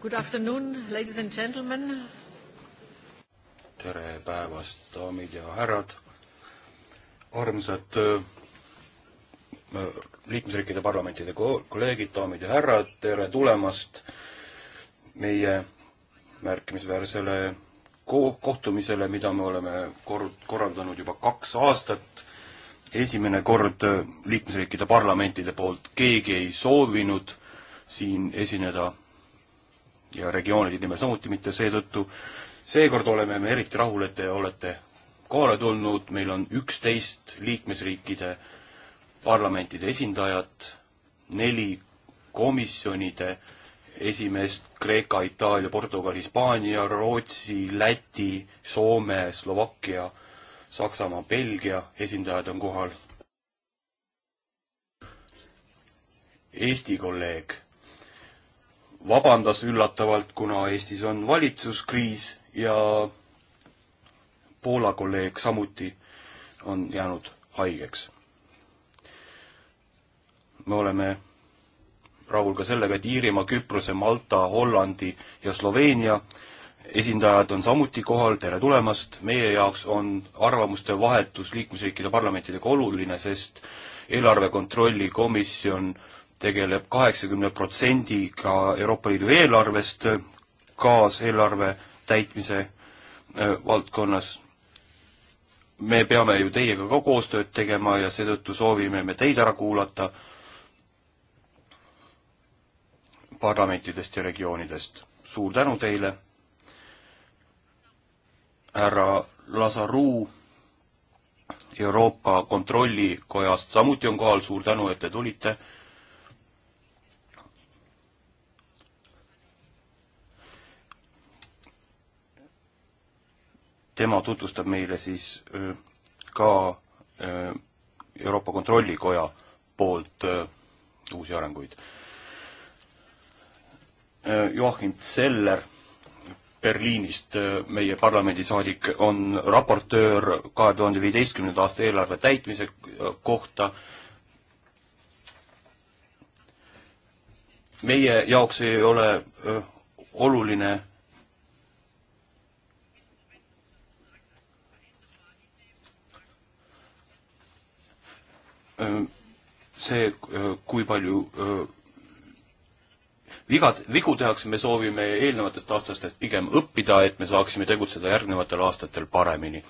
Good afternoon, ladies and gentlemen. tere päevast, daamid ja härrad. armsad äh, liikmesriikide parlamentide kolleegid, daamid ja härrad, tere tulemast meie märkimisväärsele ko kohtumisele, mida me oleme kor-, korraldanud juba kaks aastat. esimene kord äh, liikmesriikide parlamentide poolt keegi ei soovinud siin esineda ja regioonide nimel samuti mitte, seetõttu seekord oleme me eriti rahul, et te olete kohale tulnud, meil on üksteist liikmesriikide parlamentide esindajat, neli komisjonide esimeest Kreeka, Itaalia, Portugal, Hispaania, Rootsi, Läti, Soome, Slovakkia, Saksamaa, Belgia esindajad on kohal. Eesti kolleeg vabandas üllatavalt, kuna Eestis on valitsuskriis ja Poola kolleeg samuti on jäänud haigeks. me oleme rahul ka sellega, et Iirimaa, Küprose, Malta, Hollandi ja Sloveenia esindajad on samuti kohal, tere tulemast, meie jaoks on arvamuste vahetus liikmesriikide parlamentidega oluline, sest eelarve kontrolli komisjon äh, tegeleb kaheksakümne protsendiga Euroopa Liidu eelarvest kaaseelarve täitmise äh, valdkonnas. me peame ju teiega ka koostööd tegema ja seetõttu soovime me teid ära kuulata parlamentidest ja regioonidest. suur tänu teile, härra Lazaru Euroopa Kontrollikojast, samuti on kohal, suur tänu, et te tulite tema tutvustab meile siis ka Euroopa Kontrollikoja poolt uusi arenguid. Joachim Zeller Berliinist, meie parlamendisaadik, on raportöör kahe tuhande viieteistkümnenda aasta eelarve täitmise kohta. meie jaoks ei ole oluline see, kui palju vigad, vigu tehakse, me soovime eelnevatest aastatest pigem õppida, et me saaksime tegutseda järgnevatel aastatel paremini.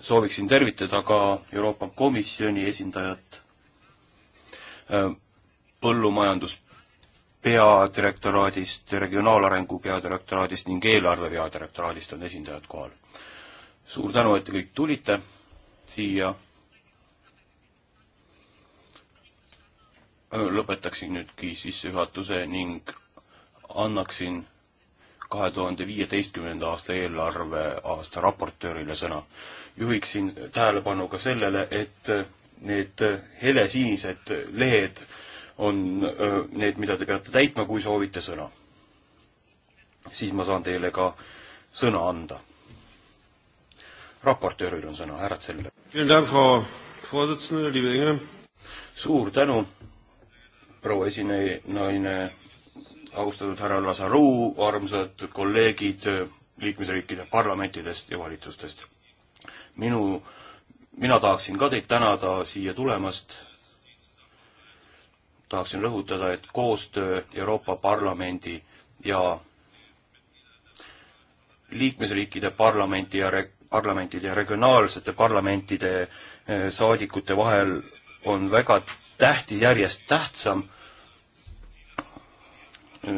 sooviksin tervitada ka Euroopa Komisjoni esindajat, põllumajandus peadirektoraadist, regionaalarengu peadirektoraadist ning eelarve peadirektoraadist on esindajad kohal. suur tänu, et te kõik tulite siia lõpetaksin nüüdki sissejuhatuse ning annaksin kahe tuhande viieteistkümnenda aasta eelarve aasta raportöörile sõna. juhiksin tähelepanu ka sellele, et need helesinised lehed on need, mida te peate täitma, kui soovite sõna. siis ma saan teile ka sõna anda. raportööril on sõna, härra Zeller. suur tänu, proua esinaine, austatud härra Lasaru, armsad kolleegid liikmesriikide parlamentidest ja valitsustest. minu, mina tahaksin ka teid tänada siia tulemast. tahaksin rõhutada, et koostöö Euroopa Parlamendi ja liikmesriikide parlamenti ja re-, parlamentide ja regionaalsete parlamentide eh, saadikute vahel on väga tähti järjest tähtsam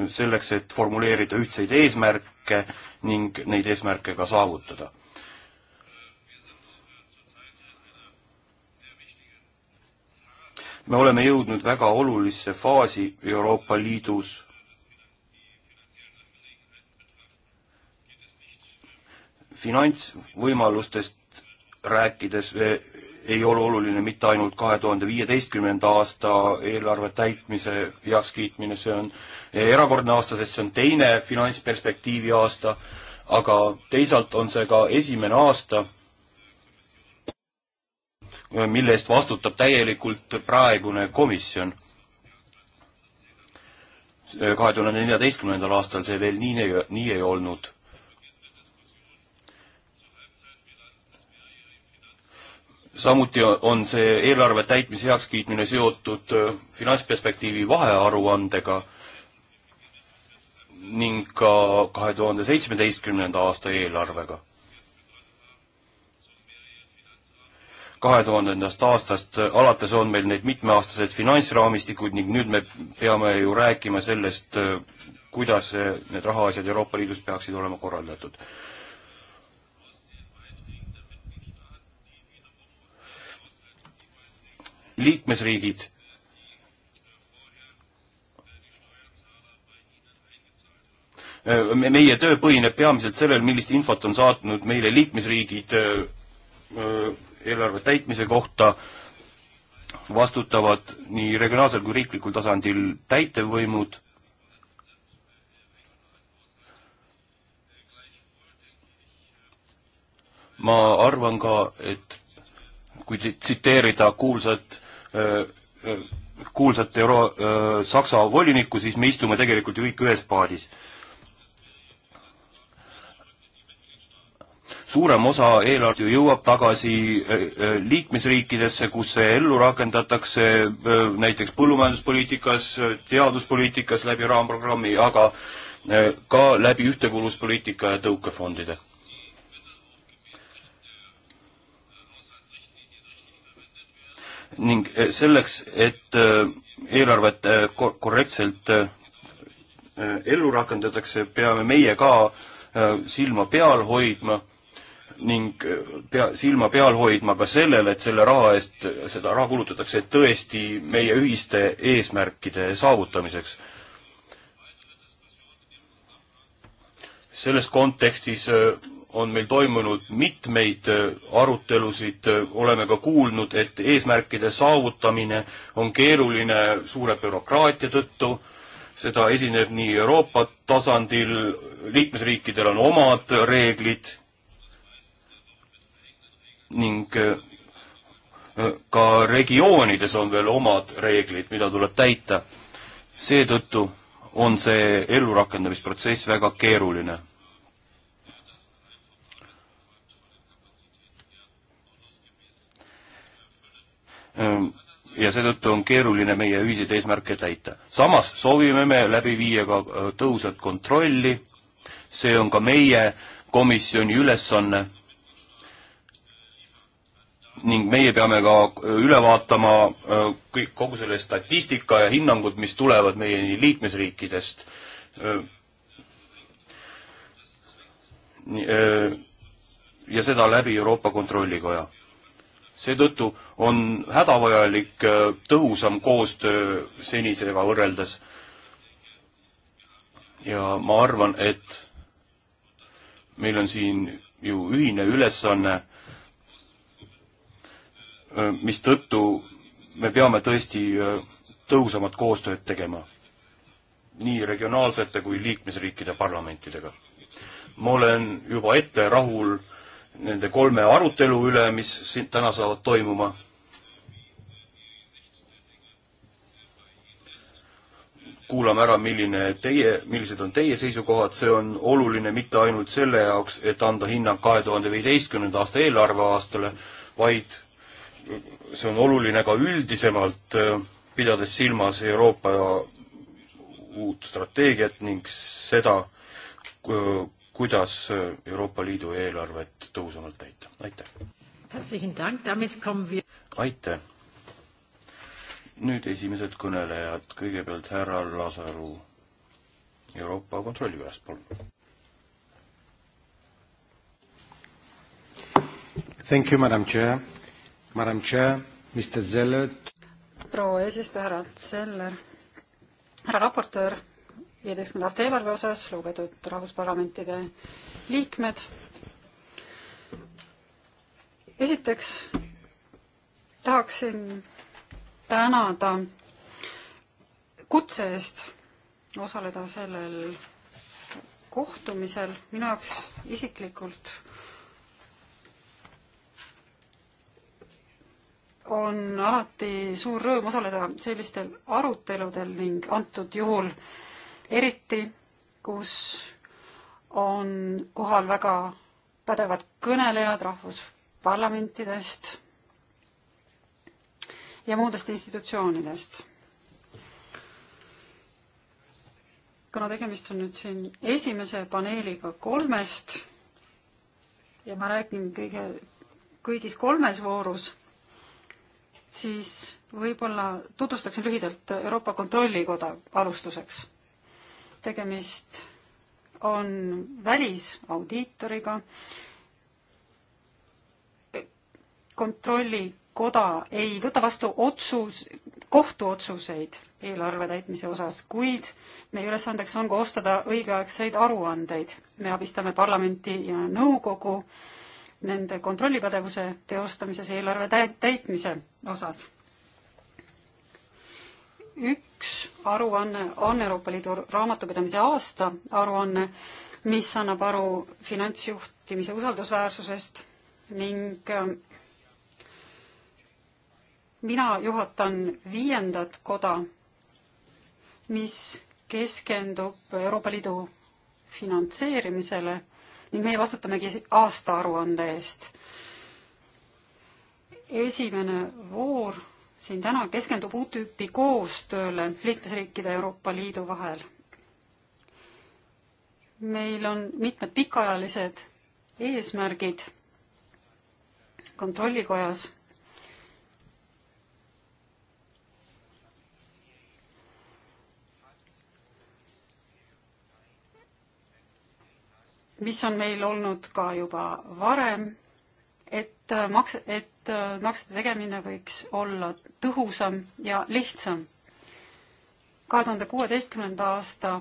selleks, et formuleerida ühtseid eesmärke ning neid eesmärke ka saavutada. me oleme jõudnud väga olulisse faasi Euroopa Liidus finantsvõimalustest rääkides ei ole oluline mitte ainult kahe tuhande viieteistkümnenda aasta eelarve täitmise heakskiitmine, see on erakordne aasta, sest see on teine finantsperspektiivi aasta, aga teisalt on see ka esimene aasta, mille eest vastutab täielikult praegune komisjon. kahe tuhande neljateistkümnendal aastal see veel nii, nii ei olnud samuti on see eelarve täitmise heakskiitmine seotud äh, finantsperspektiivi vahearuandega ning ka kahe tuhande seitsmeteistkümnenda aasta eelarvega. kahe tuhandendast aastast äh, alates on meil need mitmeaastased finantsraamistikud ning nüüd me peame ju rääkima sellest, äh, kuidas need rahaasjad Euroopa Liidus peaksid olema korraldatud liikmesriigid meie töö põhineb peamiselt sellel, millist infot on saatnud meile liikmesriigid eelarve täitmise kohta, vastutavad nii regionaalsel kui riiklikul tasandil täitevvõimud, ma arvan ka, et kui tsiteerida kuulsat, äh, äh, kuulsat euro-, äh, Saksa volinikku, siis me istume tegelikult ju kõik ühes paadis. suurem osa eelarvet ju jõuab tagasi liikmesriikidesse, kus see ellu rakendatakse, näiteks põllumajanduspoliitikas, teaduspoliitikas läbi raamprogrammi, aga ka läbi ühtekuuluvuspoliitika ja tõukefondide ning eh, selleks, et eh, eelarvet eh, korrektselt ellu rakendatakse, peame meie ka silma peal hoidma ning pea, silma peal hoidma ka sellele, et selle raha eest, seda raha kulutatakse tõesti meie ühiste eesmärkide saavutamiseks. selles kontekstis on meil toimunud mitmeid äh, arutelusid, äh, oleme ka kuulnud, et eesmärkide saavutamine on keeruline suure bürokraatia tõttu, seda esineb nii Euroopa tasandil, liikmesriikidel on omad reeglid ning äh, ka regioonides on veel omad reeglid, mida tuleb täita. seetõttu on see ellurakendamisprotsess väga keeruline Ehm, ja seetõttu on keeruline meie ühiseid eesmärke täita. samas soovime me läbi viia ka tõhusat kontrolli, see on ka meie komisjoni ülesanne ning meie peame ka üle vaatama kõik, kogu selle statistika ja hinnangud, mis tulevad meie liikmesriikidest. ja seda läbi Euroopa Kontrollikoja seetõttu on hädavajalik äh, tõhusam koostöö senisega võrreldes. ja ma arvan, et meil on siin ju ühine ülesanne, äh, mistõttu me peame tõesti äh, tõhusamat koostööd tegema nii regionaalsete kui liikmesriikide parlamentidega. ma olen juba ette rahul nende kolme arutelu üle, mis siin täna saavad toimuma. kuulame ära, milline teie, millised on teie seisukohad, see on oluline mitte ainult selle jaoks, et anda hinnang kahe tuhande viieteistkümnenda aasta eelarveaastale, vaid see on oluline ka üldisemalt, pidades silmas Euroopa uut strateegiat ning seda, kuidas Euroopa Liidu eelarvet tõhusamalt täita. aitäh! aitäh! nüüd esimesed kõnelejad, kõigepealt härra Lasaru Euroopa Kontrollikojast, palun! Thank you, Madam Chair. Madam Chair, Mr Zeller. proua eesistuja, härra Zeller, härra raportöör viieteistkümnenda aasta eelarve osas, lugupeetud rahvusparlamentide liikmed. esiteks tahaksin tänada kutse eest osaleda sellel kohtumisel, minu jaoks isiklikult on alati suur rõõm osaleda sellistel aruteludel ning antud juhul äh, eriti kus on kohal väga pädevad kõnelejad rahvusparlamentidest ja muudest institutsioonidest. kuna tegemist on nüüd siin esimese paneeliga kolmest ja ma räägin kõige, kõigis kolmes voorus, siis võib-olla tutvustaksin lühidalt Euroopa Kontrollikoda alustuseks tegemist on välisaudiitoriga. kontrollikoda ei võta vastu otsus, kohtuotsuseid eelarve täitmise osas, kuid meie ülesandeks on koostada õigeaegseid aruandeid. me abistame parlamenti ja nõukogu nende kontrollipädevuse teostamises eelarve täitmise osas üks aruanne on Euroopa Liidu raamatupidamise aasta aruanne, mis annab aru finantsjuhtimise usaldusväärsusest ning ähm, mina juhatan viiendat koda, mis keskendub Euroopa Liidu finantseerimisele ning meie vastutamegi aastaaruande eest. esimene voor siin täna keskendub uut tüüpi koostööle liikmesriikide Euroopa Liidu vahel. meil on mitmed pikaajalised eesmärgid kontrollikojas mis on meil olnud ka juba varem, et maks-, et Äh, maksete tegemine võiks olla tõhusam ja lihtsam. kahe tuhande kuueteistkümnenda aasta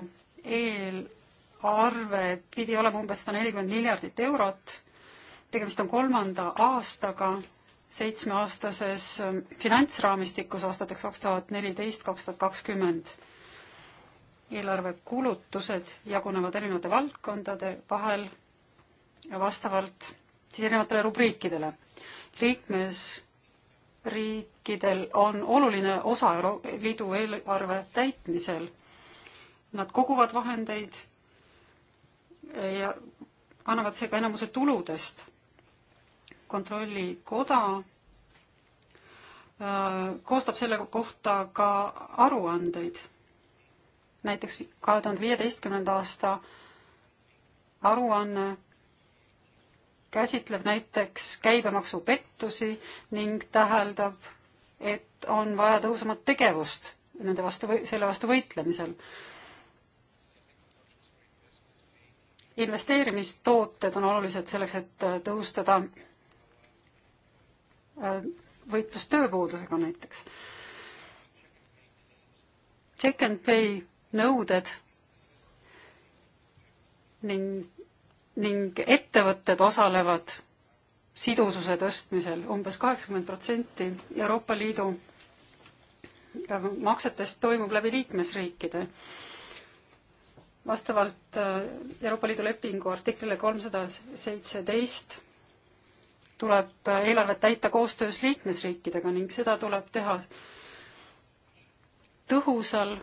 eelarve pidi olema umbes sada nelikümmend miljardit eurot. tegemist on kolmanda aastaga seitsmeaastases äh, finantsraamistikus aastateks kaks tuhat neliteist, kaks tuhat kakskümmend. eelarve kulutused jagunevad erinevate valdkondade vahel vastavalt siis erinevatele rubriikidele liikmesriikidel on oluline osa Euro Liidu eelarve täitmisel. Nad koguvad vahendeid ja annavad seega enamuse tuludest. kontrollikoda äh, koostab selle kohta ka aruandeid. näiteks kahe tuhande viieteistkümnenda aasta aruanne käsitleb näiteks käibemaksupettusi ning täheldab, et on vaja tõhusamat tegevust nende vastu, selle vastu võitlemisel. investeerimistooted on olulised selleks, et tõhustada äh, võitlust tööpuudusega näiteks. Check and pay nõuded ning ning ettevõtted osalevad sidususe tõstmisel umbes kaheksakümmend protsenti Euroopa Liidu äh, maksetest toimub läbi liikmesriikide. vastavalt äh, Euroopa Liidu lepingu artiklile kolmsada seitseteist tuleb äh, eelarvet täita koostöös liikmesriikidega ning seda tuleb teha tõhusal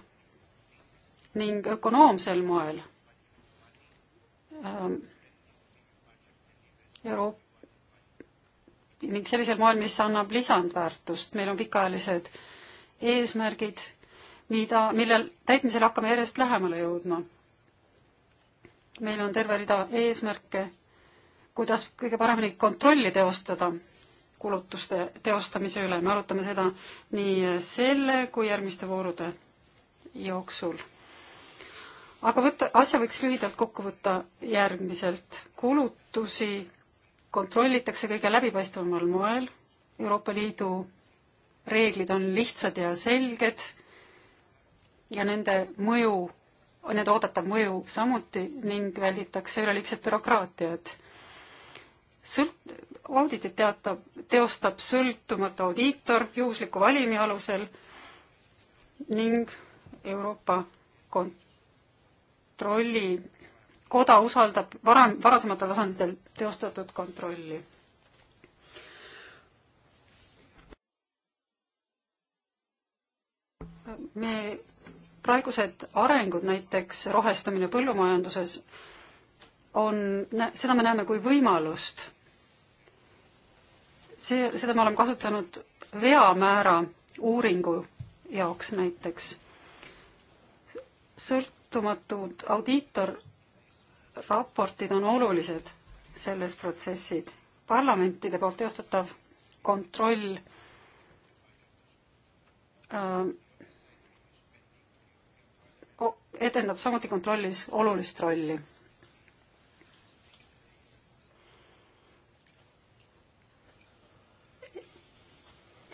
ning ökonoomsel moel ähm, Euroopa ning sellisel moel, mis annab lisandväärtust, meil on pikaajalised eesmärgid, mida, millel täitmisel hakkame järjest lähemale jõudma. meil on terve rida eesmärke, kuidas kõige paremini kontrolli teostada kulutuste teostamise üle, me arutame seda nii selle kui järgmiste voorude jooksul. aga võtta, asja võiks lühidalt kokku võtta järgmiselt. kulutusi kontrollitakse kõige läbipaistvamal moel, Euroopa Liidu reeglid on lihtsad ja selged ja nende mõju, nende oodatav mõju samuti ning välditakse üleliigset bürokraatiat. sõlt-, auditit teatab, teostab sõltumatu audiitor juhusliku valimi alusel ning Euroopa kontrolli koda usaldab vara, varasematel tasanditel teostatud kontrolli. me, praegused arengud, näiteks rohestamine põllumajanduses, on, seda me näeme kui võimalust. see, seda me oleme kasutanud veamäära uuringu jaoks näiteks. sõltumatud audiitor raportid on olulised selles protsessid. parlamentide poolt teostatav kontroll öö, etendab samuti kontrollis olulist rolli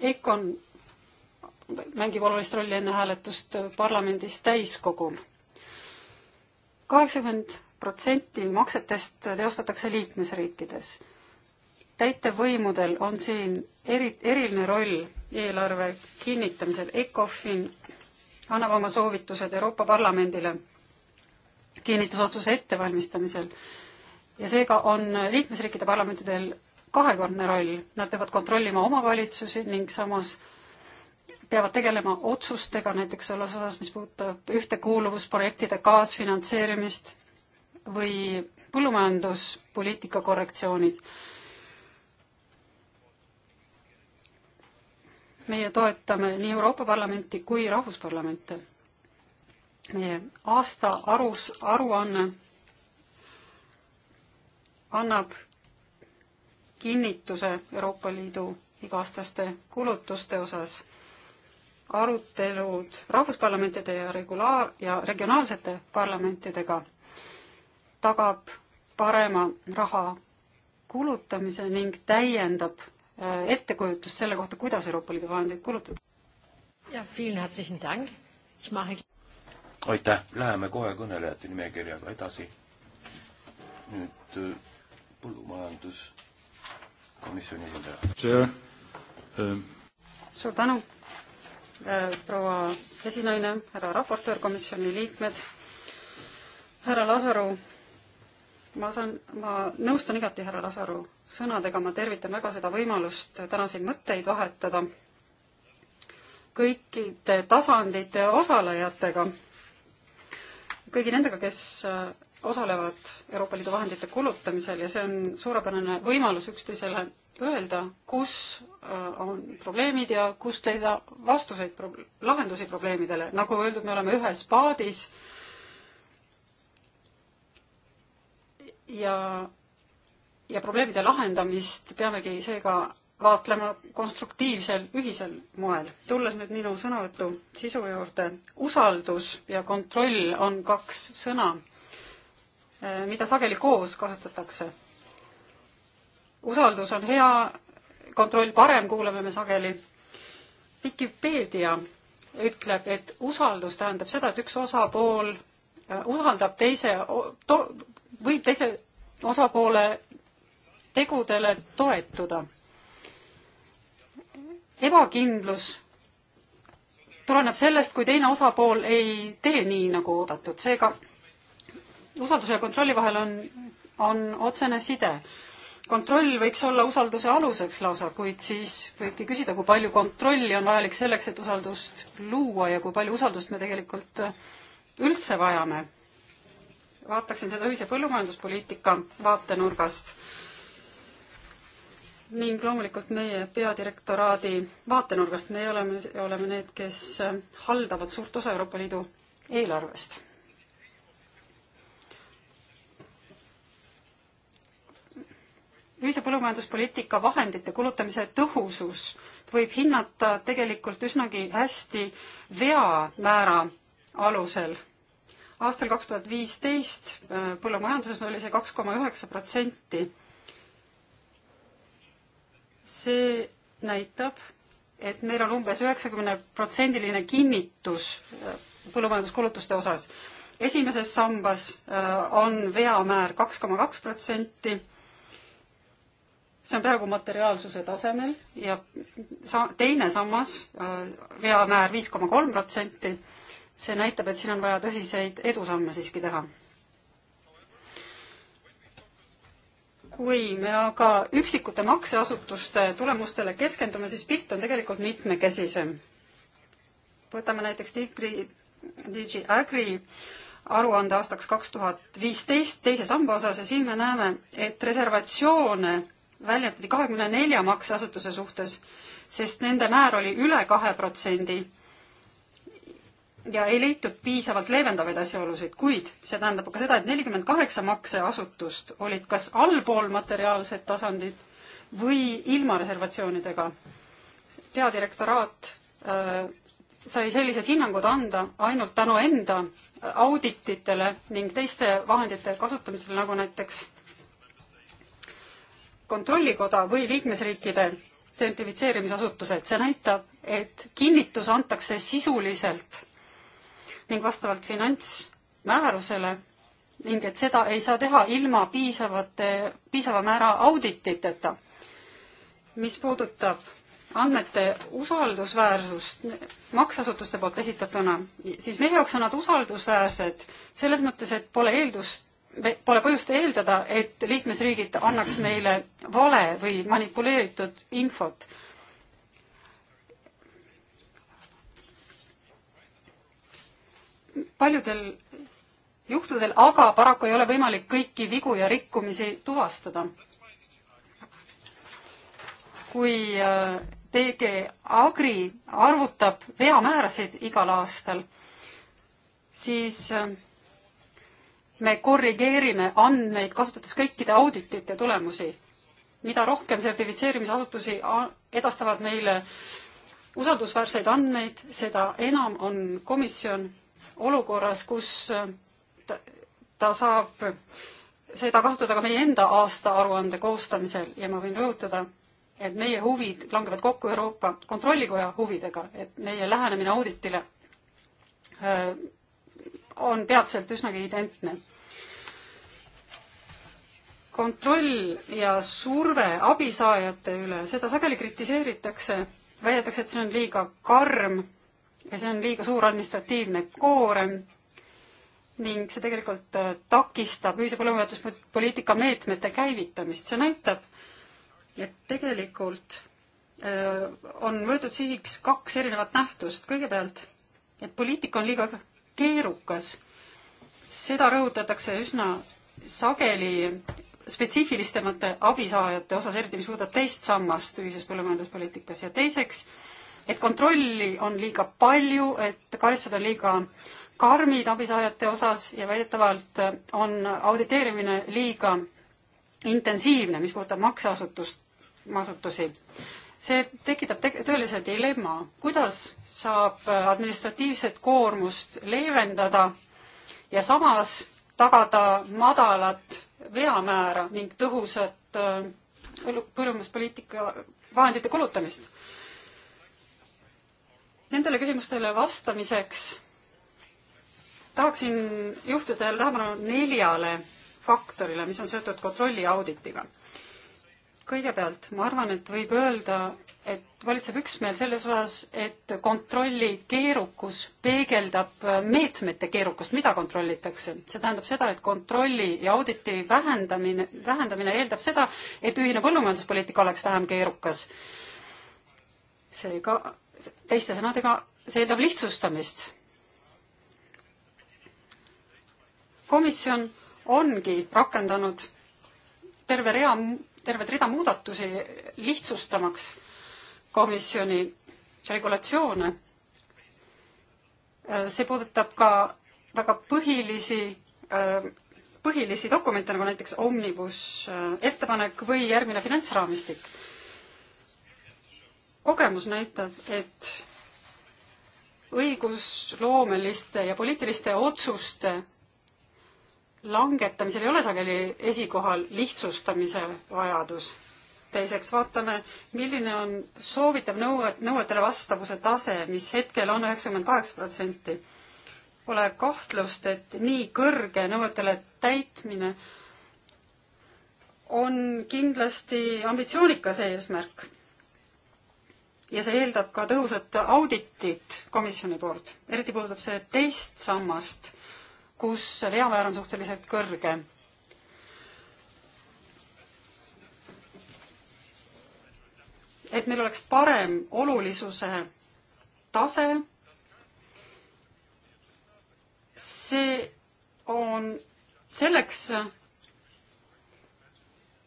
EKOn mängib olulist rolli enne hääletust parlamendis täiskogul. kaheksakümmend protsenti maksetest teostatakse liikmesriikides. täitevvõimudel on siin eri, eriline roll eelarve kinnitamisel. ECOFIN annab oma soovitused Euroopa Parlamendile kinnitusotsuse ettevalmistamisel ja seega on liikmesriikide parlamentidel kahekordne roll, nad peavad kontrollima omavalitsusi ning samas peavad tegelema otsustega näiteks selles osas, mis puudutab ühtekuuluvusprojektide kaasfinantseerimist või põllumajanduspoliitika korrektsioonid. meie toetame nii Euroopa Parlamenti kui rahvusparlamente. meie aasta arus, aruanne annab kinnituse Euroopa Liidu iga-aastaste kulutuste osas arutelud rahvusparlamentide ja regulaar- ja regionaalsete parlamentidega tagab parema raha kulutamise ning täiendab äh, ettekujutust selle kohta, kuidas Euroopa Liidu vahendeid kulutada. aitäh, läheme kohe kõnelejate nimekirjaga edasi. nüüd äh, põllumajanduskomisjoni esindaja. Ähm, suur tänu, äh, proua esinaine, härra raportöör, komisjoni liikmed, härra Lasaru ma saan, ma nõustun igati härra Lasaru sõnadega, ma tervitan väga seda võimalust täna siin mõtteid vahetada kõikide tasandite osalejatega, kõigi nendega, kes äh, osalevad Euroopa Liidu vahendite kulutamisel ja see on suurepärane võimalus üksteisele öelda, kus äh, on probleemid ja kust leida vastuseid, lahendusi probleemidele. nagu öeldud, me oleme ühes paadis äh, ja, ja probleemide lahendamist peamegi seega vaatlema konstruktiivsel ühisel moel. tulles nüüd minu sõnavõtu sisu juurde, usaldus ja kontroll on kaks sõna, eh, mida sageli koos kasutatakse. usaldus on hea, kontroll parem, kuuleme me sageli. Vikipeedia ütleb, et usaldus tähendab seda, et üks osapool eh, usaldab teise võib teise osapoole tegudele toetuda. ebakindlus tuleneb sellest, kui teine osapool ei tee nii, nagu oodatud, seega usalduse ja kontrolli vahel on, on otsene side. kontroll võiks olla usalduse aluseks lausa, kuid siis võibki küsida, kui palju kontrolli on vajalik selleks, et usaldust luua ja kui palju usaldust me tegelikult üldse vajame vaataksin seda ühise põllumajanduspoliitika vaatenurgast ning loomulikult meie peadirektoraadi vaatenurgast, meie oleme, oleme need, kes haldavad suurt osa Euroopa Liidu eelarvest. ühise põllumajanduspoliitika vahendite kulutamise tõhusus võib hinnata tegelikult üsnagi hästi veamäära alusel aastal kaks tuhat viisteist äh, põllumajanduses oli see kaks koma üheksa protsenti. see näitab, et meil on umbes üheksakümneprotsendiline kinnitus äh, põllumajanduskulutuste osas. esimeses sambas äh, on veamäär kaks koma kaks protsenti. see on peaaegu materiaalsuse tasemel ja sa-, teine sammas, veamäär viis koma kolm protsenti see näitab, et siin on vaja tõsiseid edusamme siiski teha. kui me aga üksikute makseasutuste tulemustele keskendume, siis pilt on tegelikult mitmekesisem. võtame näiteks Digri, Digi Agri aruande aastaks kaks tuhat viisteist teise samba osas ja siin me näeme, et reservatsioone väljendati kahekümne nelja makseasutuse suhtes, sest nende määr oli üle kahe protsendi ja ei leitud piisavalt leevendavaid asjaolusid, kuid see tähendab ka seda, et nelikümmend kaheksa makseasutust olid kas allpool materiaalset tasandit või ilma reservatsioonidega. peadirektoraat äh, sai sellised hinnangud anda ainult tänu enda audititele ning teiste vahendite kasutamisele, nagu näiteks kontrollikoda või liikmesriikide identifitseerimisasutused, see näitab, et kinnitus antakse sisuliselt ning vastavalt finantsmäärusele ning et seda ei saa teha ilma piisavate, piisava määra audititeta. mis puudutab andmete usaldusväärsust maksasutuste poolt esitatuna, siis meie jaoks on nad usaldusväärsed selles mõttes, et pole eeldust, pole põhjust eeldada, et liikmesriigid annaks meile vale või manipuleeritud infot paljudel juhtudel, aga paraku ei ole võimalik kõiki vigu ja rikkumisi tuvastada. kui äh, TG Agri arvutab veamäärasid igal aastal, siis äh, me korrigeerime andmeid, kasutades kõikide auditite tulemusi. mida rohkem sertifitseerimisasutusi edastavad meile usaldusväärseid andmeid, seda enam on komisjon olukorras, kus äh, ta, ta saab seda kasutada ka meie enda aastaaruande koostamisel ja ma võin rõhutada, et meie huvid langevad kokku Euroopa Kontrollikoja huvidega, et meie lähenemine auditile äh, on peatselt üsnagi identne. kontroll ja surve abisaajate üle, seda sageli kritiseeritakse, väidetakse, et see on liiga karm ja see on liiga suur administratiivne koorem ning see tegelikult äh, takistab ühise põllumajanduspoliitika meetmete käivitamist. see näitab, et tegelikult äh, on võetud sihiks kaks erinevat nähtust. kõigepealt, et poliitika on liiga keerukas. seda rõhutatakse üsna sageli spetsiifilisemate abisaajate osas, eriti mis puudutab teist sammast ühises põllumajanduspoliitikas ja teiseks et kontrolli on liiga palju, et karistused on liiga karmid abisaajate osas ja väidetavalt on auditeerimine liiga intensiivne, mis puudutab makseasutust, asutusi. see tekitab te tõelise dilemma, kuidas saab administratiivset koormust leevendada ja samas tagada madalat veamäära ning tõhusat äh, põllumajanduspoliitika vahendite kulutamist Nendele küsimustele vastamiseks tahaksin juhtida tähelepanu neljale faktorile, mis on seotud kontrolli auditiga. kõigepealt ma arvan, et võib öelda, et valitseb üksmeel selles osas, et kontrolli keerukus peegeldab meetmete keerukust, mida kontrollitakse. see tähendab seda, et kontrolli ja auditi vähendamine, vähendamine eeldab seda, et ühine põllumajanduspoliitika oleks vähem keerukas. seega teiste sõnadega, see eeldab lihtsustamist. komisjon ongi rakendanud terve rea, tervet rida muudatusi lihtsustamaks komisjoni regulatsioone. see puudutab ka väga põhilisi, põhilisi dokumente, nagu näiteks Omnibus äh, ettepanek või järgmine finantsraamistik kogemus näitab, et õigusloomeliste ja poliitiliste otsuste langetamisel ei ole sageli esikohal lihtsustamise vajadus. teiseks vaatame, milline on soovitav nõue, nõuetele vastavuse tase, mis hetkel on üheksakümmend kaheksa protsenti. Pole kahtlust, et nii kõrge nõuetele täitmine on kindlasti ambitsioonikas eesmärk ja see eeldab ka tõhusat auditit komisjoni poolt, eriti puudutab see teist sammast, kus veamäär on suhteliselt kõrge. et meil oleks parem olulisuse tase, see on selleks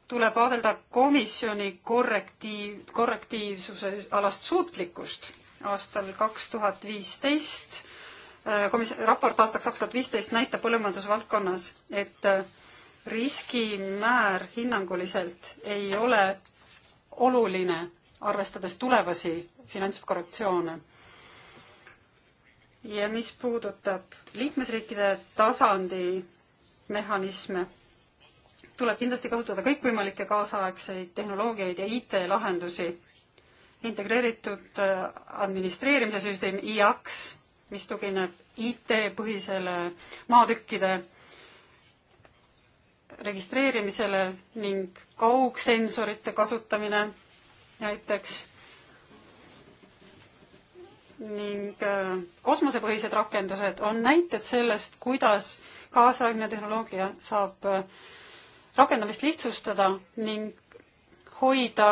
tuleb vaadelda komisjoni korrektiiv, korrektiivsuse alast suutlikkust aastal kaks tuhat viisteist äh, komis-, raport aastaks kaks tuhat viisteist näitab põllumajandusvaldkonnas, et äh, riskimäär hinnanguliselt ei ole oluline, arvestades tulevasi finantskorrektsioone. ja mis puudutab liikmesriikide tasandi mehhanisme, tuleb kindlasti kasutada kõikvõimalikke kaasaegseid tehnoloogiaid ja IT-lahendusi. integreeritud äh, administreerimise süsteem IAKS, mis tugineb IT-põhisele maatükkide registreerimisele ning kaugsensorite kasutamine näiteks ning äh, kosmosepõhised rakendused on näited sellest, kuidas kaasaegne tehnoloogia saab äh, rakendamist lihtsustada ning hoida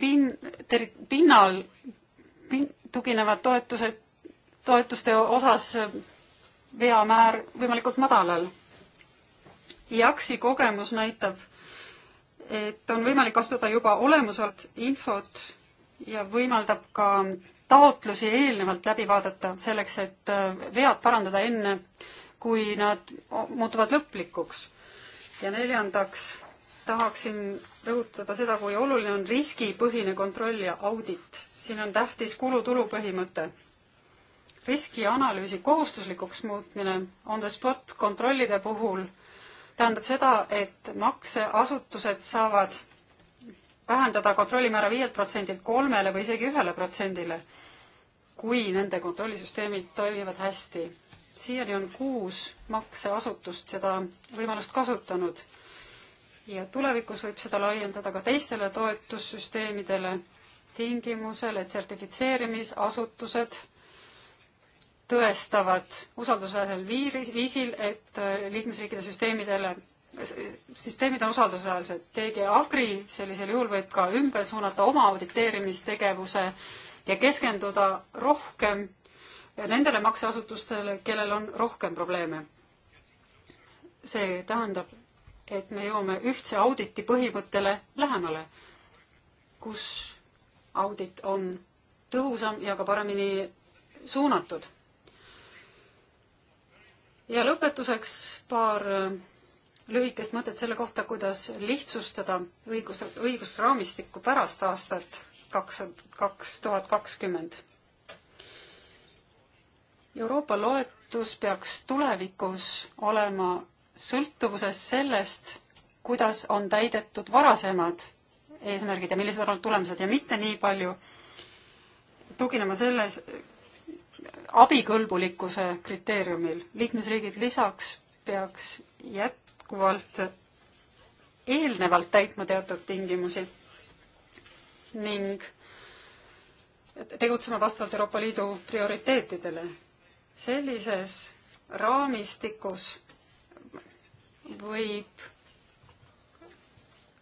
pin-, ter-, pinnal pin-, tuginevad toetused, toetuste osas veamäär võimalikult madalal. JAKS-i kogemus näitab, et on võimalik kasutada juba olemasolevat infot ja võimaldab ka taotlusi eelnevalt läbi vaadata, selleks et vead parandada enne, kui nad muutuvad lõplikuks ja neljandaks tahaksin rõhutada seda, kui oluline on riskipõhine kontroll ja audit. siin on tähtis kulu-tulu põhimõte. riskianalüüsi kohustuslikuks muutmine on the spot kontrollide puhul tähendab seda, et makseasutused saavad vähendada kontrollimäära viielt protsendilt kolmele või isegi ühele protsendile, kui nende kontrollisüsteemid toimivad hästi siiani on kuus makseasutust seda võimalust kasutanud ja tulevikus võib seda laiendada ka teistele toetussüsteemidele tingimusel, et sertifitseerimisasutused tõestavad usaldusväärsel viisil, et äh, liikmesriikide süsteemidele, süsteemid on usaldusväärsed. TG Agri sellisel juhul võib ka ümber suunata oma auditeerimistegevuse ja keskenduda rohkem nendele makseasutustele, kellel on rohkem probleeme. see tähendab, et me jõuame ühtse auditi põhimõttele lähemale, kus audit on tõhusam ja ka paremini suunatud. ja lõpetuseks paar lühikest mõtet selle kohta, kuidas lihtsustada õigus, õigusraamistikku pärast aastat kaks, kaks tuhat kakskümmend Euroopa loetus peaks tulevikus olema sõltuvuses sellest, kuidas on täidetud varasemad eesmärgid ja millised on olnud tulemused ja mitte nii palju tuginema selles abikõlbulikkuse kriteeriumil. liikmesriigid lisaks peaks jätkuvalt eelnevalt täitma teatud tingimusi ning tegutsema vastavalt Euroopa Liidu prioriteetidele sellises raamistikus võib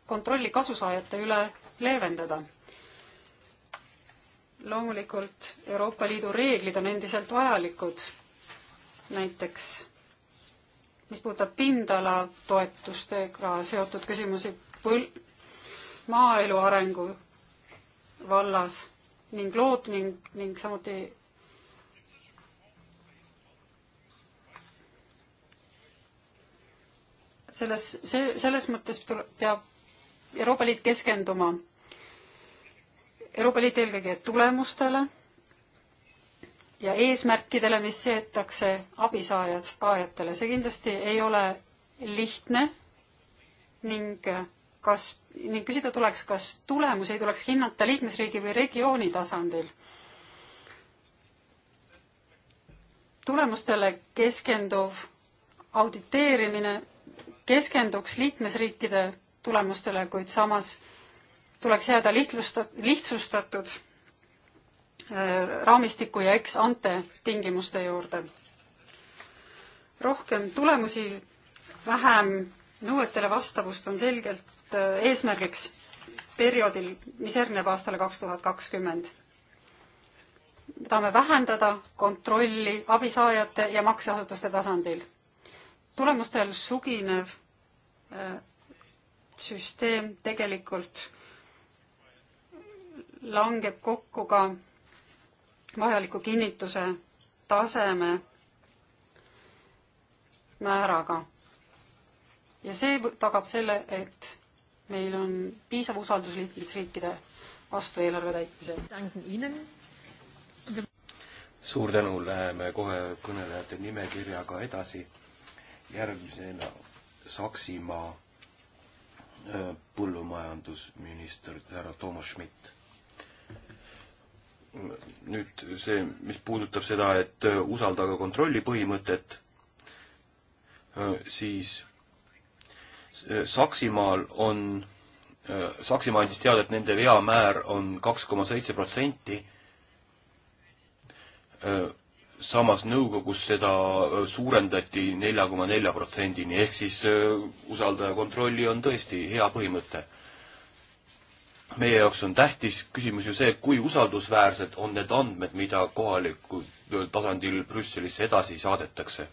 kontrolli kasusaajate üle leevendada. loomulikult Euroopa Liidu reeglid on endiselt vajalikud, näiteks mis puudutab pindalatoetustega seotud küsimusi põl-, maaelu arengu vallas ning lood- ning, ning samuti selles, see, selles mõttes peab Euroopa Liit keskenduma Euroopa Liit eelkõige tulemustele ja eesmärkidele, mis seetakse abisaajast, saajatele. see kindlasti ei ole lihtne ning kas, ning küsida tuleks, kas tulemusi ei tuleks hinnata liikmesriigi või regiooni tasandil. tulemustele keskenduv auditeerimine keskenduks liikmesriikide tulemustele, kuid samas tuleks jääda lihtlusta-, lihtsustatud äh, raamistiku ja ex-ante tingimuste juurde. rohkem tulemusi, vähem nõuetele vastavust on selgelt äh, eesmärgiks perioodil, mis järgneb aastale kaks tuhat kakskümmend. tahame vähendada kontrolli abisaajate ja makseasutuste tasandil tulemustel suginev äh, süsteem tegelikult langeb kokku ka vajaliku kinnituse taseme määraga. ja see tagab selle, et meil on piisav usaldus liikmesriikide vastu eelarve täitmisel. suur tänu, läheme kohe kõnelejate nimekirjaga edasi järgmisena Saksimaa äh, põllumajandusminister härra Toomas Schmidt. nüüd see, mis puudutab seda, et äh, usaldage kontrolli põhimõtet, äh, siis Saksimaal on, Saksimaa andis teada, et nende veamäär on kaks koma seitse protsenti samas nõukogus seda suurendati nelja koma nelja protsendini, ehk siis usaldaja kontrolli on tõesti hea põhimõte. meie jaoks on tähtis küsimus ju see, kui usaldusväärsed on need andmed, mida kohalikul tasandil Brüsselisse edasi saadetakse.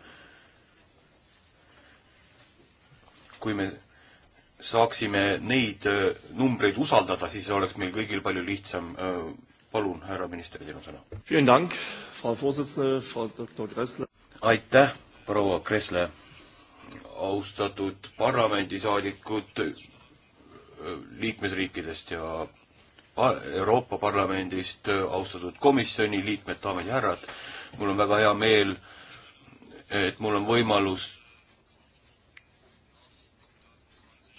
kui me saaksime neid numbreid usaldada, siis oleks meil kõigil palju lihtsam palun, härra minister, teil on sõna. aitäh, proua Kressle, austatud parlamendisaadikud äh, liikmesriikidest ja Euroopa Parlamendist, äh, austatud komisjoni liikmed, daamid ja härrad, mul on väga hea meel, et mul on võimalus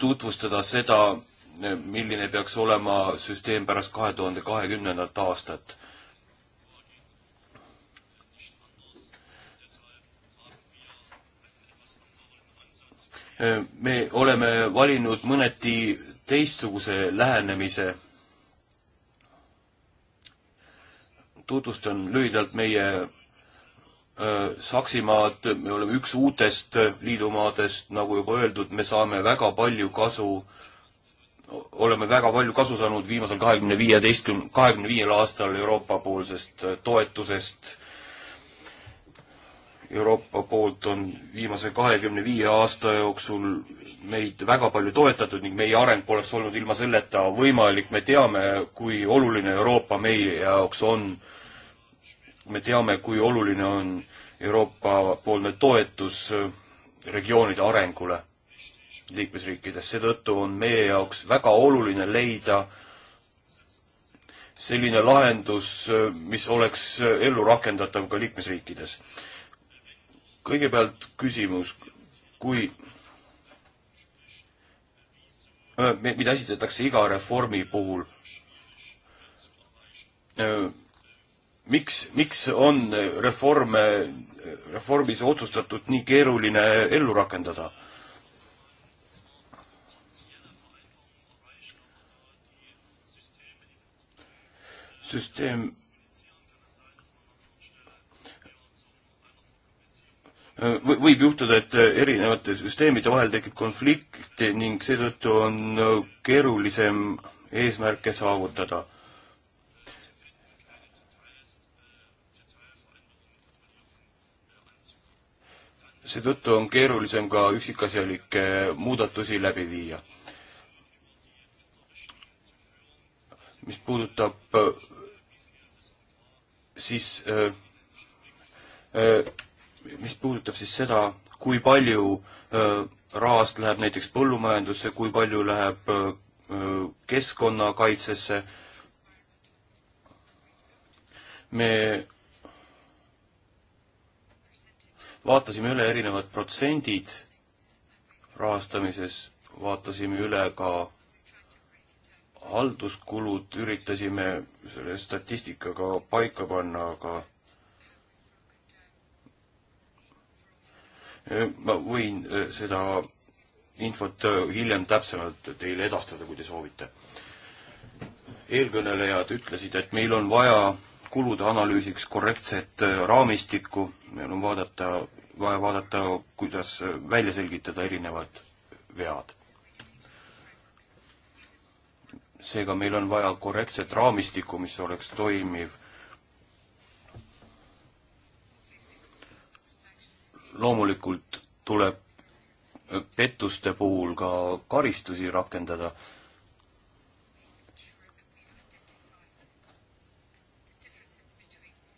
tutvustada seda, milline peaks olema süsteem pärast kahe tuhande kahekümnendat aastat. me oleme valinud mõneti teistsuguse lähenemise. tutvustan lühidalt meie Saksimaad, me oleme üks uutest liidumaadest, nagu juba öeldud, me saame väga palju kasu äh, oleme väga palju kasu saanud viimasel kahekümne viieteistkümne, kahekümne viiel aastal Euroopa-poolsest äh, toetusest. Euroopa poolt on viimase kahekümne viie aasta jooksul meid väga palju toetatud ning meie areng poleks olnud ilma selleta võimalik. me teame, kui oluline Euroopa meie jaoks on. me teame, kui oluline on Euroopa-poolne toetus äh, regioonide arengule liikmesriikides, seetõttu on meie jaoks väga oluline leida selline lahendus, mis oleks ellu rakendatav ka liikmesriikides. kõigepealt küsimus, kui äh, mida esitatakse iga reformi puhul. Äh, miks, miks on reforme, reformis otsustatud nii keeruline ellu rakendada? süsteem võib juhtuda, et äh, erinevate süsteemide vahel tekib konflikt ning seetõttu on äh, keerulisem eesmärke saavutada. seetõttu on keerulisem ka üksikasjalikke muudatusi läbi viia. mis puudutab äh, siis äh, äh, mis puudutab siis seda, kui palju äh, rahast läheb näiteks põllumajandusse, kui palju läheb keskkonnakaitsesse, me vaatasime üle erinevad protsendid rahastamises, vaatasime üle ka halduskulud üritasime selle statistikaga paika panna, aga ma võin e, seda infot e, hiljem täpsemalt teile edastada, kui te soovite. eelkõnelejad ütlesid, et meil on vaja kulude analüüsiks korrektset e, raamistikku, meil on vaadata, vaja vaadata, kuidas välja selgitada erinevad vead seega meil on vaja korrektset raamistikku, mis oleks toimiv. loomulikult tuleb pettuste puhul ka karistusi rakendada.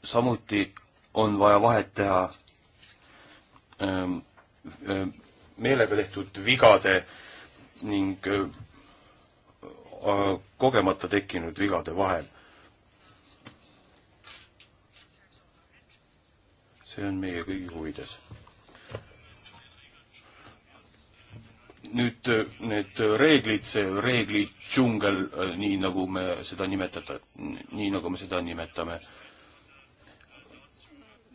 samuti on vaja vahet teha ähm, äh, meelega tehtud vigade ning äh, Äh, kogemata tekkinud vigade vahel. see on meie kõigi huvides. nüüd äh, need reeglid, see reeglidžungel, äh, nii nagu me seda nimetada, nii nagu me seda nimetame.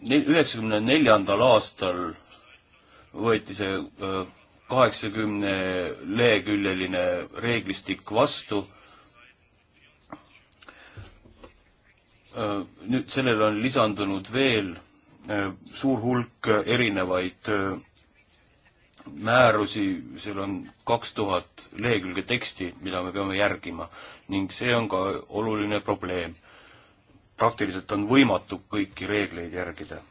üheksakümne neljandal aastal võeti see kaheksakümne leheküljeline reeglistik vastu. nüüd sellele on lisandunud veel suur hulk erinevaid määrusi, seal on kaks tuhat lehekülge teksti, mida me peame järgima ning see on ka oluline probleem. praktiliselt on võimatu kõiki reegleid järgida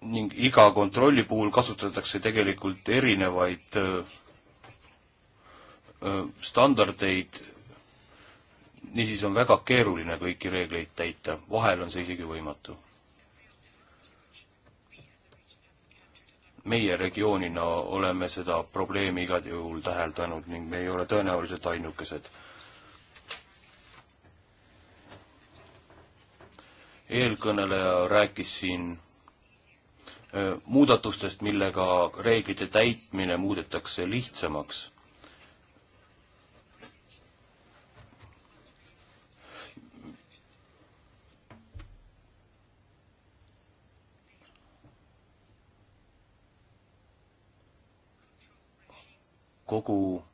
ning iga kontrolli puhul kasutatakse tegelikult erinevaid standardeid, niisiis on väga keeruline kõiki reegleid täita, vahel on see isegi võimatu. meie regioonina oleme seda probleemi igal juhul täheldanud ning me ei ole tõenäoliselt ainukesed eelkõneleja rääkis siin muudatustest, millega reeglite täitmine muudetakse lihtsamaks. kogu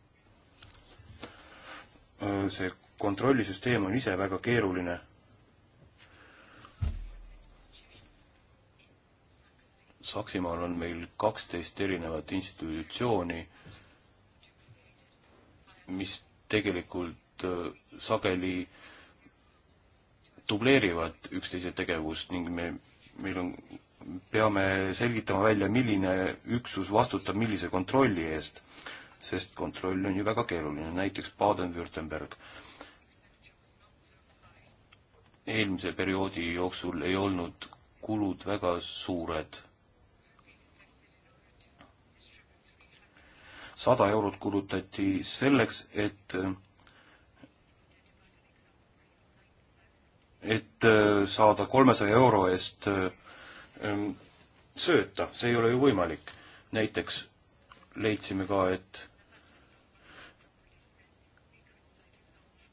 see kontrollisüsteem on ise väga keeruline Saksimaal on meil kaksteist erinevat institutsiooni, mis tegelikult äh, sageli dubleerivad üksteise tegevust ning me, meil on, peame selgitama välja, milline üksus vastutab millise kontrolli eest, sest kontroll on ju väga keeruline, näiteks Baden-Württemberg eelmise perioodi jooksul ei olnud kulud väga suured sada eurot kulutati selleks, et et äh, saada kolmesaja euro eest ähm, sööta, see ei ole ju võimalik. näiteks leidsime ka, et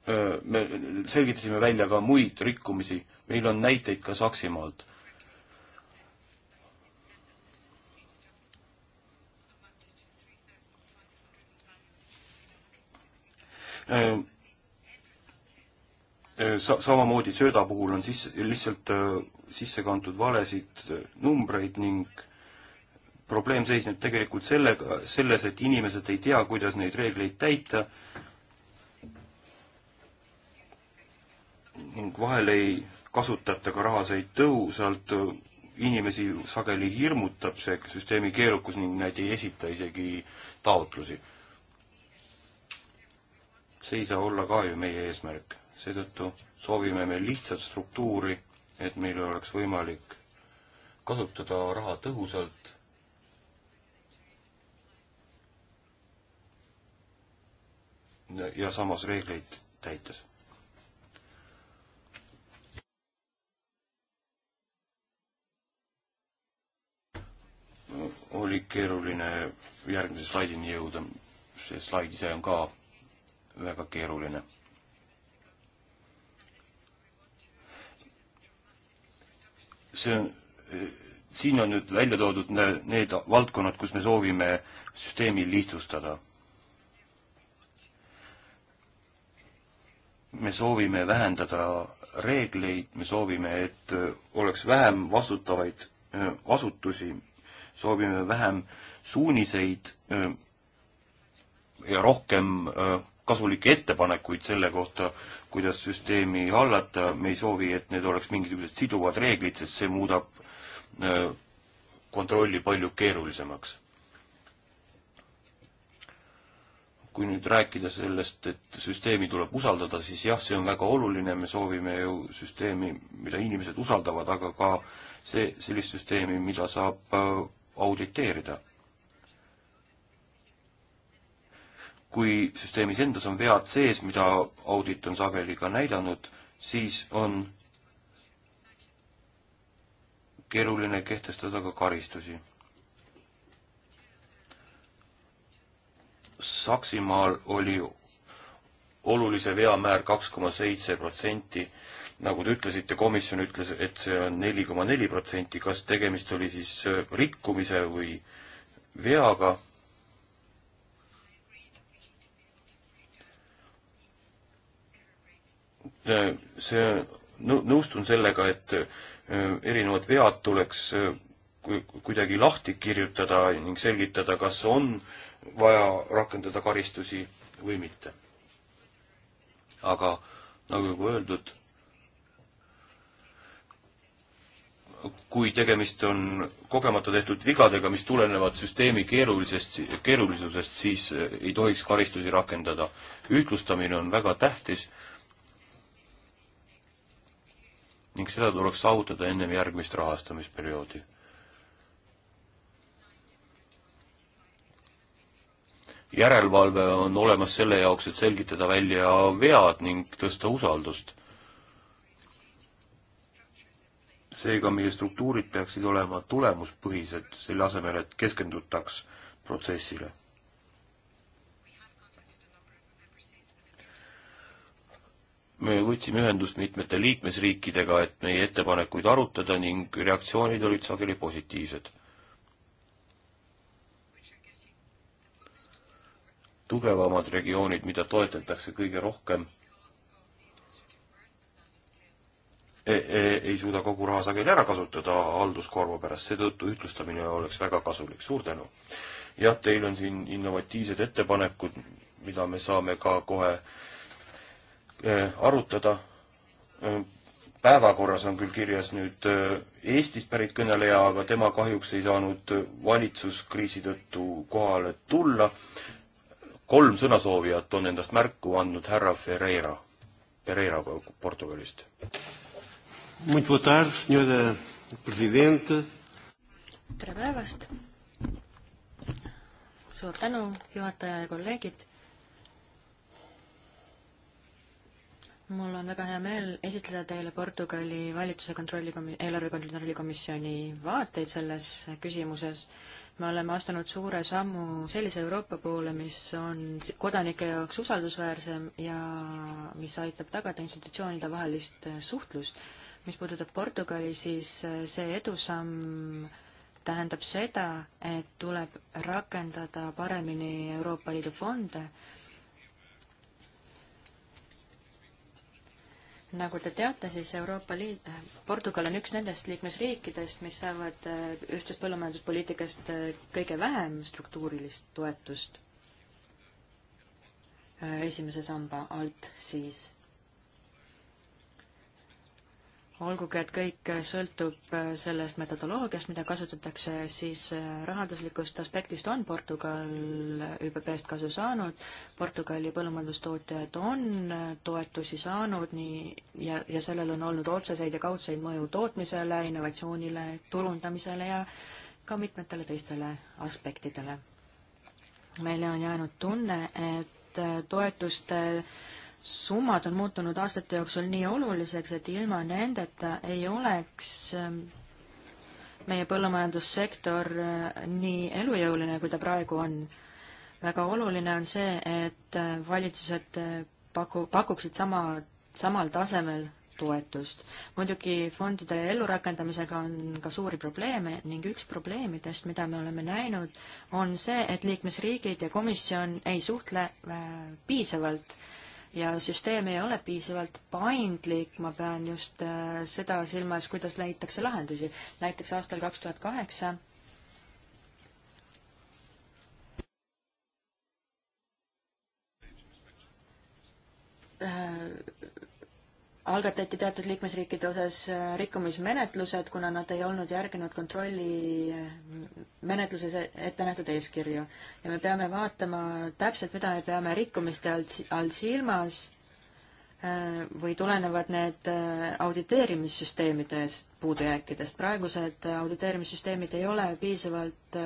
äh, me selgitasime välja ka muid rikkumisi, meil on näiteid ka Saksimaalt Äh, äh, sa-, samamoodi sööda puhul on sisse, lihtsalt äh, sisse kantud valesid numbreid ning probleem seisneb tegelikult sellega, selles, et inimesed ei tea, kuidas neid reegleid täita ning vahel ei kasutata ka rahaseid tõhusalt, inimesi sageli hirmutab see süsteemi keerukus ning nad ei esita isegi taotlusi see ei saa olla ka ju meie eesmärk. seetõttu soovime me lihtsat struktuuri, et meil oleks võimalik kasutada raha tõhusalt ja samas reegleid täites. oli keeruline järgmise slaidini jõuda, see slaid ise on ka väga keeruline. see on, eh, siin on nüüd välja toodud need valdkonnad, kus me soovime süsteemi lihtsustada. me soovime vähendada reegleid, me soovime, et eh, oleks vähem vastutavaid eh, asutusi, soovime vähem suuniseid ja rohkem kasulikke ettepanekuid selle kohta, kuidas süsteemi hallata, me ei soovi, et need oleks mingisugused siduvad reeglid, sest see muudab äh, kontrolli palju keerulisemaks. kui nüüd rääkida sellest, et süsteemi tuleb usaldada, siis jah, see on väga oluline, me soovime ju süsteemi, mida inimesed usaldavad, aga ka see, sellist süsteemi, mida saab äh, auditeerida kui süsteemis endas on vead sees, mida audit on sageli ka näidanud, siis on keeruline kehtestada ka karistusi. Saksimaal oli olulise veamäär kaks koma seitse protsenti. nagu te ütlesite, komisjon ütles, et see on neli koma neli protsenti, kas tegemist oli siis rikkumise või veaga see, nõustun sellega, et äh, erinevad vead tuleks äh, kuidagi lahti kirjutada ning selgitada, kas on vaja rakendada karistusi või mitte. aga nagu juba öeldud, kui tegemist on kogemata tehtud vigadega, mis tulenevad süsteemi keerulisest, keerulisusest, siis äh, ei tohiks karistusi rakendada. ühtlustamine on väga tähtis ning seda tuleks saavutada ennem järgmist rahastamisperioodi. järelevalve on olemas selle jaoks, et selgitada välja vead ning tõsta usaldust. seega meie struktuurid peaksid olema tulemuspõhised, selle asemel, et keskendutaks protsessile me võtsime ühendust mitmete liikmesriikidega, et meie ettepanekuid arutada ning reaktsioonid olid sageli positiivsed. tugevamad regioonid, mida toetatakse kõige rohkem e, e ei suuda kogu raha sageli ära kasutada halduskoorma pärast, seetõttu ühtlustamine oleks väga kasulik, suur tänu. jah, teil on siin innovatiivsed ettepanekud, mida me saame ka kohe äh, Äh, arutada. Äh, päevakorras on küll kirjas nüüd äh, Eestist pärit kõneleja, aga tema kahjuks ei saanud valitsuskriisi tõttu kohale tulla. kolm sõnasoovijat on endast märku andnud härra Ferreira, Pereira Portugalist. tere päevast! suur tänu, juhataja ja kolleegid mul on väga hea meel esitleda teile Portugali valitsuse kontrollikomi-, eelarvekontrolli komisjoni vaateid selles küsimuses. me oleme astunud suure sammu sellise Euroopa poole, mis on kodanike jaoks usaldusväärsem ja mis aitab tagada institutsioonide vahelist suhtlust. mis puudutab Portugali, siis see edusamm tähendab seda, et tuleb rakendada paremini Euroopa Liidu fonde nagu te teate, siis Euroopa Liit, äh, Portugal on üks nendest liikmesriikidest, mis saavad äh, ühtsest põllumajanduspoliitikast äh, kõige vähem struktuurilist toetust esimese samba alt siis olgugi, et kõik sõltub äh, sellest metodoloogiast, mida kasutatakse, siis äh, rahanduslikust aspektist on Portugal ÜPP-st kasu saanud, Portugali põllumajandustootjad on äh, toetusi saanud nii ja, ja sellel on olnud otseseid ja kaudseid mõju tootmisele, innovatsioonile, turundamisele ja ka mitmetele teistele aspektidele. meile on jäänud tunne, et toetuste äh, summad on muutunud aastate jooksul nii oluliseks, et ilma nendeta ei oleks ähm, meie põllumajandussektor äh, nii elujõuline, kui ta praegu on. väga oluline on see, et äh, valitsused äh, paku, pakuksid sama, samal tasemel toetust. muidugi fondide ellurakendamisega on ka suuri probleeme ning üks probleemidest, mida me oleme näinud, on see, et liikmesriigid ja komisjon ei suhtle piisavalt äh, ja süsteem ei ole piisavalt paindlik, ma pean just äh, seda silmas, kuidas leitakse lahendusi. näiteks aastal kaks tuhat kaheksa äh, algatati teatud liikmesriikide osas äh, rikkumismenetlused, kuna nad ei olnud järginud kontrolli äh, menetluses e-, ette nähtud eeskirju. ja me peame vaatama täpselt, mida me peame rikkumiste all, all silmas äh, või tulenevad need auditeerimissüsteemides puudujääkidest. praegused auditeerimissüsteemid ei ole piisavalt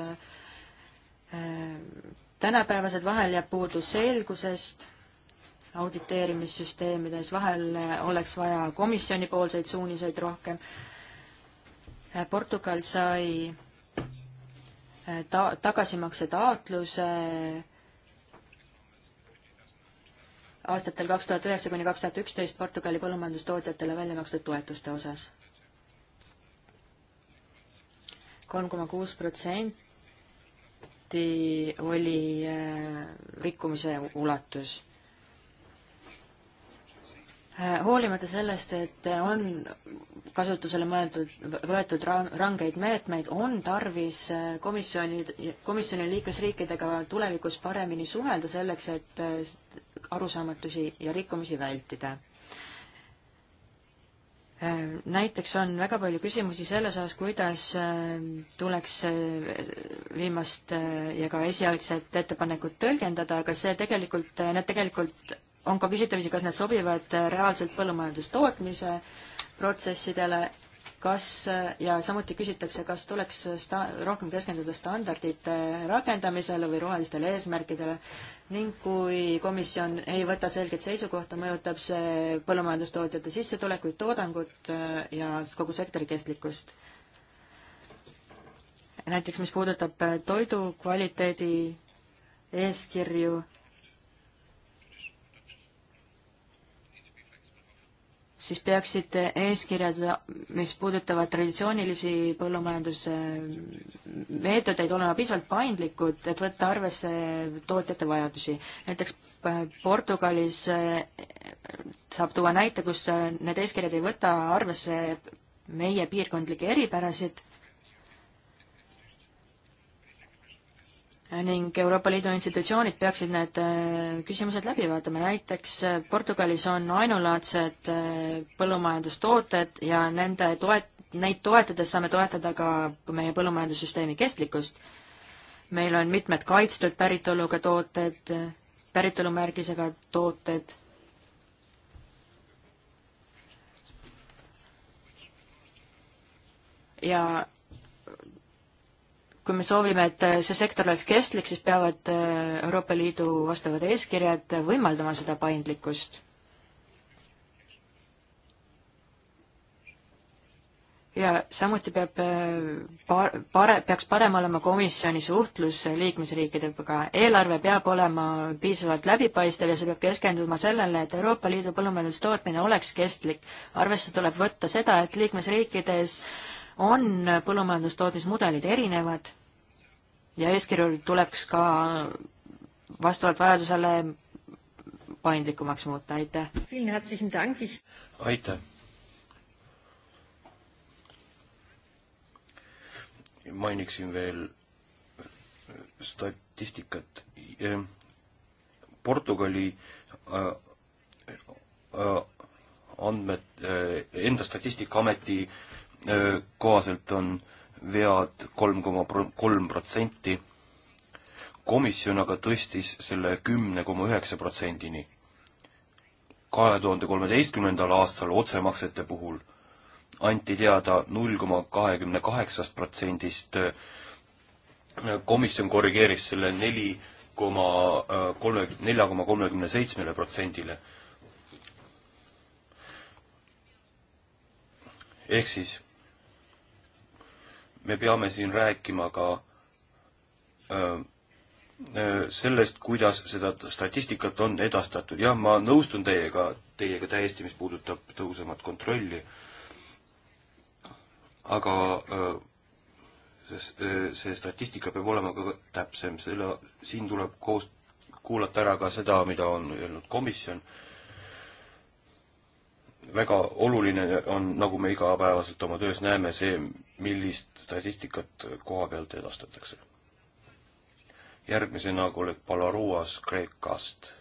tänapäevased, vahel jääb puudu selgusest auditeerimissüsteemides, vahel oleks vaja komisjonipoolseid suuniseid rohkem. Portugal sai eh, ta-, tagasimakse taotluse aastatel kaks tuhat üheksa kuni kaks tuhat üksteist Portugali põllumajandustootjatele välja makstud toetuste osas. kolm koma kuus protsenti oli eh, rikkumise ulatus Äh, hoolimata sellest, et äh, on kasutusele mõeldud, võetud rangeid meetmeid, on tarvis äh, komisjoni, komisjoni liikmesriikidega tulevikus paremini suhelda selleks, et arusaamatusi ja rikkumisi vältida. näiteks on väga palju küsimusi selles osas, kuidas tuleks viimast ja ka esialgset ettepanekut tõlgendada, aga see tegelikult, need tegelikult on ka küsitavusi, kas need sobivad reaalselt põllumajandustootmise protsessidele, kas ja samuti küsitakse, kas tuleks sta-, rohkem keskenduda standardite rakendamisele või rohelistele eesmärkidele ning kui komisjon ei võta selget seisukohta, mõjutab see põllumajandustootjate sissetulekuid, toodangut äh, ja kogu sektori kestlikkust. näiteks mis puudutab toidu kvaliteedi eeskirju siis peaksid eeskirjad, mis puudutavad traditsioonilisi põllumajandusmeetodeid, olema piisavalt paindlikud, et võtta arvesse tootjate vajadusi. näiteks äh, Portugalis äh, saab tuua näite, kus äh, need eeskirjad ei võta arvesse meie piirkondlikke eripärasid ning Euroopa Liidu institutsioonid peaksid need äh, küsimused läbi vaatama, näiteks äh, Portugalis on ainulaadsed äh, põllumajandustooted ja nende toet-, neid toetades saame toetada ka meie põllumajandussüsteemi kestlikkust. meil on mitmed kaitstud päritoluga tooted, päritolumärgisega tooted ja kui me soovime, et äh, see sektor oleks kestlik, siis peavad äh, Euroopa Liidu vastavad eeskirjad võimaldama seda paindlikkust. ja samuti peab äh, par-, pare-, peaks parem olema komisjoni suhtlus liikmesriikidega. eelarve peab olema piisavalt läbipaistev ja see peab keskenduma sellele, et Euroopa Liidu põllumajandustootmine oleks kestlik. arvesse tuleb võtta seda, et liikmesriikides äh, on põllumajandustootmismudelid erinevad ja eeskirju tuleks ka vastavalt vajadusele paindlikumaks muuta, aitäh! aitäh! mainiksin veel statistikat. Ehm, Portugali äh, äh, andmed, äh, enda Statistikaameti kohaselt on vead kolm koma kolm protsenti. komisjon aga tõstis selle kümne koma üheksa protsendini. kahe tuhande kolmeteistkümnendal aastal otsemaksete puhul anti teada null koma kahekümne kaheksast protsendist. komisjon korrigeeris selle neli koma kolme, nelja koma kolmekümne seitsmele protsendile. ehk siis me peame siin rääkima ka öö, sellest, kuidas seda statistikat on edastatud. jah, ma nõustun teiega, teiega täiesti, mis puudutab tõhusamat kontrolli. aga öö, see, see statistika peab olema ka täpsem, selle, siin tuleb koos kuulata ära ka seda, mida on öelnud komisjon. väga oluline on, nagu me igapäevaselt oma töös näeme, see, millist statistikat koha pealt edastatakse. järgmisena kolleeg Palaruas Kreekast.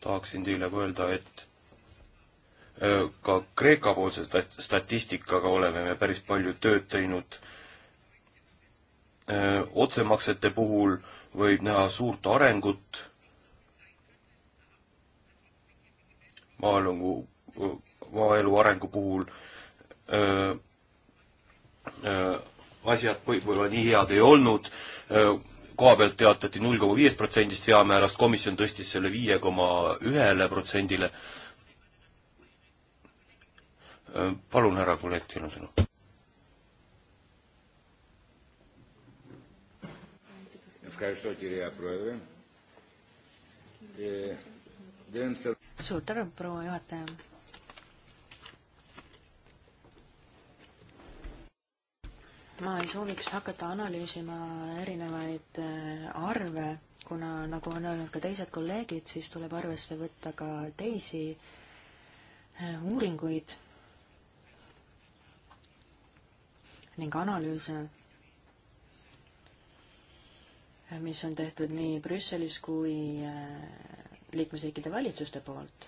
tahaksin teile ka öelda, et äh, ka Kreeka-poolse statistikaga oleme me päris palju tööd teinud. Äh, otsemaksete puhul võib näha suurt arengut maaelu, maaelu arengu puhul asjad võib-olla nii head ei olnud, koha pealt teatati null koma viiest protsendist veamäärast, komisjon tõstis selle viie koma ühele protsendile. palun, härra kolleeg, teil on sõna. suur tänu, proua juhataja ma ei sooviks hakata analüüsima erinevaid äh, arve, kuna nagu on öelnud ka teised kolleegid, siis tuleb arvesse võtta ka teisi äh, uuringuid ning analüüse, äh, mis on tehtud nii Brüsselis kui liikmesriikide valitsuste poolt.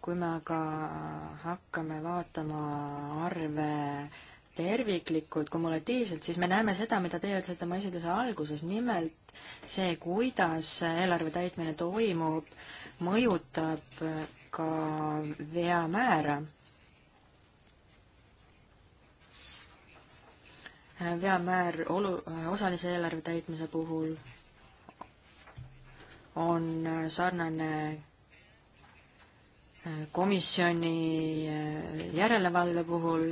kui me aga hakkame vaatama arve terviklikult, kumulatiivselt, siis me näeme seda, mida teie ütlesite oma esitluse alguses, nimelt see, kuidas eelarve täitmine toimub, mõjutab ka veamäära. veamäär olu-, osalise eelarve täitmise puhul on sarnane komisjoni järelevalve puhul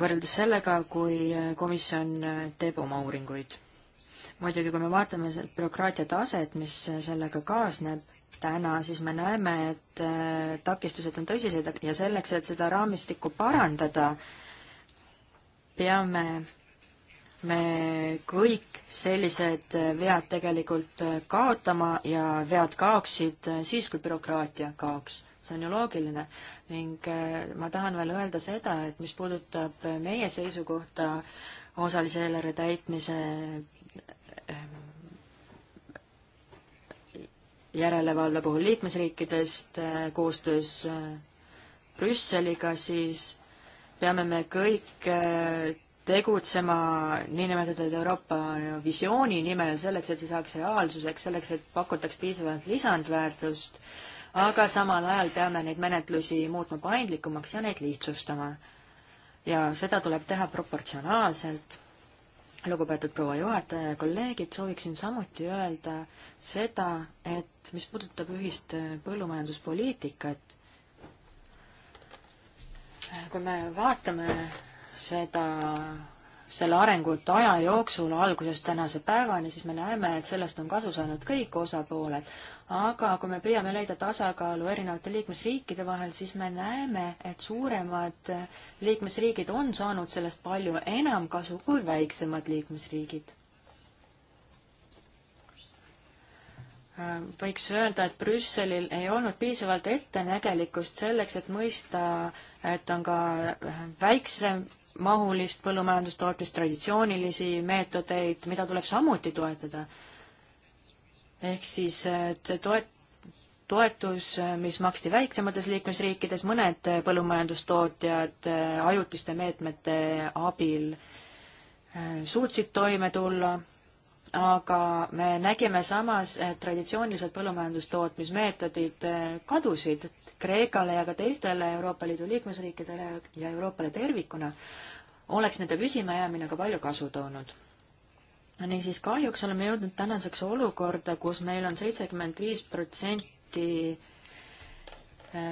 võrreldes sellega, kui komisjon teeb oma uuringuid. muidugi, kui me vaatame bürokraatia taset, mis sellega kaasneb täna, siis me näeme, et äh, takistused on tõsised ja selleks, et seda raamistikku parandada, peame me kõik sellised vead tegelikult äh, kaotama ja vead kaoksid äh, siis, kui bürokraatia kaoks see on ju loogiline. ning äh, ma tahan veel öelda seda, et mis puudutab meie seisukohta osalise eelarve täitmise äh, järelevalve puhul liikmesriikidest äh, koostöös Brüsseliga, siis peame me kõik tegutsema niinimetatud Euroopa visiooni nimel, selleks et see saaks reaalsuseks, selleks et pakutaks piisavalt lisandväärtust aga samal ajal peame neid menetlusi muutma paindlikumaks ja neid lihtsustama. ja seda tuleb teha proportsionaalselt. lugupeetud proua juhataja ja kolleegid, sooviksin samuti öelda seda, et mis puudutab ühist põllumajanduspoliitikat, kui me vaatame seda selle arengut aja jooksul, algusest tänase päevani, siis me näeme, et sellest on kasu saanud kõik osapooled. aga kui me püüame leida tasakaalu erinevate liikmesriikide vahel, siis me näeme, et suuremad liikmesriigid on saanud sellest palju enam kasu kui väiksemad liikmesriigid. võiks öelda, et Brüsselil ei olnud piisavalt ettenägelikkust selleks, et mõista, et on ka väiksem mahulist põllumajandustootmist, traditsioonilisi meetodeid, mida tuleb samuti toetada. ehk siis see äh, toet-, toetus, äh, mis maksti väiksemates liikmesriikides, mõned äh, põllumajandustootjad ajutiste meetmete abil suutsid toime tulla, aga me nägime samas, et traditsioonilised põllumajandustootmismeetodid kadusid Kreekale ja ka teistele Euroopa Liidu liikmesriikidele ja Euroopale tervikuna, oleks nende püsimajäämine ka palju kasu toonud. niisiis, kahjuks oleme jõudnud tänaseks olukorda, kus meil on seitsekümmend viis protsenti äh,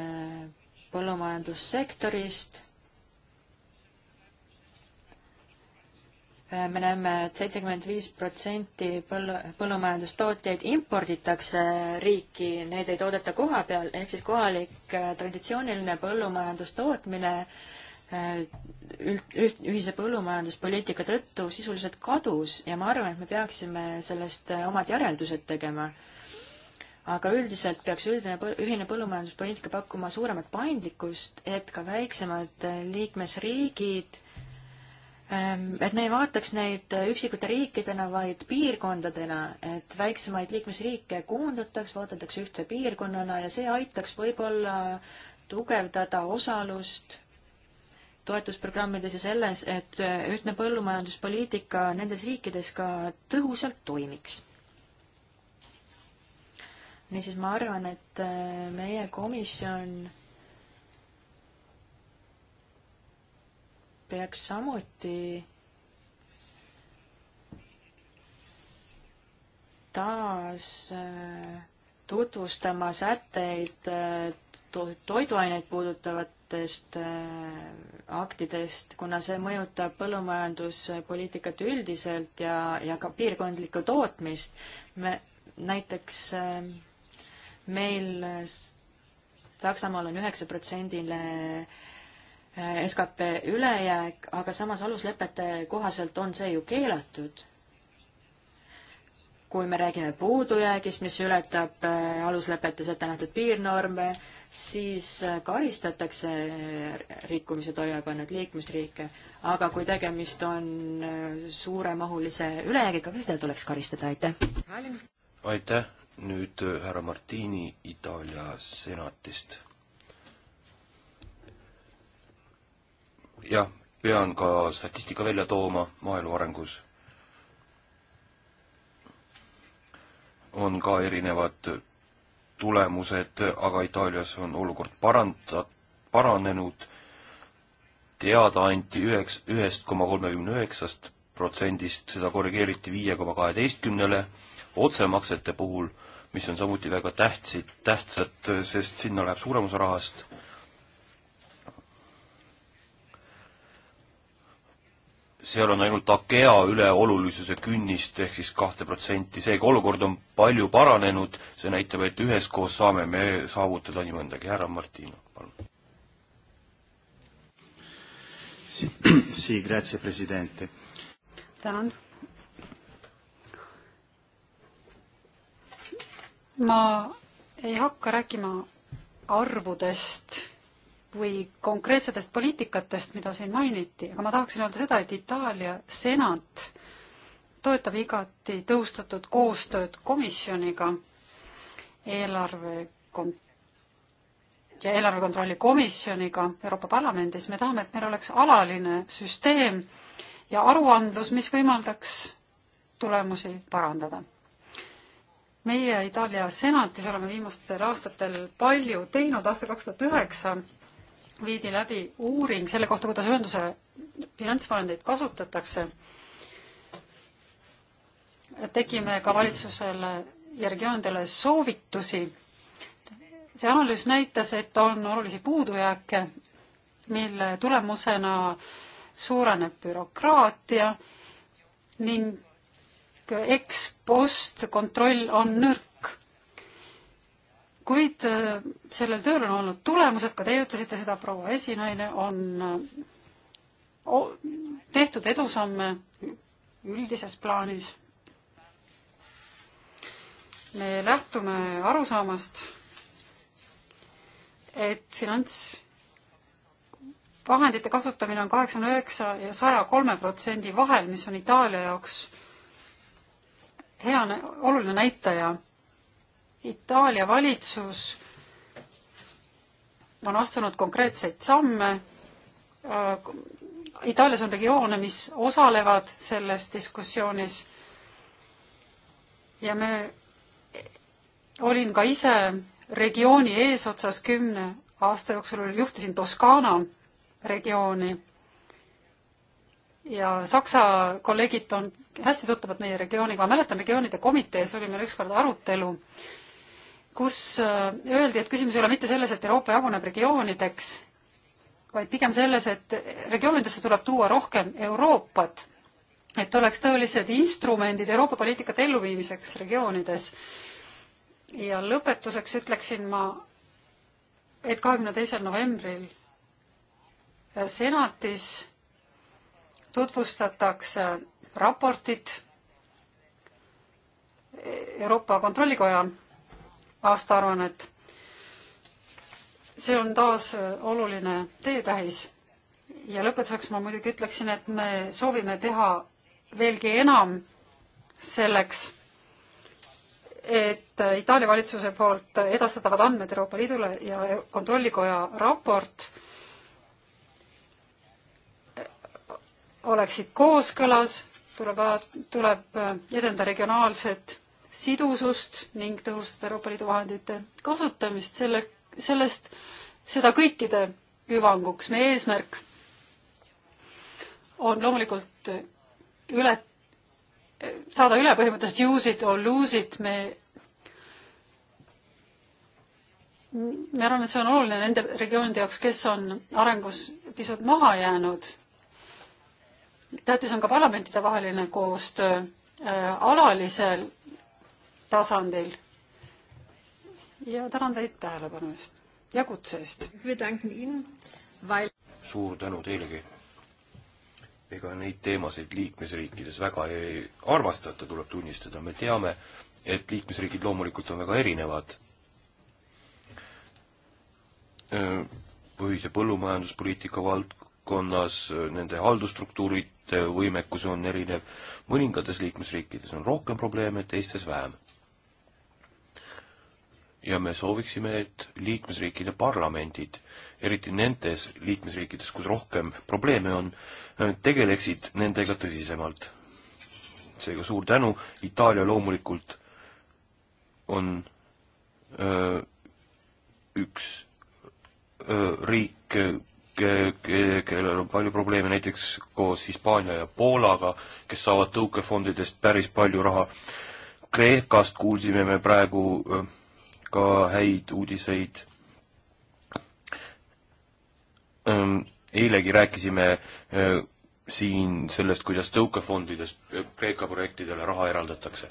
põllumajandussektorist Äh, me näeme et, et seitsekümmend viis protsenti põllu, põllumajandustootjaid imporditakse riiki, neid ei toodeta koha peal, ehk siis kohalik äh, traditsiooniline põllumajandustootmine äh, üld, üht, ühise põllumajanduspoliitika tõttu sisuliselt kadus ja ma arvan, et me peaksime sellest omad järeldused tegema. aga üldiselt peaks üldine, ühine põllumajanduspoliitika pakkuma suuremat paindlikkust, et ka väiksemad liikmesriigid Ähm, et me ei vaataks neid üksikute riikidena, vaid piirkondadena, et väiksemaid liikmesriike koondataks, vaadeldakse ühtse piirkonnana ja see aitaks võib-olla tugevdada osalust toetusprogrammides ja selles, et ühtne põllumajanduspoliitika nendes riikides ka tõhusalt toimiks. niisiis, ma arvan, et äh, meie komisjon peaks samuti taas äh, tutvustama sätteid äh, toiduaineid puudutavatest äh, aktidest, kuna see mõjutab põllumajanduspoliitikat üldiselt ja, ja ka piirkondlikku tootmist. me näiteks meil Saksamaal on üheksaprotsendine SKP ülejääk, aga samas aluslepete kohaselt on see ju keelatud. kui me räägime puudujäägist, mis ületab äh, aluslepetes ette nähtud piirnorme, siis äh, karistatakse rikkumise toimepannud liikmesriike, aga kui tegemist on äh, suuremahulise ülejäägiga, ka seda tuleks karistada, aitäh! aitäh, nüüd härra Martini Itaalia senatist jah, pean ka statistika välja tooma maaelu arengus. on ka erinevad tulemused, aga Itaalias on olukord paranda-, paranenud, teada anti üheks, ühest koma kolmekümne üheksast protsendist, seda korrigeeriti viie koma kaheteistkümnele, otsemaksete puhul, mis on samuti väga tähtsid, tähtsad, sest sinna läheb suurem osa rahast seal on ainult AKEA üle olulisuse künnist ehk siis kahte protsenti, seega olukord on palju paranenud, see näitab, et üheskoos saame me saavutada nii mõndagi. härra Martino, palun. Sì, grazie Presidente. Tänan. ma ei hakka rääkima arvudest või konkreetsetest poliitikatest, mida siin mainiti, aga ma tahaksin öelda seda, et Itaalia senat toetab igati tõhustatud koostööd komisjoniga eelarve kont-, ja eelarve kontrolli komisjoniga Euroopa Parlamendis, me tahame, et meil oleks alaline süsteem ja aruandlus, mis võimaldaks tulemusi parandada. meie Itaalia senatis oleme viimastel aastatel palju teinud, aastal kaks tuhat üheksa viidi läbi uuring selle kohta, kuidas ühenduse finantsvahendeid kasutatakse. tegime ka valitsusele ja regioonidele soovitusi. see analüüs näitas, et on olulisi puudujääke, mille tulemusena suureneb bürokraatia ning ekspost kontroll on nõrk kuid äh, sellel tööl on olnud tulemused, ka teie ütlesite seda, proua esinaine, on äh, tehtud edusamme üldises plaanis. me lähtume arusaamast, et finantsvahendite kasutamine on kaheksakümne üheksa ja saja kolme protsendi vahel, mis on Itaalia jaoks hea, oluline näitaja Itaalia valitsus on astunud konkreetseid samme. Itaalias on regioone, mis osalevad selles diskussioonis. ja me, olin ka ise regiooni eesotsas kümne aasta jooksul, juhtisin Toskaana regiooni ja Saksa kolleegid on hästi tuttavad meie regiooniga, ma mäletan, regioonide komitees oli meil ükskord arutelu kus äh, öeldi, et küsimus ei ole mitte selles, et Euroopa jaguneb regioonideks, vaid pigem selles, et regioonidesse tuleb tuua rohkem Euroopat, et oleks tõelised instrumendid Euroopa poliitikate elluviimiseks regioonides. ja lõpetuseks ütleksin ma, et kahekümne teisel novembril äh, senatis tutvustatakse raportit Euroopa Kontrollikoja aastaaruannet. see on taas äh, oluline teetähis ja lõpetuseks ma muidugi ütleksin, et me soovime teha veelgi enam selleks, et äh, Itaalia valitsuse poolt edastatavad andmed Euroopa Liidule ja e-, Kontrollikoja raport äh, oleksid kooskõlas, tuleb, tuleb edenda regionaalset sidusust ning tõhustada Euroopa Liidu vahendite kasutamist selle, sellest, seda kõikide hüvanguks. meie eesmärk on loomulikult üle, saada üle põhimõttest use it or lose it, me me arvame, et see on oluline nende regioonide jaoks, kes on arengus pisut maha jäänud. tähtis on ka parlamentidevaheline koostöö äh, alalisel tasandil. ja tänan teid tähelepanu eest ja kutse eest. suur tänu teilegi. ega neid teemasid liikmesriikides väga ei armastata, tuleb tunnistada, me teame, et liikmesriigid loomulikult on väga erinevad. põhise põllumajanduspoliitika valdkonnas nende haldusstruktuurid, võimekus on erinev, mõningates liikmesriikides on rohkem probleeme, teistes vähem ja me sooviksime, et liikmesriikide parlamendid, eriti nendes liikmesriikides, kus rohkem probleeme on, äh, tegeleksid nendega tõsisemalt. seega suur tänu, Itaalia loomulikult on öö, äh, üks öö, äh, riik, kellel on palju probleeme näiteks koos Hispaania ja Poolaga, kes saavad tõukefondidest päris palju raha. Kreekast kuulsime me praegu öö, ka häid uudiseid. eilegi rääkisime siin sellest, kuidas tõukefondides Kreeka projektidele raha eraldatakse.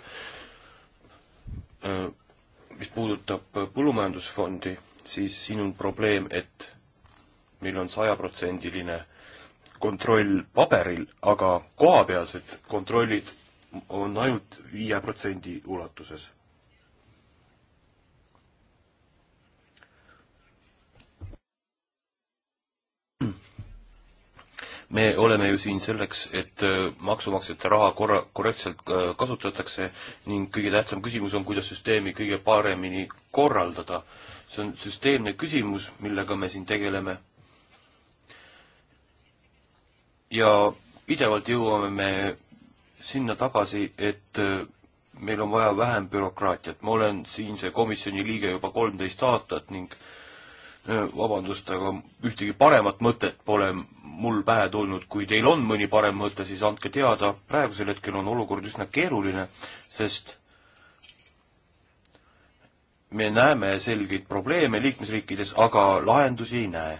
mis puudutab põllumajandusfondi, siis siin on probleem, et meil on sajaprotsendiline kontroll paberil, aga kohapealsed kontrollid on ainult viie protsendi ulatuses me oleme ju siin selleks, et äh, maksumaksjate raha korra, korrektselt äh, kasutatakse ning kõige tähtsam küsimus on, kuidas süsteemi kõige paremini korraldada. see on süsteemne küsimus, millega me siin tegeleme. ja pidevalt jõuame me sinna tagasi, et äh, meil on vaja vähem bürokraatiat. ma olen siinse komisjoni liige juba kolmteist aastat ning äh, Äh, vabandust, aga ühtegi paremat mõtet pole mul pähe tulnud, kui teil on mõni parem mõte, siis andke teada, praegusel hetkel on olukord üsna keeruline, sest me näeme selgeid probleeme liikmesriikides, aga lahendusi ei näe.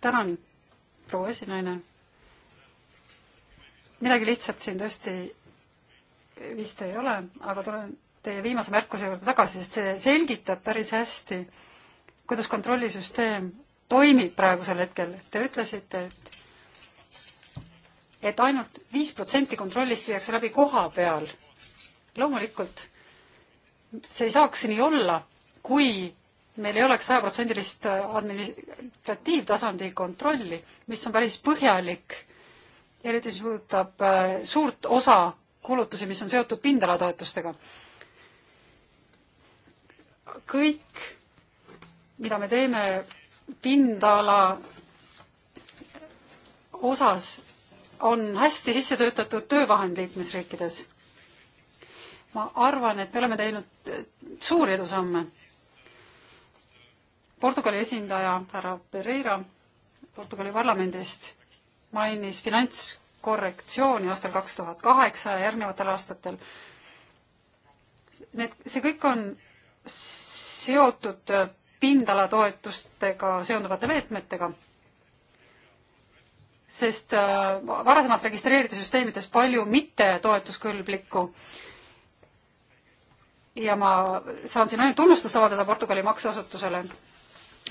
tänan, proua esinaine midagi lihtsat siin tõesti vist ei ole, aga tulen teie viimase märkuse juurde tagasi, sest see selgitab päris hästi, kuidas kontrollisüsteem toimib praegusel hetkel. Te ütlesite, et et ainult viis protsenti kontrollist viiakse läbi koha peal. loomulikult see ei saaks nii olla, kui meil ei oleks sajaprotsendilist administratiivtasandi kontrolli, mis on päris põhjalik, eriti mis puudutab äh, suurt osa kulutusi, mis on seotud pindalatoetustega. kõik, mida me teeme pindala osas, on hästi sisse töötatud töövahend liikmesriikides. ma arvan, et me oleme teinud äh, suuri edusamme. Portugali esindaja härra Pereira Portugali parlamendist mainis finants korrektsiooni aastal kaks tuhat kaheksa ja järgnevatel aastatel. Need, see kõik on seotud pindalatoetustega seonduvate meetmetega, sest äh, varasemalt registreeriti süsteemides palju mittetoetuskõlblikku ja ma saan siin ainult tunnustust avaldada Portugali makseasutusele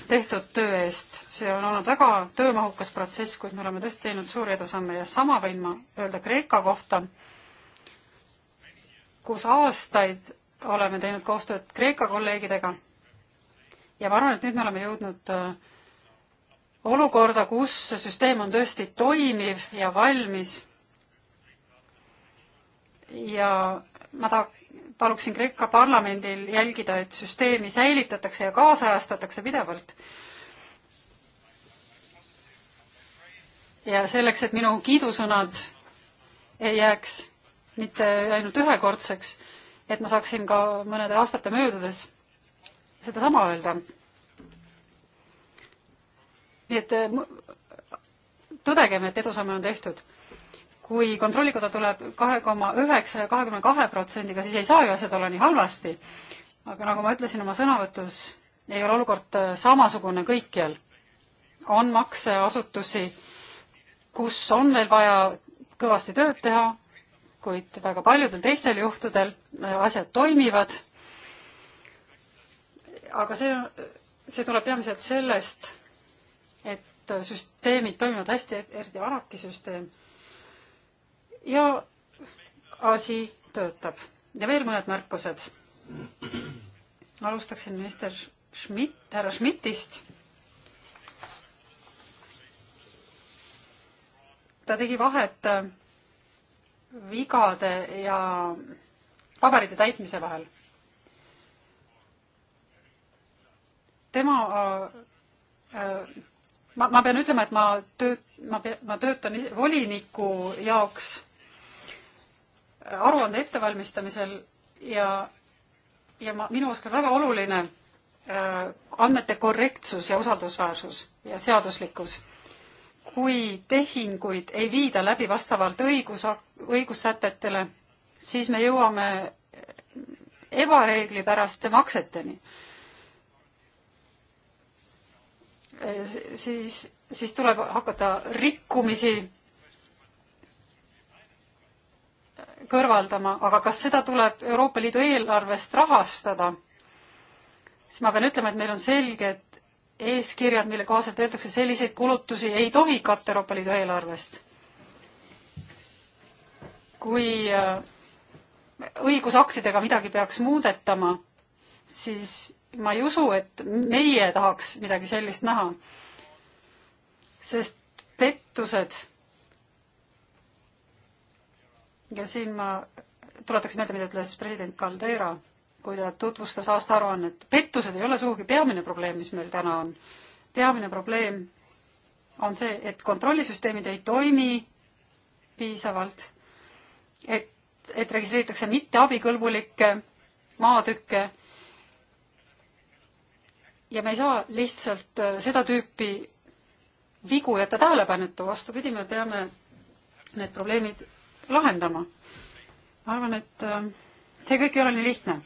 tehtud töö eest, see on olnud väga töömahukas protsess, kuid me oleme tõesti teinud suuri edusamme ja sama võin ma öelda Kreeka kohta, kus aastaid oleme teinud koostööd Kreeka kolleegidega ja ma arvan, et nüüd me oleme jõudnud äh, olukorda, kus süsteem on tõesti toimiv ja valmis ja ma tahaks paluksin Kreeka parlamendil jälgida, et süsteemi säilitatakse ja kaasajastatakse pidevalt. ja selleks, et minu kiidusõnad ei jääks mitte ainult ühekordseks, et ma saaksin ka mõnede aastate möödudes sedasama öelda. nii et äh, tõdegem, et edusamme on tehtud kui kontrollikoda tuleb kahe koma üheksa ja kahekümne kahe protsendiga, siis ei saa ju asjad olla nii halvasti. aga nagu ma ütlesin oma sõnavõtus, ei ole olukord äh, samasugune kõikjal. on makseasutusi, kus on veel vaja kõvasti tööd teha, kuid väga paljudel teistel juhtudel äh, asjad toimivad. aga see, see tuleb peamiselt sellest, et äh, süsteemid toimivad hästi, eriti ARAK-i süsteem ja asi töötab. ja veel mõned märkused. alustaksin minister Schmidt, härra Schmidtist. ta tegi vahet äh, vigade ja paberite täitmise vahel. tema äh, äh, ma, ma pean ütlema, et ma tööt-, ma pea-, ma töötan voliniku jaoks aruande ettevalmistamisel ja, ja ma, minu jaoks on väga oluline äh, andmete korrektsus ja usaldusväärsus ja seaduslikkus. kui tehinguid ei viida läbi vastavalt õigus, õigussätetele, siis me jõuame ebareeglipäraste makseteni. Äh, siis, siis tuleb hakata rikkumisi kõrvaldama, aga kas seda tuleb Euroopa Liidu eelarvest rahastada, siis ma pean ütlema, et meil on selged eeskirjad, mille kohaselt öeldakse, selliseid kulutusi ei tohi katta Euroopa Liidu eelarvest. kui äh, õigusaktidega midagi peaks muudetama, siis ma ei usu, et meie tahaks midagi sellist näha. sest pettused ja siin ma tuletaks meelde, mida ütles president Caldera, kui ta tutvustas aastaaruannet. pettused ei ole sugugi peamine probleem, mis meil täna on. peamine probleem on see, et kontrollisüsteemid ei toimi piisavalt, et, et registreeritakse mitteabikõlbulikke maatükke ja me ei saa lihtsalt äh, seda tüüpi vigu jätta tähelepanuta, vastupidi, me peame need probleemid lahendama. ma arvan, et äh, see kõik ei ole nii lihtne.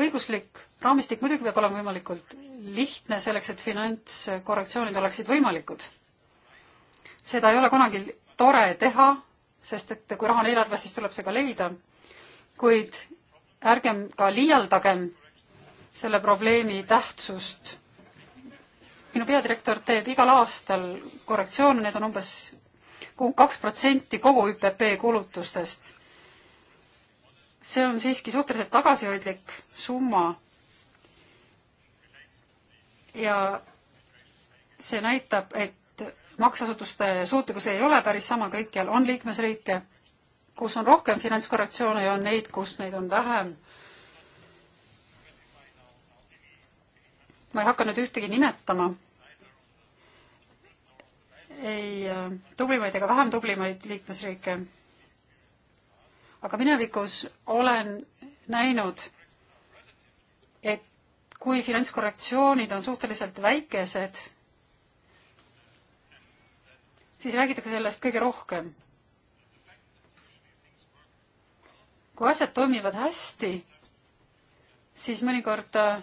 õiguslik raamistik muidugi peab olema võimalikult lihtne selleks, et finantskorrektsioonid oleksid võimalikud. seda ei ole kunagi tore teha, sest et kui raha on eelarves, siis tuleb see ka leida. kuid ärgem ka liialdagem selle probleemi tähtsust minu peadirektor teeb igal aastal korrektsioone, need on umbes kaks protsenti kogu ÜPP kulutustest. see on siiski suhteliselt tagasihoidlik summa. ja see näitab, et makseasutuste suutlikkus ei ole päris sama kõikjal, on liikmesriike, kus on rohkem finantskorrektsioone ja on neid, kus neid on vähem ma ei hakka nüüd ühtegi nimetama, ei äh, tublimaid ega vähem tublimaid liikmesriike. aga minevikus olen näinud, et kui finantskorrektsioonid on suhteliselt väikesed, siis räägitakse sellest kõige rohkem. kui asjad toimivad hästi, siis mõnikord äh,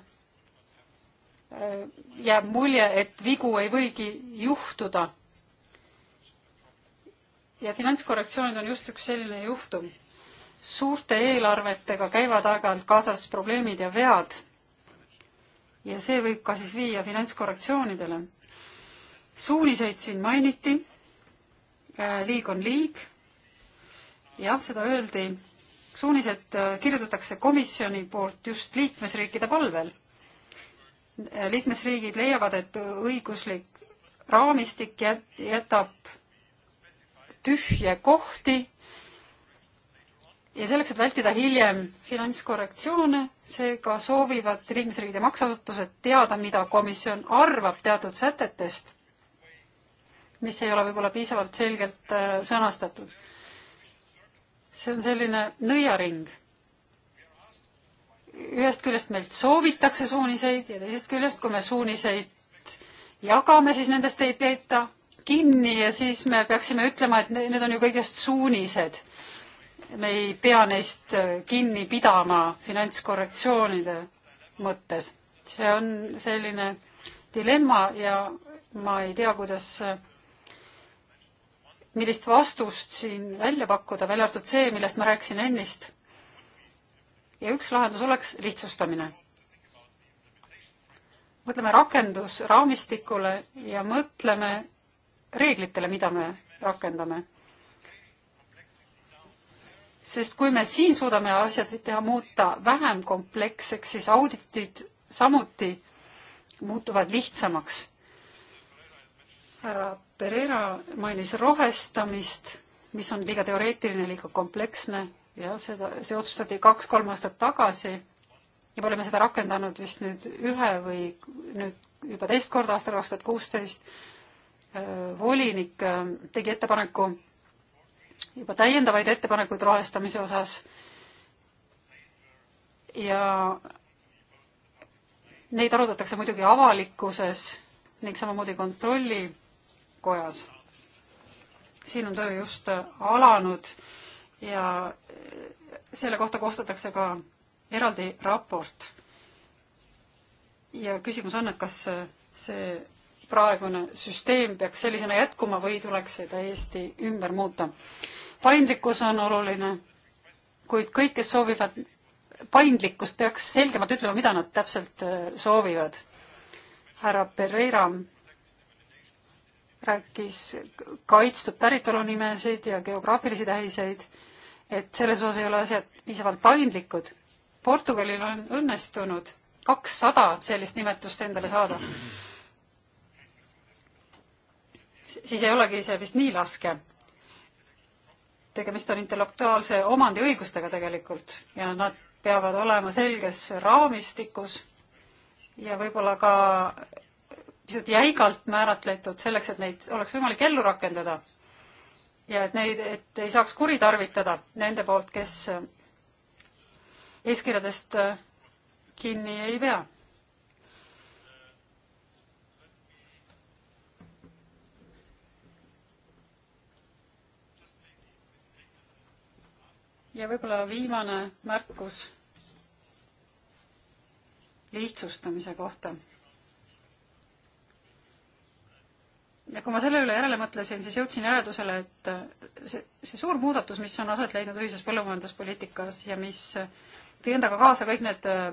Äh, jääb mulje, et vigu ei võigi juhtuda. ja finantskorrektsioonid on just üks selline juhtum. suurte eelarvetega käivad aeg-ajalt kaasas probleemid ja vead. ja see võib ka siis viia finantskorrektsioonidele. suuniseid siin mainiti. Äh, liig on liig. jah, seda öeldi. suunised äh, kirjutatakse komisjoni poolt just liikmesriikide palvel liikmesriigid leiavad, et õiguslik raamistik jätab tühje kohti ja selleks, et vältida hiljem finantskorrektsioone, seega soovivad liikmesriigid ja makseasutused teada, mida komisjon arvab teatud sätetest, mis ei ole võib-olla piisavalt selgelt äh, sõnastatud. see on selline nõiaring ühest küljest meilt soovitakse suuniseid ja teisest küljest, kui me suuniseid jagame, siis nendest ei peeta kinni ja siis me peaksime ütlema, et need on ju kõigest suunised. me ei pea neist äh, kinni pidama finantskorrektsioonide mõttes. see on selline dilemma ja ma ei tea, kuidas, äh, millist vastust siin välja pakkuda, välja arvatud see, millest ma rääkisin ennist ja üks lahendus oleks lihtsustamine. mõtleme rakendusraamistikule ja mõtleme reeglitele, mida me rakendame. sest kui me siin suudame asjad teha, muuta vähem kompleksseks, siis auditid samuti muutuvad lihtsamaks. härra Pereira mainis rohestamist, mis on liiga teoreetiline, liiga kompleksne ja seda, see otsustati kaks-kolm aastat tagasi ja me oleme seda rakendanud vist nüüd ühe või nüüd juba teist korda aastal kaks tuhat kuusteist. Äh, volinik äh, tegi ettepaneku, juba täiendavaid ettepanekuid rohestamise osas ja neid arutatakse muidugi avalikkuses ning samamoodi kontrollikojas. siin on töö just alanud ja eh, selle kohta koostatakse ka eraldi raport. ja küsimus on, et kas eh, see praegune süsteem peaks sellisena jätkuma või tuleks see täiesti ümber muuta. paindlikkus on oluline, kuid kõik, kes soovivad paindlikkust, peaks selgemalt ütlema, mida nad täpselt eh, soovivad. härra Pereira rääkis kaitstud päritolunimesid ja geograafilisi tähiseid et selles osas ei ole asjad piisavalt paindlikud. Portugalil on õnnestunud kakssada sellist nimetust endale saada. siis ei olegi see vist nii raske. tegemist on intellektuaalse omandiõigustega tegelikult ja nad peavad olema selges raamistikus ja võib-olla ka pisut jäigalt määratletud selleks, et neid oleks võimalik ellu rakendada ja et neid, et ei saaks kuritarvitada nende poolt, kes eh, eeskirjadest eh, kinni ei pea. ja võib-olla viimane märkus lihtsustamise kohta ja kui ma selle üle järele mõtlesin, siis jõudsin järeldusele, et äh, see, see suur muudatus, mis on aset leidnud ühises põllumajanduspoliitikas ja mis tõi endaga kaasa kõik need äh,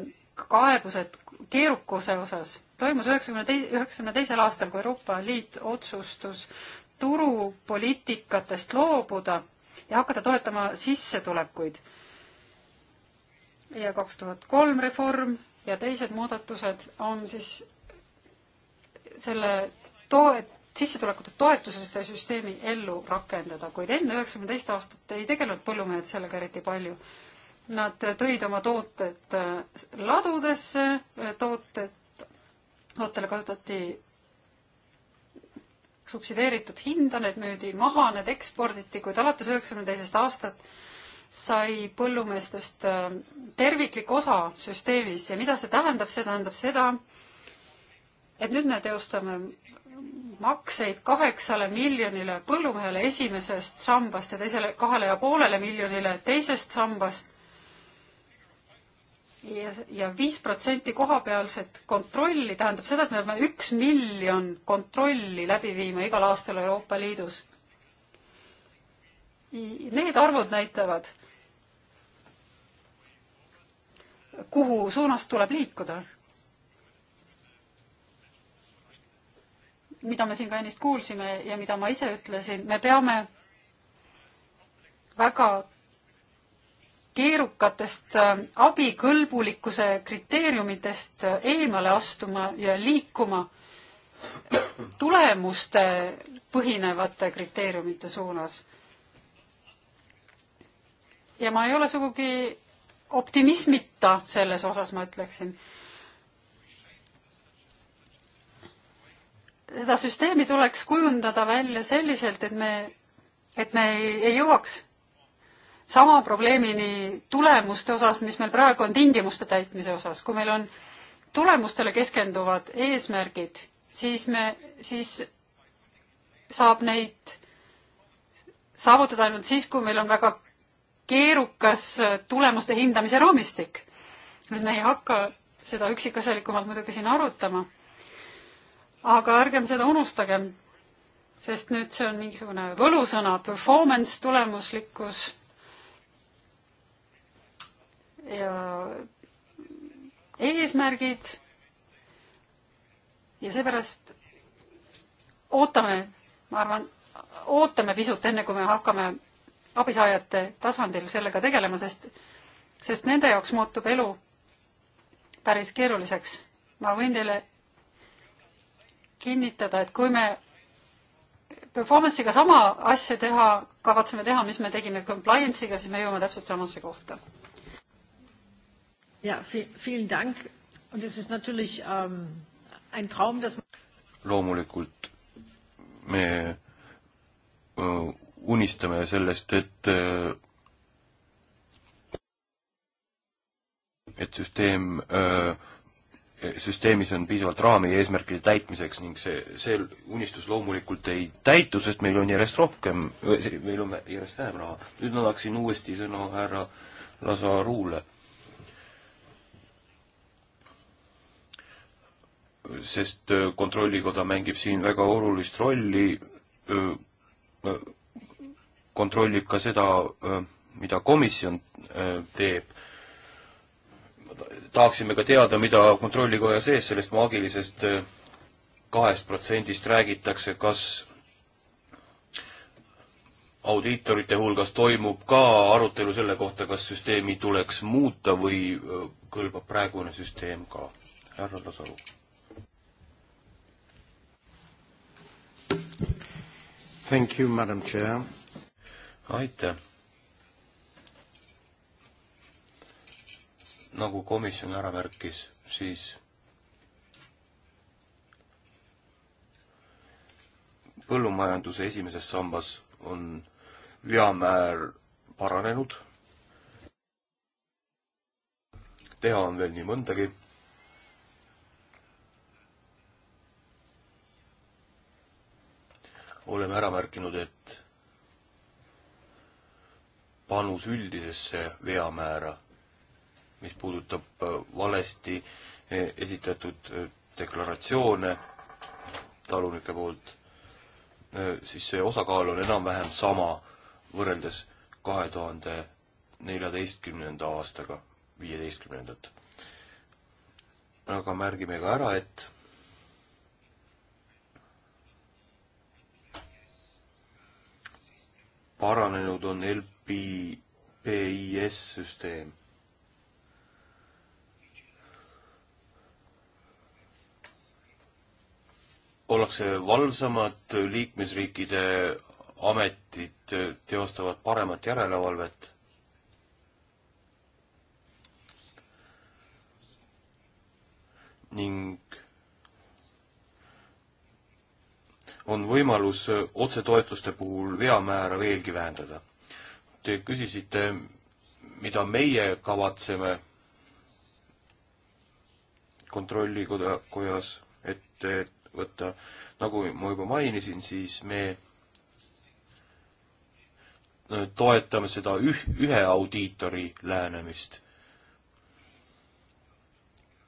kaebused keerukuse osas, toimus üheksakümne tei-, üheksakümne teisel aastal, kui Euroopa Liit otsustus turupoliitikatest loobuda ja hakata toetama sissetulekuid. ja kaks tuhat kolm reform ja teised muudatused on siis selle toet-, sissetulekute toetuste süsteemi ellu rakendada, kuid enne üheksakümne teist aastat ei tegelenud põllumehed sellega eriti palju. Nad tõid oma tooted äh, ladudesse, äh, tooted, tootele kasutati subsideeritud hinda, need müüdi maha, need eksporditi, kuid alates üheksakümne teisest aastat sai põllumeestest äh, terviklik osa süsteemis ja mida see tähendab, see tähendab seda, et nüüd me teostame makseid kaheksale miljonile põllumehele esimesest sambast ja teisele kahele ja poolele miljonile teisest sambast ja, ja viis protsenti kohapealset kontrolli tähendab seda, et me peame üks miljon kontrolli läbi viima igal aastal Euroopa Liidus. Need arvud näitavad, kuhu suunas tuleb liikuda mida me siin ka ennist kuulsime ja mida ma ise ütlesin, me peame väga keerukatest äh, abikõlbulikkuse kriteeriumitest äh, eemale astuma ja liikuma tulemuste põhinevate kriteeriumite suunas. ja ma ei ole sugugi optimismita selles osas, ma ütleksin seda süsteemi tuleks kujundada välja selliselt, et me, et me ei, ei jõuaks sama probleemini tulemuste osas, mis meil praegu on tingimuste täitmise osas, kui meil on tulemustele keskenduvad eesmärgid, siis me, siis saab neid saavutada ainult siis, kui meil on väga keerukas tulemuste hindamise raamistik. nüüd me ei hakka seda üksikasjalikumalt muidugi siin arutama aga ärgem seda unustagem, sest nüüd see on mingisugune võlusõna, performance, tulemuslikkus ja eesmärgid ja seepärast ootame, ma arvan, ootame pisut, enne kui me hakkame abisaajate tasandil sellega tegelema, sest, sest nende jaoks muutub elu päris keeruliseks. ma võin teile kinnitada, et kui me performance'iga sama asja teha, kavatseme teha, mis me tegime compliance'iga, siis me jõuame täpselt samasse kohta. ja, vielen dank und es ist natürlich ähm, ein Traum, dass loomulikult me äh, unistame sellest, et äh, et süsteem äh, süsteemis on piisavalt raha meie eesmärkide täitmiseks ning see, see unistus loomulikult ei täitu, sest meil on järjest rohkem, meil on järjest vähem raha. nüüd ma tahaksin uuesti sõna härra Lazarule. sest äh, Kontrollikoda mängib siin väga olulist rolli, äh, kontrollib ka seda, äh, mida komisjon teeb tahaksime ka teada, mida Kontrollikoja sees sellest maagilisest äh, kahest protsendist räägitakse, kas audiitorite hulgas toimub ka arutelu selle kohta, kas süsteemi tuleks muuta või äh, kõlbab praegune süsteem ka? härra Lasaru. Thank you, madam chair. aitäh nagu komisjon ära märkis, siis põllumajanduse esimeses sambas on veamäär paranenud. teha on veel nii mõndagi oleme ära märkinud, et panus üldisesse veamäära mis puudutab äh, valesti äh, esitatud äh, deklaratsioone talunike poolt, siis see osakaal on enam-vähem sama võrreldes kahe tuhande neljateistkümnenda aastaga viieteistkümnendat. aga märgime ka ära, et paranenud on LPIS süsteem ollakse valvsamad, liikmesriikide ametid teostavad paremat järelevalvet. ning on võimalus otsetoetuste puhul veamäära veelgi vähendada. Te küsisite, mida meie kavatseme kontrollikojas, et, et võtta. nagu ma juba mainisin, siis me toetame seda üh-, ühe audiitori lähenemist.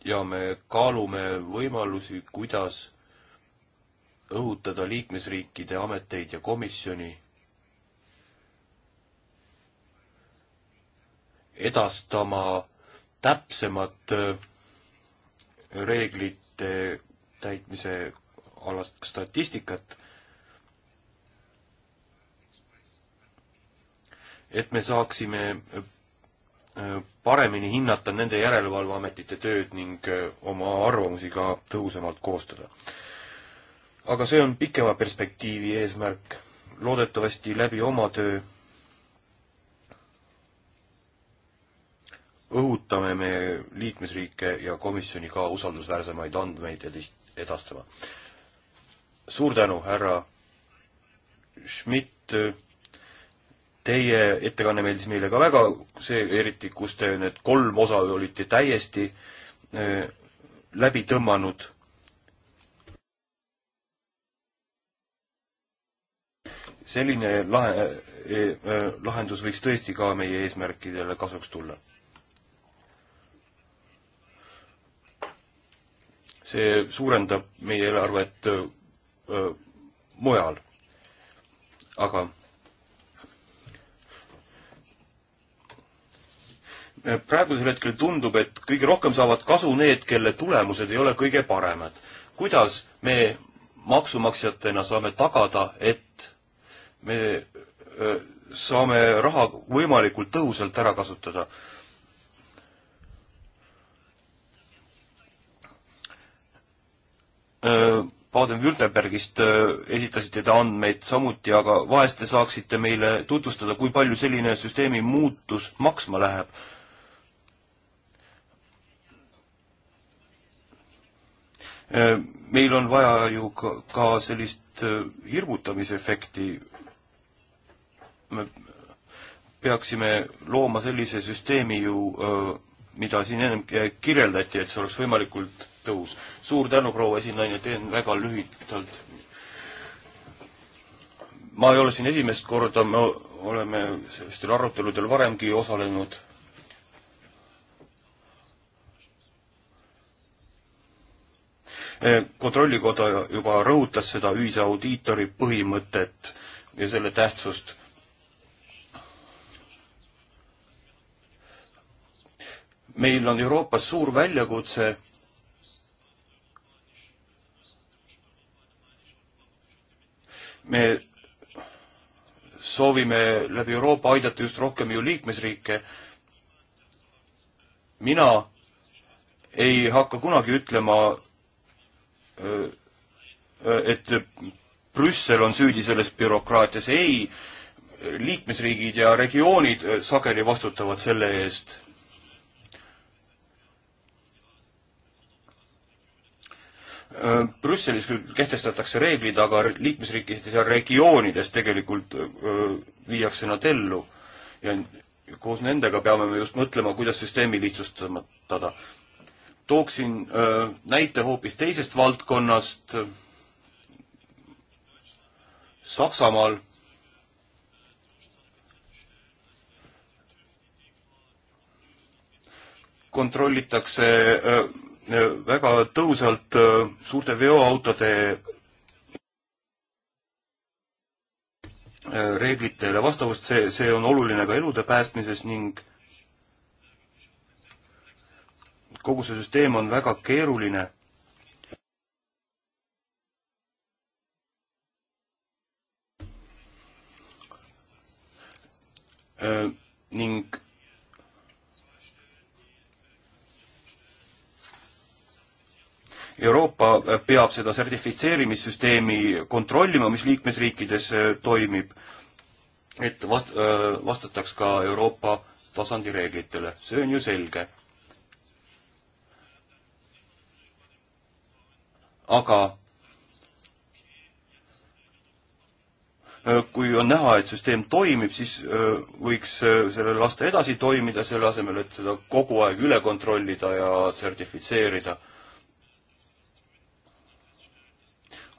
ja me kaalume võimalusi, kuidas õhutada liikmesriikide ameteid ja komisjoni edastama täpsemat äh, reeglite täitmise alast statistikat, et me saaksime äh, äh, paremini hinnata nende järelevalveametite tööd ning äh, oma arvamusi ka tõhusamalt koostada. aga see on pikema perspektiivi eesmärk. loodetavasti läbi oma töö õhutame me liikmesriike ja komisjoni ka usaldusväärsemaid andmeid ja tihti edastama. suur tänu, härra Schmidt. Teie ettekanne meeldis meile ka väga, see eriti, kus te need kolm osa olite täiesti äh, läbi tõmmanud. selline lahe, äh, lahendus võiks tõesti ka meie eesmärkidele kasuks tulla see suurendab meie eelarvet öö, mujal. aga praegusel hetkel tundub, et kõige rohkem saavad kasu need, kelle tulemused ei ole kõige paremad. kuidas me maksumaksjatena saame tagada, et me öö, saame raha võimalikult tõhusalt ära kasutada? Äh, Baden-Württembergist äh, esitasite te andmeid samuti, aga vahest te saaksite meile tutvustada, kui palju selline süsteemi muutus maksma läheb? Äh, meil on vaja ju ka, ka sellist hirmutamise efekti. me peaksime looma sellise süsteemi ju, mida siin ennem kirjeldati, et see oleks võimalikult tõus. suur tänu, proua esinaine, teen väga lühidalt. ma ei ole siin esimest korda, me oleme sellistel aruteludel varemgi osalenud. kontrollikoda juba rõhutas seda ühise audiitori põhimõtet ja selle tähtsust meil on Euroopas suur väljakutse me soovime läbi Euroopa aidata just rohkem ju liikmesriike. mina ei hakka kunagi ütlema, et Brüssel on süüdi selles bürokraatias, ei, liikmesriigid ja regioonid äh, sageli vastutavad selle eest Äh, Brüsselis küll kehtestatakse reeglid, aga liikmesriikides ja regioonides tegelikult äh, viiakse nad ellu ja koos nendega peame me just mõtlema, kuidas süsteemi lihtsustada. tooksin äh, näite hoopis teisest valdkonnast. Saksamaal kontrollitakse väga tõhusalt äh, suurte veoautode äh, reeglitele vastavust, see, see on oluline ka elude päästmises ning kogu see süsteem on väga keeruline. Äh, ning Euroopa peab seda sertifitseerimissüsteemi kontrollima, mis liikmesriikides äh, toimib, et vast-, äh, vastataks ka Euroopa tasandi reeglitele, see on ju selge. aga äh, kui on näha, et süsteem toimib, siis võiks selle lasta edasi toimida, selle asemel, et seda kogu aeg üle kontrollida ja sertifitseerida.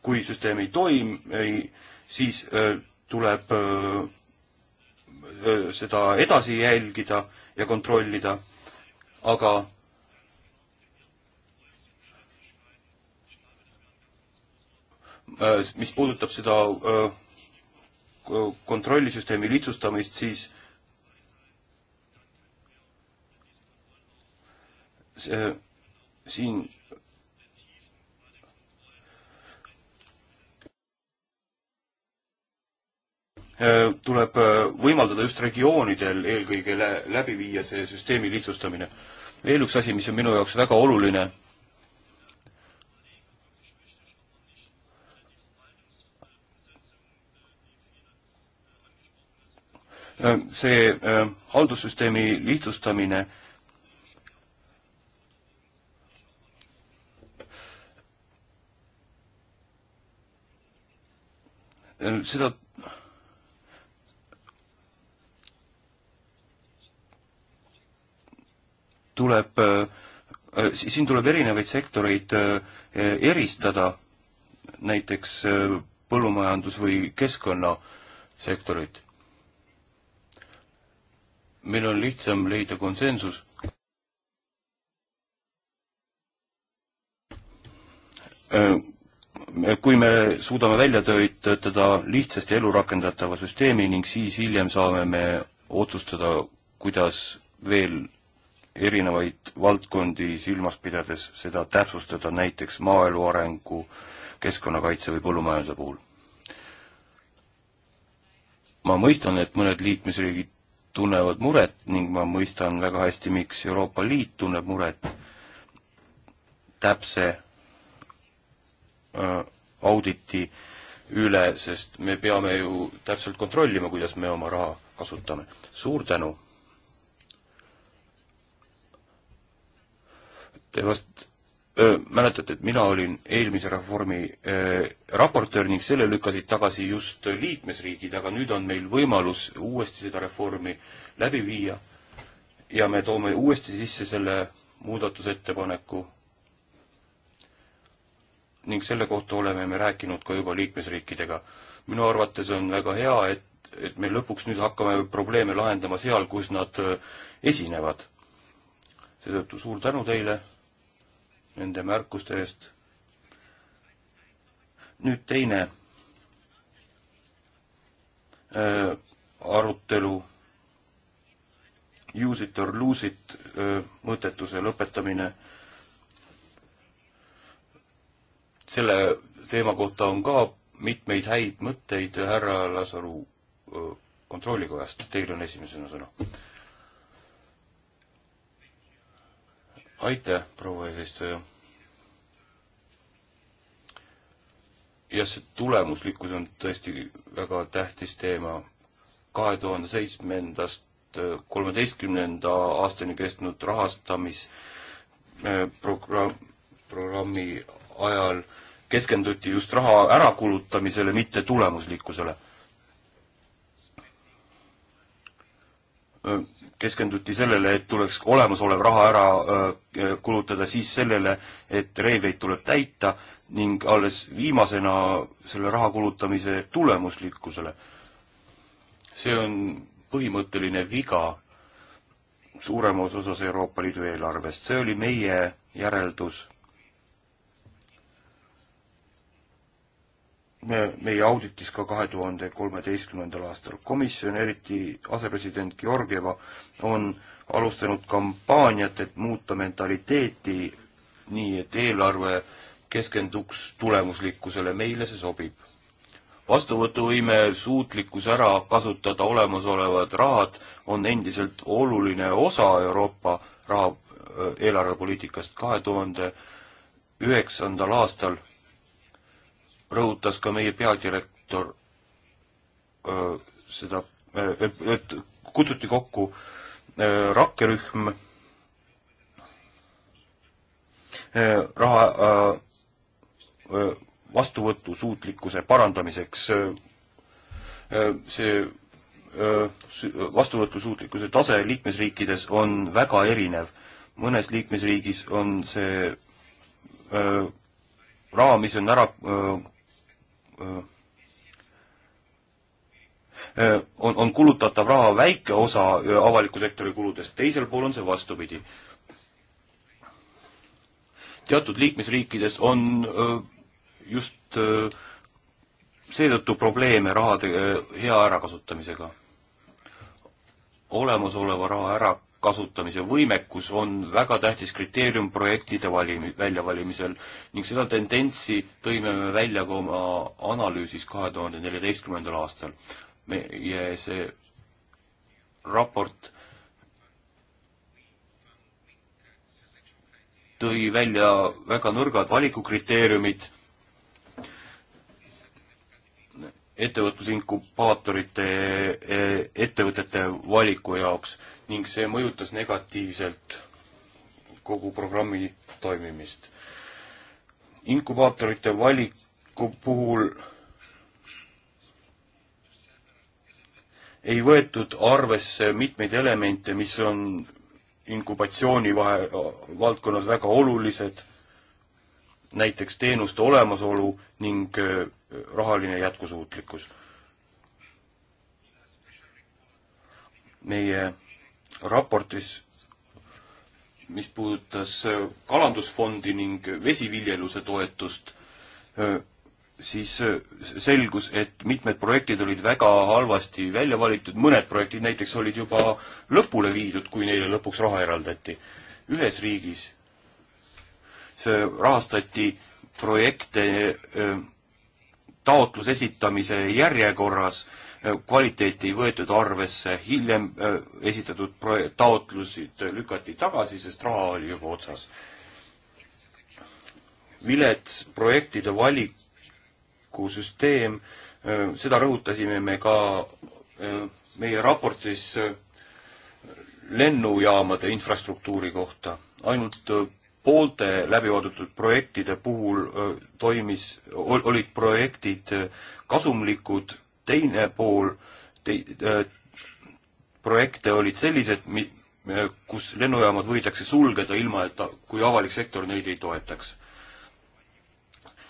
kui süsteem ei toim-, ei, siis öö, äh, tuleb öö, äh, äh, seda edasi jälgida ja kontrollida, aga mis puudutab seda kontrollisüsteemi lihtsustamist, siis see, siin Äh, tuleb äh, võimaldada just regioonidel eelkõige läbi viia see süsteemi lihtsustamine. veel üks asi, mis on minu jaoks väga oluline. Äh, see haldussüsteemi lihtsustamine seda tuleb, äh, äh, siin tuleb erinevaid sektoreid äh, eristada, näiteks põllumajandus- või keskkonnasektorit. meil on lihtsam leida konsensus. kui me suudame välja töötada lihtsasti elu rakendatava süsteemi ning siis hiljem saame me otsustada, kuidas veel erinevaid valdkondi silmas pidades seda täpsustada näiteks maaelu arengu, keskkonnakaitse või põllumajanduse puhul. ma mõistan, et mõned liikmesriigid tunnevad muret ning ma mõistan väga hästi, miks Euroopa Liit tunneb muret täpse äh, auditi üle, sest me peame ju täpselt kontrollima, kuidas me oma raha kasutame. suur tänu! te vast öö, mäletate, et mina olin eelmise reformi öö, raportöör ning selle lükkasid tagasi just liikmesriigid, aga nüüd on meil võimalus uuesti seda reformi läbi viia ja me toome uuesti sisse selle muudatusettepaneku ning selle kohta oleme me rääkinud ka juba liikmesriikidega. minu arvates on väga hea, et, et me lõpuks nüüd hakkame probleeme lahendama seal, kus nad esinevad. seetõttu suur tänu teile nende märkuste eest. nüüd teine äh, arutelu, use it or lose it äh, mõttetuse lõpetamine. selle teema kohta on ka mitmeid häid mõtteid härra Lasaru äh, kontrollikojast, teil on esimesena sõna aitäh, proua eesistuja. jah, see tulemuslikkus on tõesti väga tähtis teema. kahe tuhande seitsmendast äh, kolmeteistkümnenda aastani kestnud rahastamisprogramm, äh, programmi ajal keskenduti just raha ärakulutamisele, mitte tulemuslikkusele äh, keskenduti sellele, et tuleks olemasolev raha ära äh, äh, kulutada, siis sellele, et reegleid tuleb täita ning alles viimasena selle raha kulutamise tulemuslikkusele. see on põhimõtteline viga suuremas osas Euroopa Liidu eelarvest, see oli meie järeldus meie auditis ka kahe tuhande kolmeteistkümnendal aastal. komisjon, eriti asepresident Georgieva, on alustanud kampaaniat, et muuta mentaliteeti nii, et eelarve keskenduks tulemuslikkusele, meile see sobib. vastuvõtuvõime, suutlikkus ära kasutada olemasolevad rahad on endiselt oluline osa Euroopa raha, äh, eelarvepoliitikast kahe tuhande üheksandal aastal rõhutas ka meie peadirektor öö, seda, et kutsuti kokku öö, rakkerühm öö, raha vastuvõtusuutlikkuse parandamiseks. see vastuvõtusuutlikkuse tase liikmesriikides on väga erinev. mõnes liikmesriigis on see raha, mis on ära Äh, äh, on, on kulutatav raha väike osa äh, avaliku sektori kuludest, teisel pool on see vastupidi. teatud liikmesriikides on just seetõttu probleeme rahade hea ärakasutamisega. olemasoleva raha ära kasutamise võimekus on väga tähtis kriteerium projektide valimi-, väljavalimisel ning seda tendentsi tõime me välja ka oma analüüsis kahe tuhande neljateistkümnendal aastal. meie see raport tõi välja väga nõrgad valikukriteeriumid ettevõtlusinkubaatorite ettevõtete valiku jaoks ning see mõjutas negatiivselt kogu programmi toimimist. inkubaatorite valiku puhul ei võetud arvesse mitmeid elemente, mis on inkubatsiooni vahe, valdkonnas väga olulised, näiteks teenuste olemasolu ning äh, rahaline jätkusuutlikkus. meie raportis, mis puudutas äh, kalandusfondi ning vesiviljeluse toetust, äh, siis äh, selgus, et mitmed projektid olid väga halvasti välja valitud, mõned projektid näiteks olid juba lõpule viidud, kui neile lõpuks raha eraldati. ühes riigis see rahastati projekte taotluse esitamise järjekorras Äh, kvaliteeti ei võetud arvesse, hiljem äh, esitatud taotlusid äh, lükati tagasi, sest raha oli juba otsas. vilets projektide valikusüsteem, seda rõhutasime me ka meie raportis lennujaamade infrastruktuuri kohta. ainult poolte läbivaadatud projektide puhul toimis, olid projektid kasumlikud teine pool te, äh, projekte olid sellised, äh, kus lennujaamad võidakse sulgeda, ilma et ta, kui avalik sektor neid ei toetaks.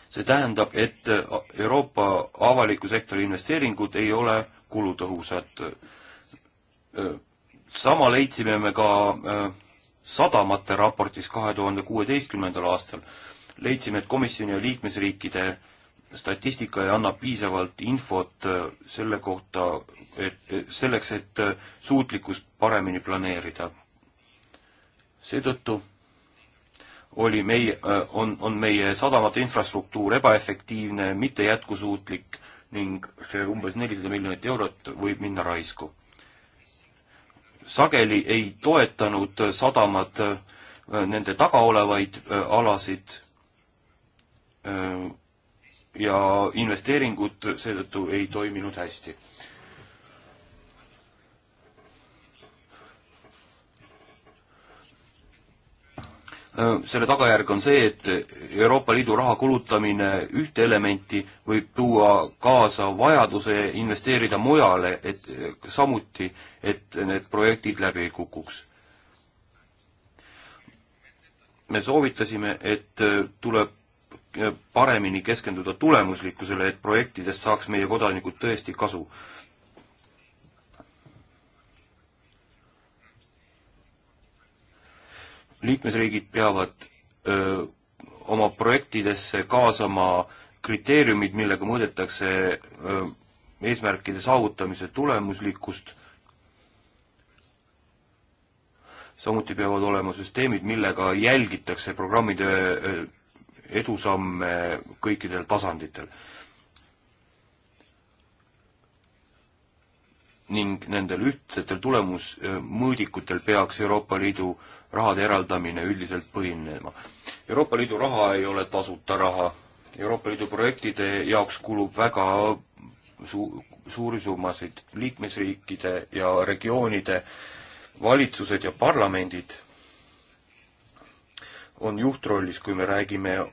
see tähendab, et äh, Euroopa avaliku sektori investeeringud ei ole kulutõhusad. Äh, sama leidsime me ka sadamate raportis kahe tuhande kuueteistkümnendal aastal. leidsime, et komisjoni ja liikmesriikide statistika ei anna piisavalt infot äh, selle kohta, et äh, selleks, et äh, suutlikkust paremini planeerida. seetõttu oli meie, on, on meie sadamate infrastruktuur ebaefektiivne, mitte jätkusuutlik ning see umbes nelisada miljonit eurot võib minna raisku. sageli ei toetanud sadamad nende taga olevaid alasid ja investeeringud seetõttu ei toiminud hästi. selle tagajärg on see, et Euroopa Liidu raha kulutamine ühte elementi võib tuua kaasa vajaduse investeerida mujale, et samuti, et need projektid läbi ei kukuks me soovitasime, et tuleb paremini keskenduda tulemuslikkusele, et projektidest saaks meie kodanikud tõesti kasu. liikmesriigid peavad öö, oma projektidesse kaasama kriteeriumid, millega mõõdetakse öö, eesmärkide saavutamise tulemuslikkust. samuti peavad olema süsteemid, millega jälgitakse programmide edusamme kõikidel tasanditel. ning nendel ühtsetel tulemusmõõdikutel peaks Euroopa Liidu rahade eraldamine üldiselt põhinema. Euroopa Liidu raha ei ole tasuta raha, Euroopa Liidu projektide jaoks kulub väga su-, suuri summasid liikmesriikide ja regioonide valitsused ja parlamendid on juhtrollis, kui me räägime äh,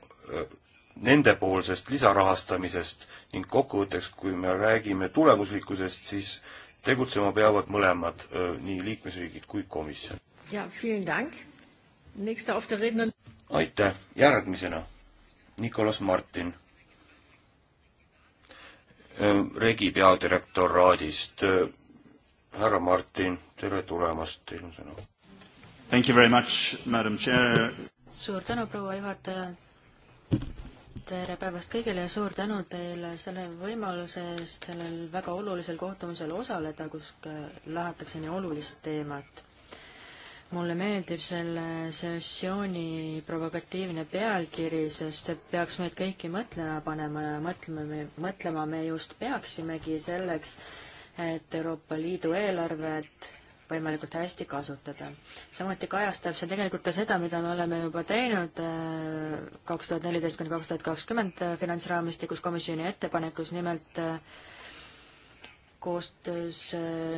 nendepoolsest lisarahastamisest ning kokkuvõtteks, kui me räägime tulemuslikkusest, siis tegutsema peavad mõlemad, äh, nii liikmesriigid kui komisjon. ja, aitäh, järgmisena Nicolas Martin, äh, Regi peadirektoraadist. härra Martin, tere tulemast, teil on sõna. Thank you very much, madam chair suur tänu, proua juhataja. tere päevast kõigile ja suur tänu teile selle võimaluse eest sellel väga olulisel kohtumisel osaleda, kus lahatakse nii olulist teemat. mulle meeldib selle sessiooni provokatiivne pealkiri, sest et peaks meid kõiki mõtlema panema ja mõtlema me, mõtlema me just peaksimegi selleks, et Euroopa Liidu eelarvet võimalikult hästi kasutada. samuti kajastab see tegelikult ka seda, mida me oleme juba teinud äh, kaks tuhat neliteist kuni kaks tuhat kakskümmend äh, finantsraamistikus komisjoni ettepanekus, nimelt äh, koostöös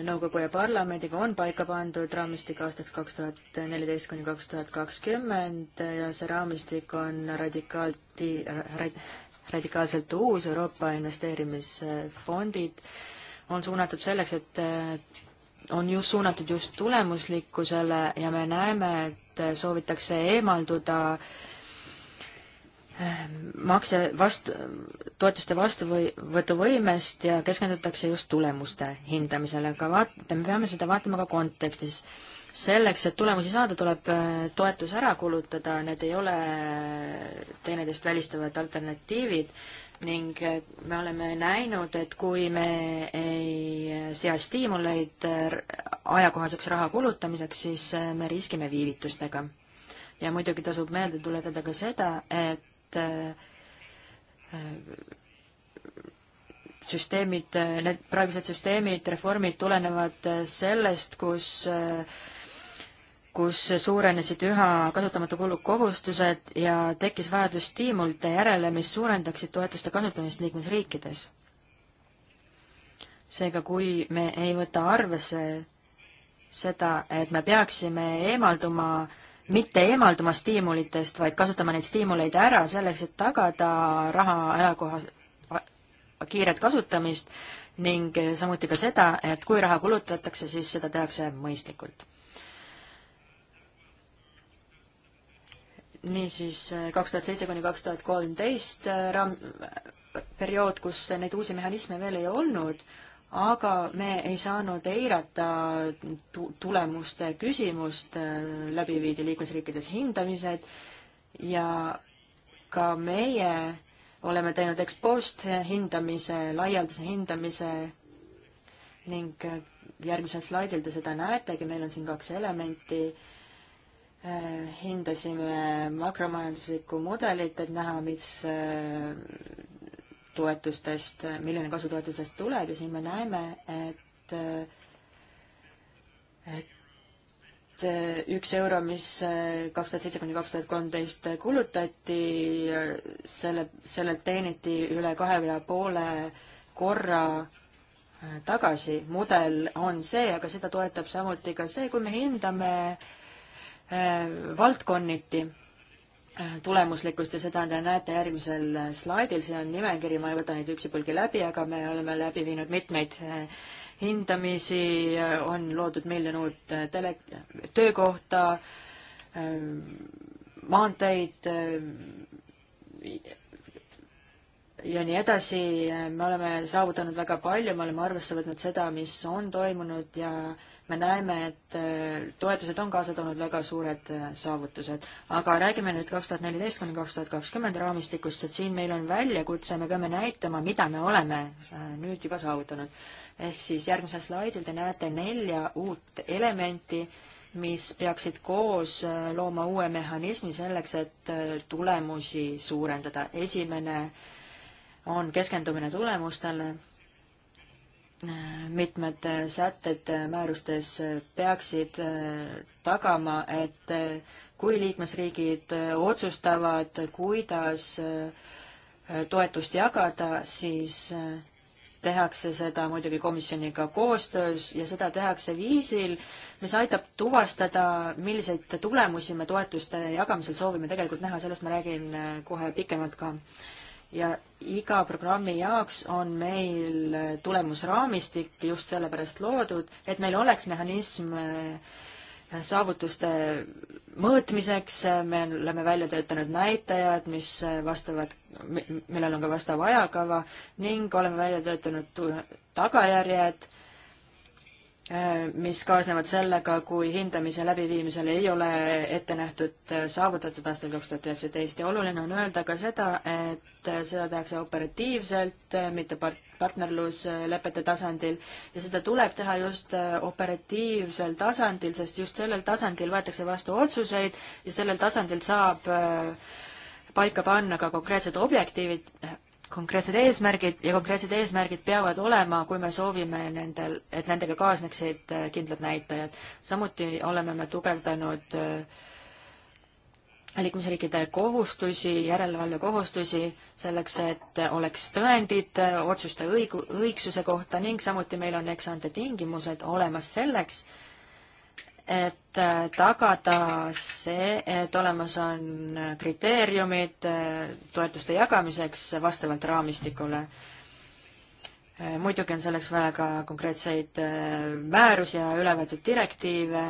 nõukogu ja parlamendiga on paika pandud raamistik aastaks kaks tuhat neliteist kuni kaks tuhat kakskümmend ja see raamistik on radikaalti rad,, radikaalselt uus, Euroopa investeerimisfondid on suunatud selleks, et on ju suunatud just tulemuslikkusele ja me näeme, et soovitakse eemalduda eh, makse vastu, toetuste vastuvõtuvõimest ja keskendutakse just tulemuste hindamisele, aga vaat-, me peame seda vaatama ka kontekstis. selleks, et tulemusi saada, tuleb eh, toetus ära kulutada, need ei ole teineteist välistavad alternatiivid ning eh, me oleme näinud, et kui me ei sea stiimuleid eh, ajakohaseks raha kulutamiseks, siis eh, me riskime viivitustega. ja muidugi tasub meelde tuletada ka seda, et süsteemid, need praegused süsteemid, reformid tulenevad sellest, kus äh, kus suurenesid üha kasutamata kulukohustused ja tekkis vajadus stiimulite järele, mis suurendaksid toetuste kasutamist liikmesriikides. seega, kui me ei võta arvesse seda, et me peaksime eemalduma, mitte eemalduma stiimulitest, vaid kasutama neid stiimuleid ära selleks, et tagada raha ajakoha, kiiret kasutamist ning samuti ka seda, et kui raha kulutatakse, siis seda tehakse mõistlikult niisiis äh, kaks tuhat seitse kuni kaks tuhat kolmteist äh, raam-, periood, kus neid uusi mehhanisme veel ei olnud, aga me ei saanud eirata tu-, tulemuste küsimust, äh, läbi viidi liikmesriikides hindamised ja ka meie oleme teinud ekspost hindamise, laialdase hindamise ning järgmisel slaidil te seda näetegi, meil on siin kaks elementi Äh, hindasime makromajanduslikku mudelit, et näha, mis äh, toetustest, milline kasu toetusest tuleb ja siin me näeme, et, äh, et üks euro, mis kaks tuhat seitse kuni kaks tuhat kolmteist kulutati, selle, sellelt teeniti üle kahe ja poole korra tagasi. mudel on see, aga seda toetab samuti ka see, kui me hindame äh, Äh, valdkonniti äh, tulemuslikkust ja seda te näete järgmisel äh, slaidil, see on nimekiri, ma ei võta neid üksipulgi läbi, aga me oleme läbi viinud mitmeid hindamisi, on loodud miljon uut tele, töökohta, maanteid ja nii edasi, me oleme saavutanud väga palju, me oleme arvesse võtnud seda, mis on toimunud ja äh, me näeme, et äh, toetused on kaasa toonud väga suured äh, saavutused. aga räägime nüüd kaks tuhat neliteist kuni kaks tuhat kakskümmend raamistikust, et siin meil on väljakutse, me peame näitama, mida me oleme äh, nüüd juba saavutanud. ehk siis järgmisel slaidil te näete nelja uut elementi, mis peaksid koos looma uue mehhanismi selleks, et tulemusi suurendada. esimene on keskendumine tulemustele mitmed äh, sätted äh, määrustes äh, peaksid tagama, et kui liikmesriigid otsustavad, kuidas toetust jagada, siis tehakse seda muidugi komisjoniga koostöös ja seda tehakse viisil, mis aitab tuvastada, milliseid tulemusi me toetuste jagamisel soovime tegelikult näha, sellest ma räägin kohe pikemalt ka ja iga programmi jaoks on meil tulemusraamistik just sellepärast loodud, et meil oleks mehhanism äh, saavutuste mõõtmiseks, me oleme välja töötanud näitajad, mis äh, vastavad, millel on ka vastav ajakava ning oleme välja töötanud tagajärjed Äh, mis kaasnevad sellega, kui hindamise läbiviimisel ei ole ette nähtud äh, saavutatud aastal kaks tuhat üheksateist ja oluline on öelda ka seda, et äh, seda tehakse operatiivselt, mitte part-, partnerluslepete tasandil ja seda tuleb teha just operatiivsel tasandil, sest just sellel tasandil võetakse vastu otsuseid ja sellel tasandil saab paika panna ka konkreetsed objektiivid, konkreetsed eesmärgid ja konkreetsed eesmärgid peavad olema, kui me soovime nendel, et nendega kaasneksid äh, kindlad näitajad. samuti oleme me tugevdanud äh, liikmesriikide kohustusi, järelevalvekohustusi, selleks et oleks tõendid äh, otsuste õigu-, õigsuse kohta ning samuti meil on eksante tingimused olemas selleks, et äh, tagada see, et olemas on kriteeriumid äh, toetuste jagamiseks vastavalt raamistikule. Äh, muidugi on selleks vaja ka konkreetseid määrusi ja üle võetud direktiive,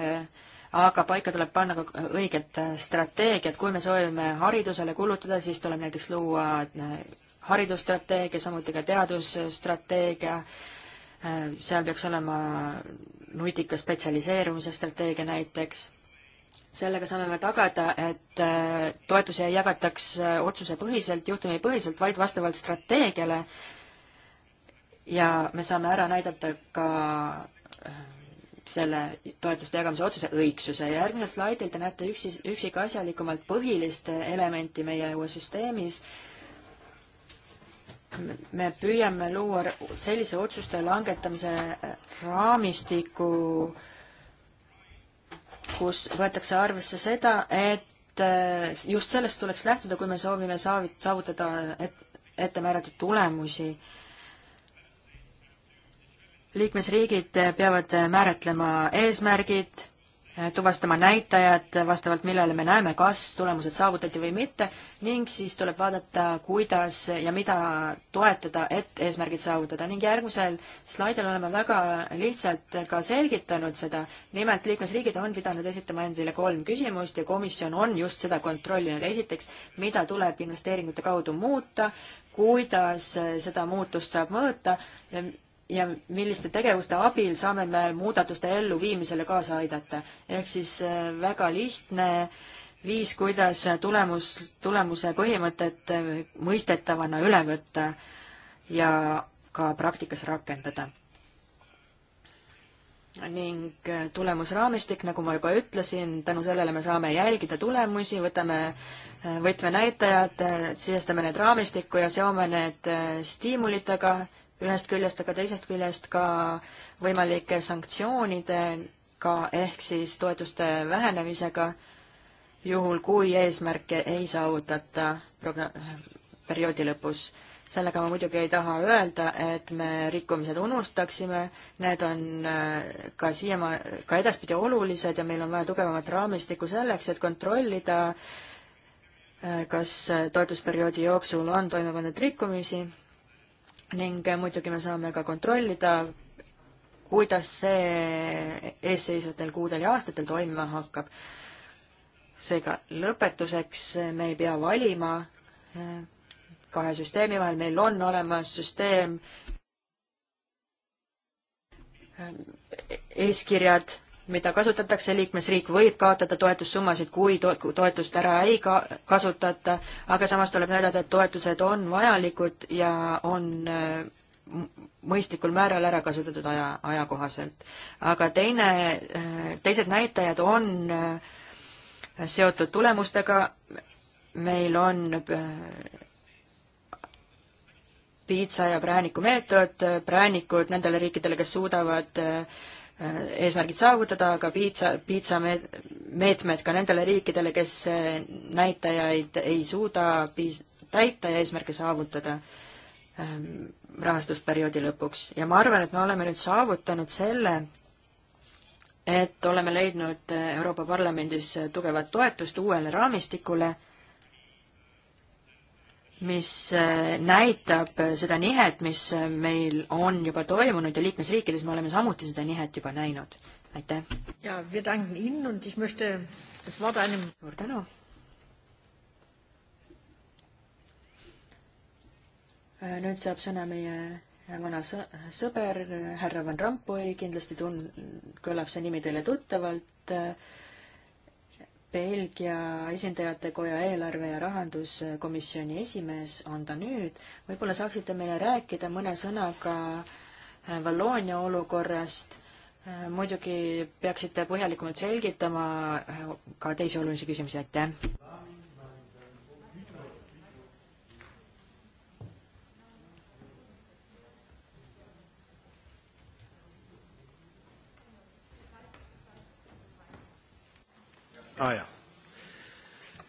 aga paika tuleb panna ka õiged strateegiad, kui me soovime haridusele kulutada, siis tuleb näiteks luua haridusstrateegia, samuti ka teadusstrateegia, seal peaks olema nutika spetsialiseerumise strateegia näiteks. sellega saame me tagada, et äh, toetusi ei jagataks äh, otsusepõhiselt, juhtumipõhiselt, vaid vastavalt strateegiale ja me saame ära näidata ka äh, selle toetuste jagamise otsuse õigsuse ja järgmisel slaidil te näete üksi, üksikasjalikumalt põhilist elementi meie uues süsteemis me püüame luua sellise otsuste langetamise raamistiku, kus võetakse arvesse seda, et eh, just sellest tuleks lähtuda, kui me soovime saavit-, saavutada et, ettemääratud tulemusi. liikmesriigid peavad määratlema eesmärgid Äh, tuvastama näitajad, vastavalt millele me näeme, kas tulemused saavutati või mitte, ning siis tuleb vaadata, kuidas ja mida toetada, et eesmärgid saavutada. ning järgmisel slaidil oleme väga lihtsalt ka selgitanud seda, nimelt liikmesriigid on pidanud esitama endile kolm küsimust ja komisjon on just seda kontrollinud. esiteks, mida tuleb investeeringute kaudu muuta, kuidas seda muutust saab mõõta, ja milliste tegevuste abil saame me muudatuste elluviimisele kaasa aidata. ehk siis äh, väga lihtne viis, kuidas tulemus, tulemuse põhimõtet äh, mõistetavana üle võtta ja ka praktikas rakendada. ning äh, tulemusraamistik, nagu ma juba ütlesin, tänu sellele me saame jälgida tulemusi, võtame võtmenäitajad, sisestame need raamistikku ja seome need stiimulitega, ühest küljest, aga teisest küljest ka võimalike sanktsioonidega ehk siis toetuste vähenemisega, juhul kui eesmärke ei saavutata progra-, perioodi lõpus. sellega ma muidugi ei taha öelda, et me rikkumised unustaksime, need on äh, ka siiamaa-, ka edaspidi olulised ja meil on vaja tugevamat raamistikku selleks, et kontrollida, äh, kas äh, toetusperioodi jooksul on toime pandud rikkumisi ning muidugi me saame ka kontrollida, kuidas see eesseisvatel kuudel ja aastatel toimima hakkab. seega lõpetuseks me ei pea valima eh, kahe süsteemi vahel, meil on olemas süsteem, eh, eeskirjad mida kasutatakse, liikmesriik võib kaotada toetussummasid, kui to toetust ära ei ka kasutata, aga samas tuleb näidata, et toetused on vajalikud ja on äh, mõistlikul määral ära kasutatud aja, ajakohaselt. aga teine, äh, teised näitajad on äh, seotud tulemustega, meil on piitsa ja prääniku meetod, präänikud nendele riikidele, kes suudavad äh, Äh, eesmärgid saavutada, aga piitsa, piitsa meetmed ka nendele riikidele, kes äh, näitajaid ei suuda piis-, täita ja eesmärke saavutada ähm, rahastusperioodi lõpuks. ja ma arvan, et me oleme nüüd saavutanud selle, et oleme leidnud äh, Euroopa Parlamendis tugevat toetust uuele raamistikule mis äh, näitab äh, seda nihet, mis äh, meil on juba toimunud ja liikmesriikides me oleme samuti seda nihet juba näinud. aitäh! ja, wir danken Ihnen und ich möchte das Wort einem suur tänu! nüüd saab sõna meie vana sõber härra Van Rompuy, kindlasti tun-, kõlab see nimi teile tuttavalt äh,, Belgia esindajate koja eelarve- ja rahanduskomisjoni esimees on ta nüüd. võib-olla saaksite meile rääkida mõne sõnaga Valloonia äh, olukorrast. Äh, muidugi peaksite põhjalikumalt selgitama äh, ka teisi olulisi küsimusi, aitäh! Ah ja.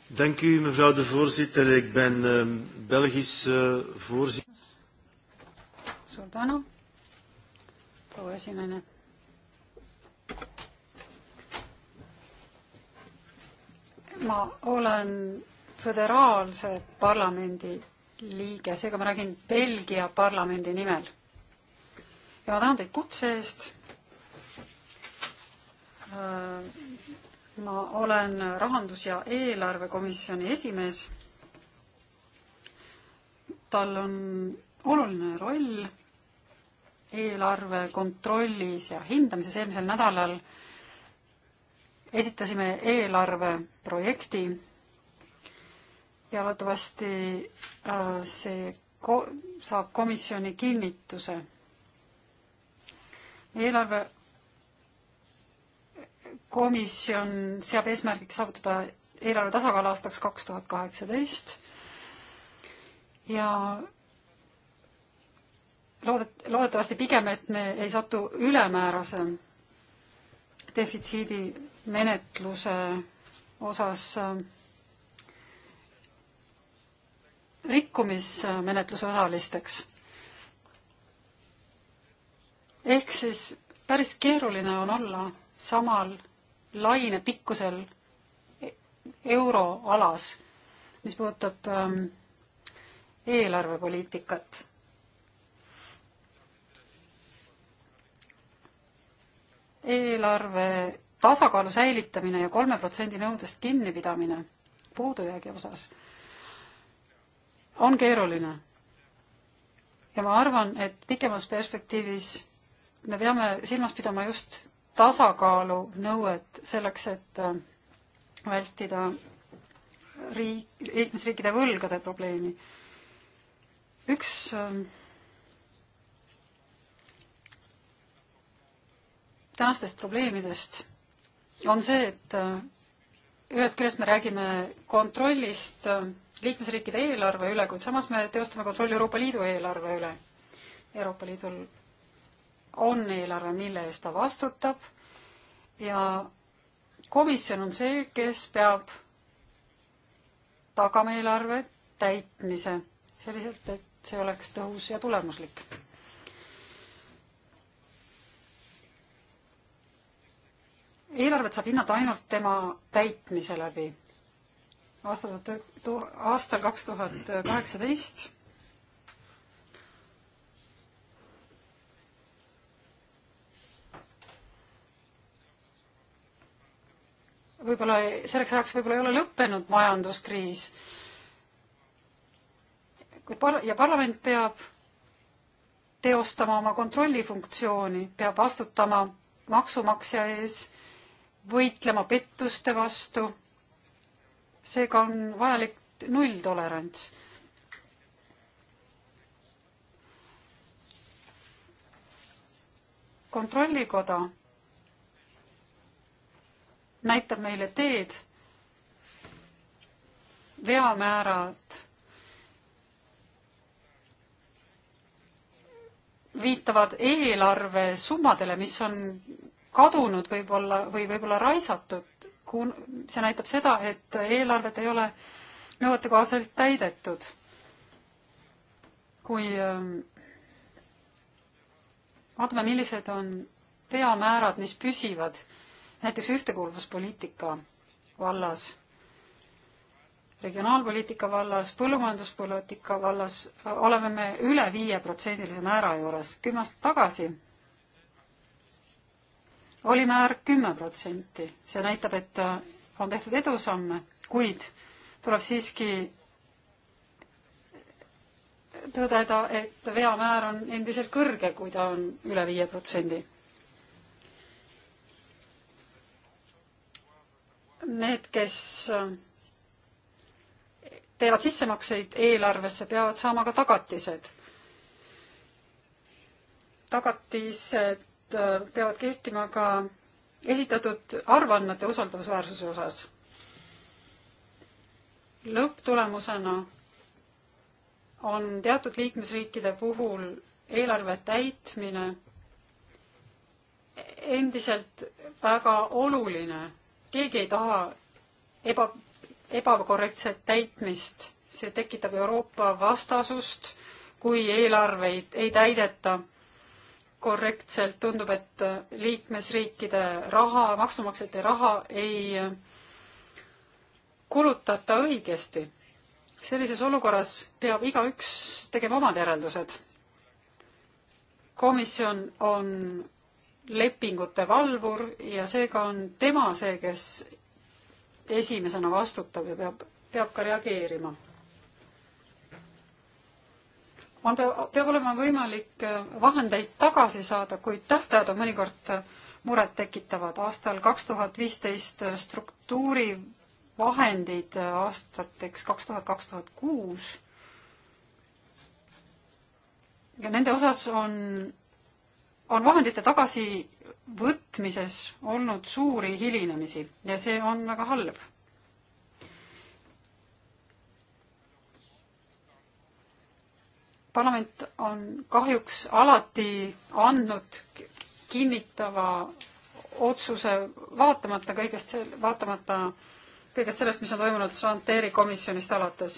Dank u, mevrouw de voorzitter. Ik ben um, Belgisch uh, voorzitter. Suur tänu, proua esinaine. ma olen föderaalse parlamendi liige, seega ma räägin Belgia parlamendi nimel. ja ma tänan teid kutse eest äh, ma olen rahandus- ja eelarvekomisjoni esimees. tal on oluline roll eelarve kontrollis ja hindamises. eelmisel nädalal esitasime eelarve projekti ja loodetavasti äh, see ko saab komisjoni kinnituse. eelarve komisjon seab eesmärgiks saavutada eelarve tasakaal aastaks kaks tuhat kaheksateist ja loodet-, loodetavasti pigem, et me ei satu ülemäärase defitsiidi menetluse osas äh, rikkumismenetluse osalisteks. ehk siis päris keeruline on olla samal lainepikkusel e-, euroalas, mis puudutab ähm, eelarvepoliitikat. eelarve tasakaalu säilitamine ja kolme protsendi nõudest kinnipidamine puudujäägi osas on keeruline. ja ma arvan, et pikemas perspektiivis me peame silmas pidama just tasakaalu nõuet selleks, et äh, vältida riik, liikmesriikide võlgade probleemi. üks äh, tänastest probleemidest on see, et äh, ühest küljest me räägime kontrollist liikmesriikide eelarve üle, kuid samas me teostame kontrolli Euroopa Liidu eelarve üle. Euroopa Liidul on eelarve, mille eest ta vastutab ja komisjon on see, kes peab tagama eelarve täitmise selliselt, et see oleks tõhus ja tulemuslik. eelarvet saab hinnata ainult tema täitmise läbi aastal. aastal kaks tuhat kaheksateist võib-olla selleks ajaks võib-olla ei ole lõppenud majanduskriis. kui par- ja parlament peab teostama oma kontrollifunktsiooni, peab vastutama maksumaksja ees, võitlema pettuste vastu. seega on vajalik nulltolerants kontrollikoda näitab meile teed veamäärad viitavad eelarve summadele, mis on kadunud võib-olla või võib-olla raisatud, kun-, see näitab seda, et eelarved ei ole nõuetekohaselt täidetud. kui ähm, vaatame, millised on veamäärad, mis püsivad näiteks ühtekuuluvuspoliitika vallas, regionaalpoliitika vallas, põllumajanduspoliitika vallas äh, oleme me üle viieprotsendilise määra juures. kümme aastat tagasi oli määr kümme protsenti. see näitab, et äh, on tehtud edusamme, kuid tuleb siiski tõdeda, et veamäär on endiselt kõrge, kui ta on üle viie protsendi need, kes äh, teevad sissemakseid eelarvesse, peavad saama ka tagatised. tagatised äh, peavad kehtima ka esitatud arvandmete usaldusväärsuse osas. lõpptulemusena on teatud liikmesriikide puhul eelarve täitmine endiselt väga oluline keegi ei taha eba, ebakorrektset täitmist, see tekitab Euroopa vastasust, kui eelarveid ei täideta korrektselt, tundub, et liikmesriikide raha, maksumaksjate raha ei kulutata õigesti. sellises olukorras peab igaüks tegema omad järeldused. komisjon on lepingute valvur ja seega on tema see, kes esimesena vastutab ja peab, peab ka reageerima. on, peab olema võimalik äh, vahendeid tagasi saada, kuid tähtajad on mõnikord äh, murettekitavad. aastal kaks tuhat viisteist äh, struktuurivahendid aastateks kaks tuhat, kaks tuhat kuus ja nende osas on on vahendite tagasivõtmises olnud suuri hilinemisi ja see on väga halb. parlament on kahjuks alati andnud kinnitava otsuse vaatamata kõigest, vaatamata kõigest sellest, mis on toimunud Svanteri komisjonist alates.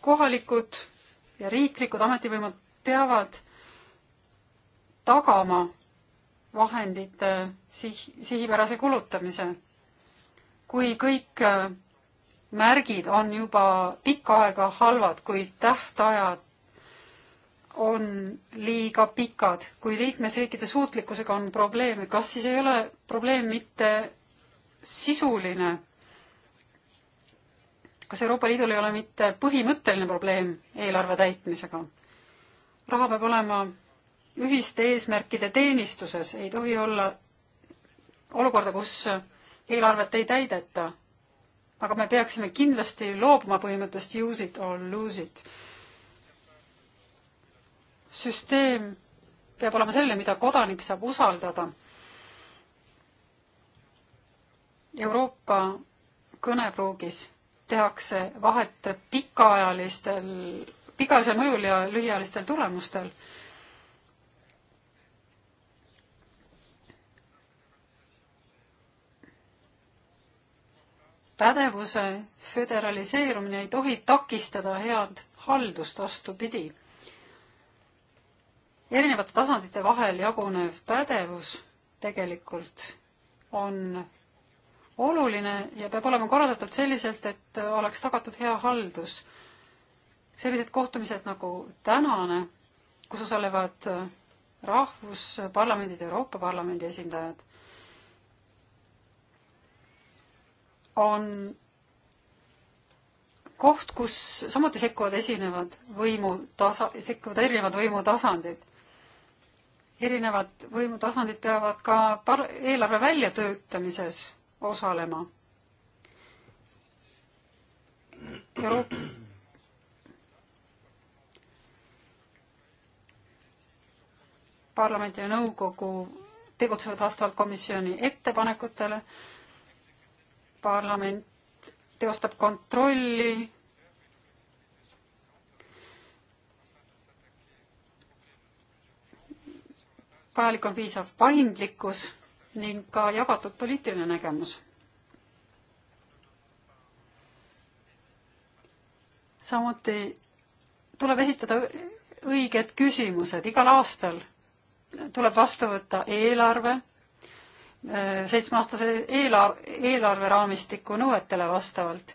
kohalikud ja riiklikud ametivõimud peavad tagama vahendite sihi, sihipärase kulutamise. kui kõik äh, märgid on juba pikka aega halvad, kui tähtajad on liiga pikad, kui liikmesriikide suutlikkusega on probleeme, kas siis ei ole probleem mitte sisuline? kas Euroopa Liidul ei ole mitte põhimõtteline probleem eelarve täitmisega? raha peab olema ühiste eesmärkide teenistuses, ei tohi olla olukorda, kus eelarvet ei täideta. aga me peaksime kindlasti loobuma põhimõttest use it or lose it. süsteem peab olema selline, mida kodanik saab usaldada. Euroopa kõnepruugis tehakse vahet pikaajalistel pikaajalisel mõjul ja lühiajalistel tulemustel. pädevuse föderaliseerumine ei tohi takistada head haldust, vastupidi. erinevate tasandite vahel jagunev pädevus tegelikult on oluline ja peab olema korraldatud selliselt, et oleks tagatud hea haldus sellised kohtumised nagu tänane, kus osalevad äh, rahvusparlamendid, Euroopa Parlamendi esindajad, on koht, kus samuti sekkuvad esinevad võimu tasa, sekkuvad erinevad võimutasandid. erinevad võimutasandid peavad ka par-, eelarve väljatöötamises osalema Euroop. Euroopa parlament ja nõukogu tegutsevad vastavalt komisjoni ettepanekutele. parlament teostab kontrolli. vajalik on piisav paindlikkus ning ka jagatud poliitiline nägemus. samuti tuleb esitada õiged küsimused igal aastal tuleb vastu võtta eelarve, eh, seitsmeaastase eelar-, eelarveraamistiku nõuetele vastavalt.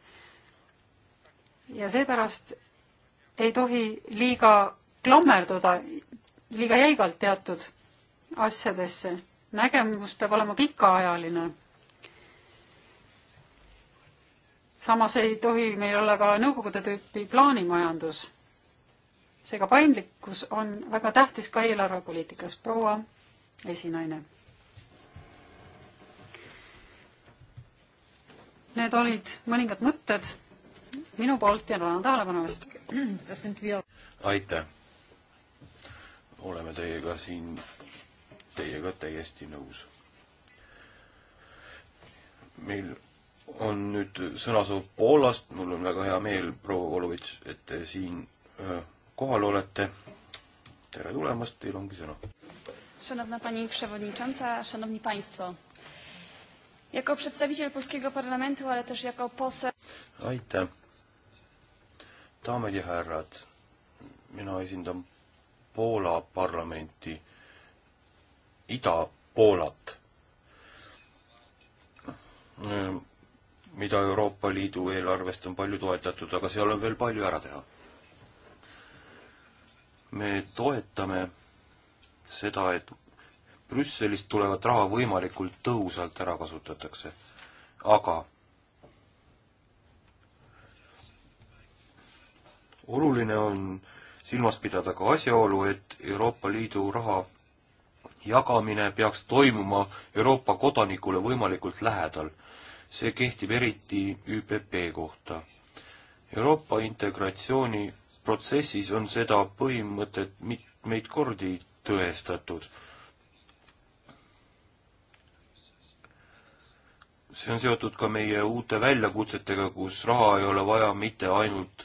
ja seepärast ei tohi liiga klammerduda, liiga jäigalt teatud asjadesse. nägemus peab olema pikaajaline. samas ei tohi meil olla ka nõukogude tüüpi plaanimajandus seega paindlikkus on väga tähtis ka eelarvepoliitikas, proua esinaine. Need olid mõningad mõtted minu poolt ja tänan tähelepanu eest. aitäh! oleme teiega siin, teiega täiesti nõus. meil on nüüd sõnasoov Poolast, mul on väga hea meel, proua Volovits, et te siin öö, äh, kohal olete. tere tulemast, teil ongi sõna. Szanowna Pani Przewodnicząca, Szanowni Państwo. Jako przedstawiciel polskiego parlamentu, ale też jako poseł... Aitäh. Daamid ja härrad, mina esindan Poola parlamenti, Ida-Poolat, mida Euroopa Liidu eelarvest on palju toetatud, aga seal on veel palju ära teha me toetame seda, et Brüsselist tulevat raha võimalikult tõhusalt ära kasutatakse, aga oluline on silmas pidada ka asjaolu, et Euroopa Liidu raha jagamine peaks toimuma Euroopa kodanikule võimalikult lähedal. see kehtib eriti ÜPP kohta. Euroopa integratsiooni protsessis on seda põhimõtet mitmeid kordi tõestatud. see on seotud ka meie uute väljakutsetega, kus raha ei ole vaja mitte ainult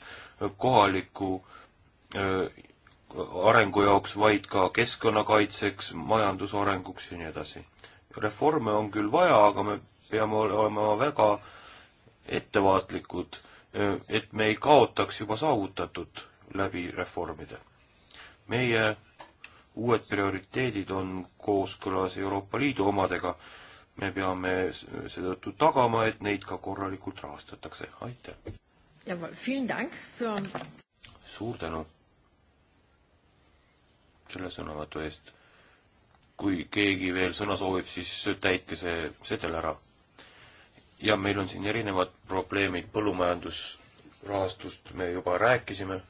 kohaliku arengu jaoks, vaid ka keskkonnakaitseks, majandusarenguks ja nii edasi. reforme on küll vaja, aga me peame olema väga ettevaatlikud, et me ei kaotaks juba saavutatut läbi reformida. meie uued prioriteedid on kooskõlas Euroopa Liidu omadega, me peame seetõttu tagama, et neid ka korralikult rahastatakse, aitäh! Für... suur tänu selle sõnavõtu eest. kui keegi veel sõna soovib, siis täitke see sedel ära. ja meil on siin erinevad probleemid, põllumajandusrahastust me juba rääkisime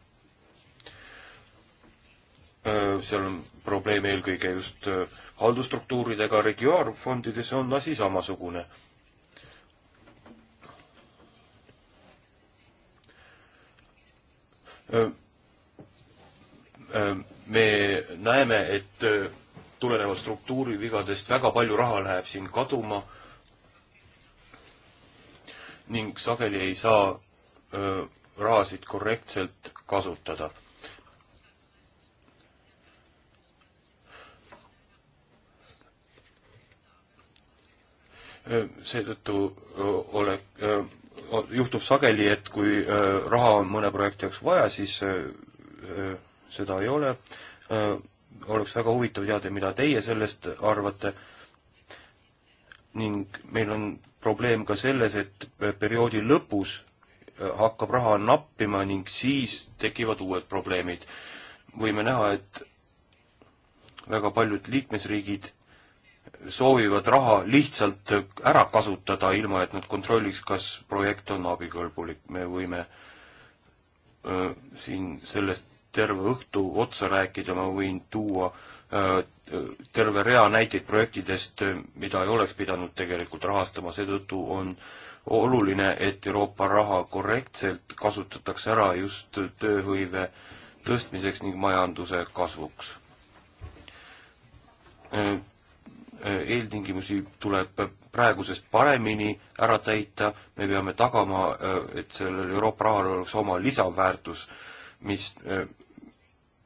Äh, seal on probleem eelkõige just äh, haldusstruktuuridega, regionaalfondides on asi samasugune. Äh, me näeme, et tulenevalt struktuurivigadest väga palju raha läheb siin kaduma ning sageli ei saa rahasid korrektselt kasutada seetõttu ole, juhtub sageli, et kui raha on mõne projekti jaoks vaja, siis seda ei ole. oleks väga huvitav teada, mida teie sellest arvate. ning meil on probleem ka selles, et perioodi lõpus hakkab raha nappima ning siis tekivad uued probleemid. võime näha, et väga paljud liikmesriigid soovivad raha lihtsalt ära kasutada, ilma et nad kontrolliks, kas projekt on abikõlbulik. me võime öö, siin sellest terve õhtu otsa rääkida, ma võin tuua öö, terve rea näiteid projektidest, mida ei oleks pidanud tegelikult rahastama, seetõttu on oluline, et Euroopa raha korrektselt kasutatakse ära just tööhõive tõstmiseks ning majanduse kasvuks eeltingimusi tuleb praegusest paremini ära täita, me peame tagama, äh, et sellel Euroopa rahal oleks oma lisaväärtus, mis, äh,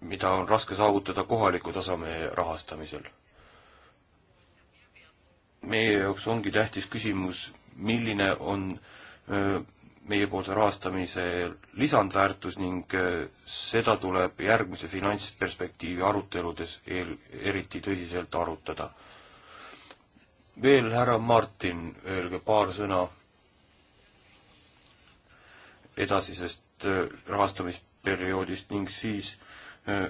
mida on raske saavutada kohaliku taseme rahastamisel. meie jaoks ongi tähtis küsimus, milline on äh, meiepoolse rahastamise lisandväärtus ning seda tuleb järgmise finantsperspektiivi aruteludes eel, eriti tõsiselt arutada veel härra Martin, öelge paar sõna edasisest äh, rahastamisperioodist ning siis äh,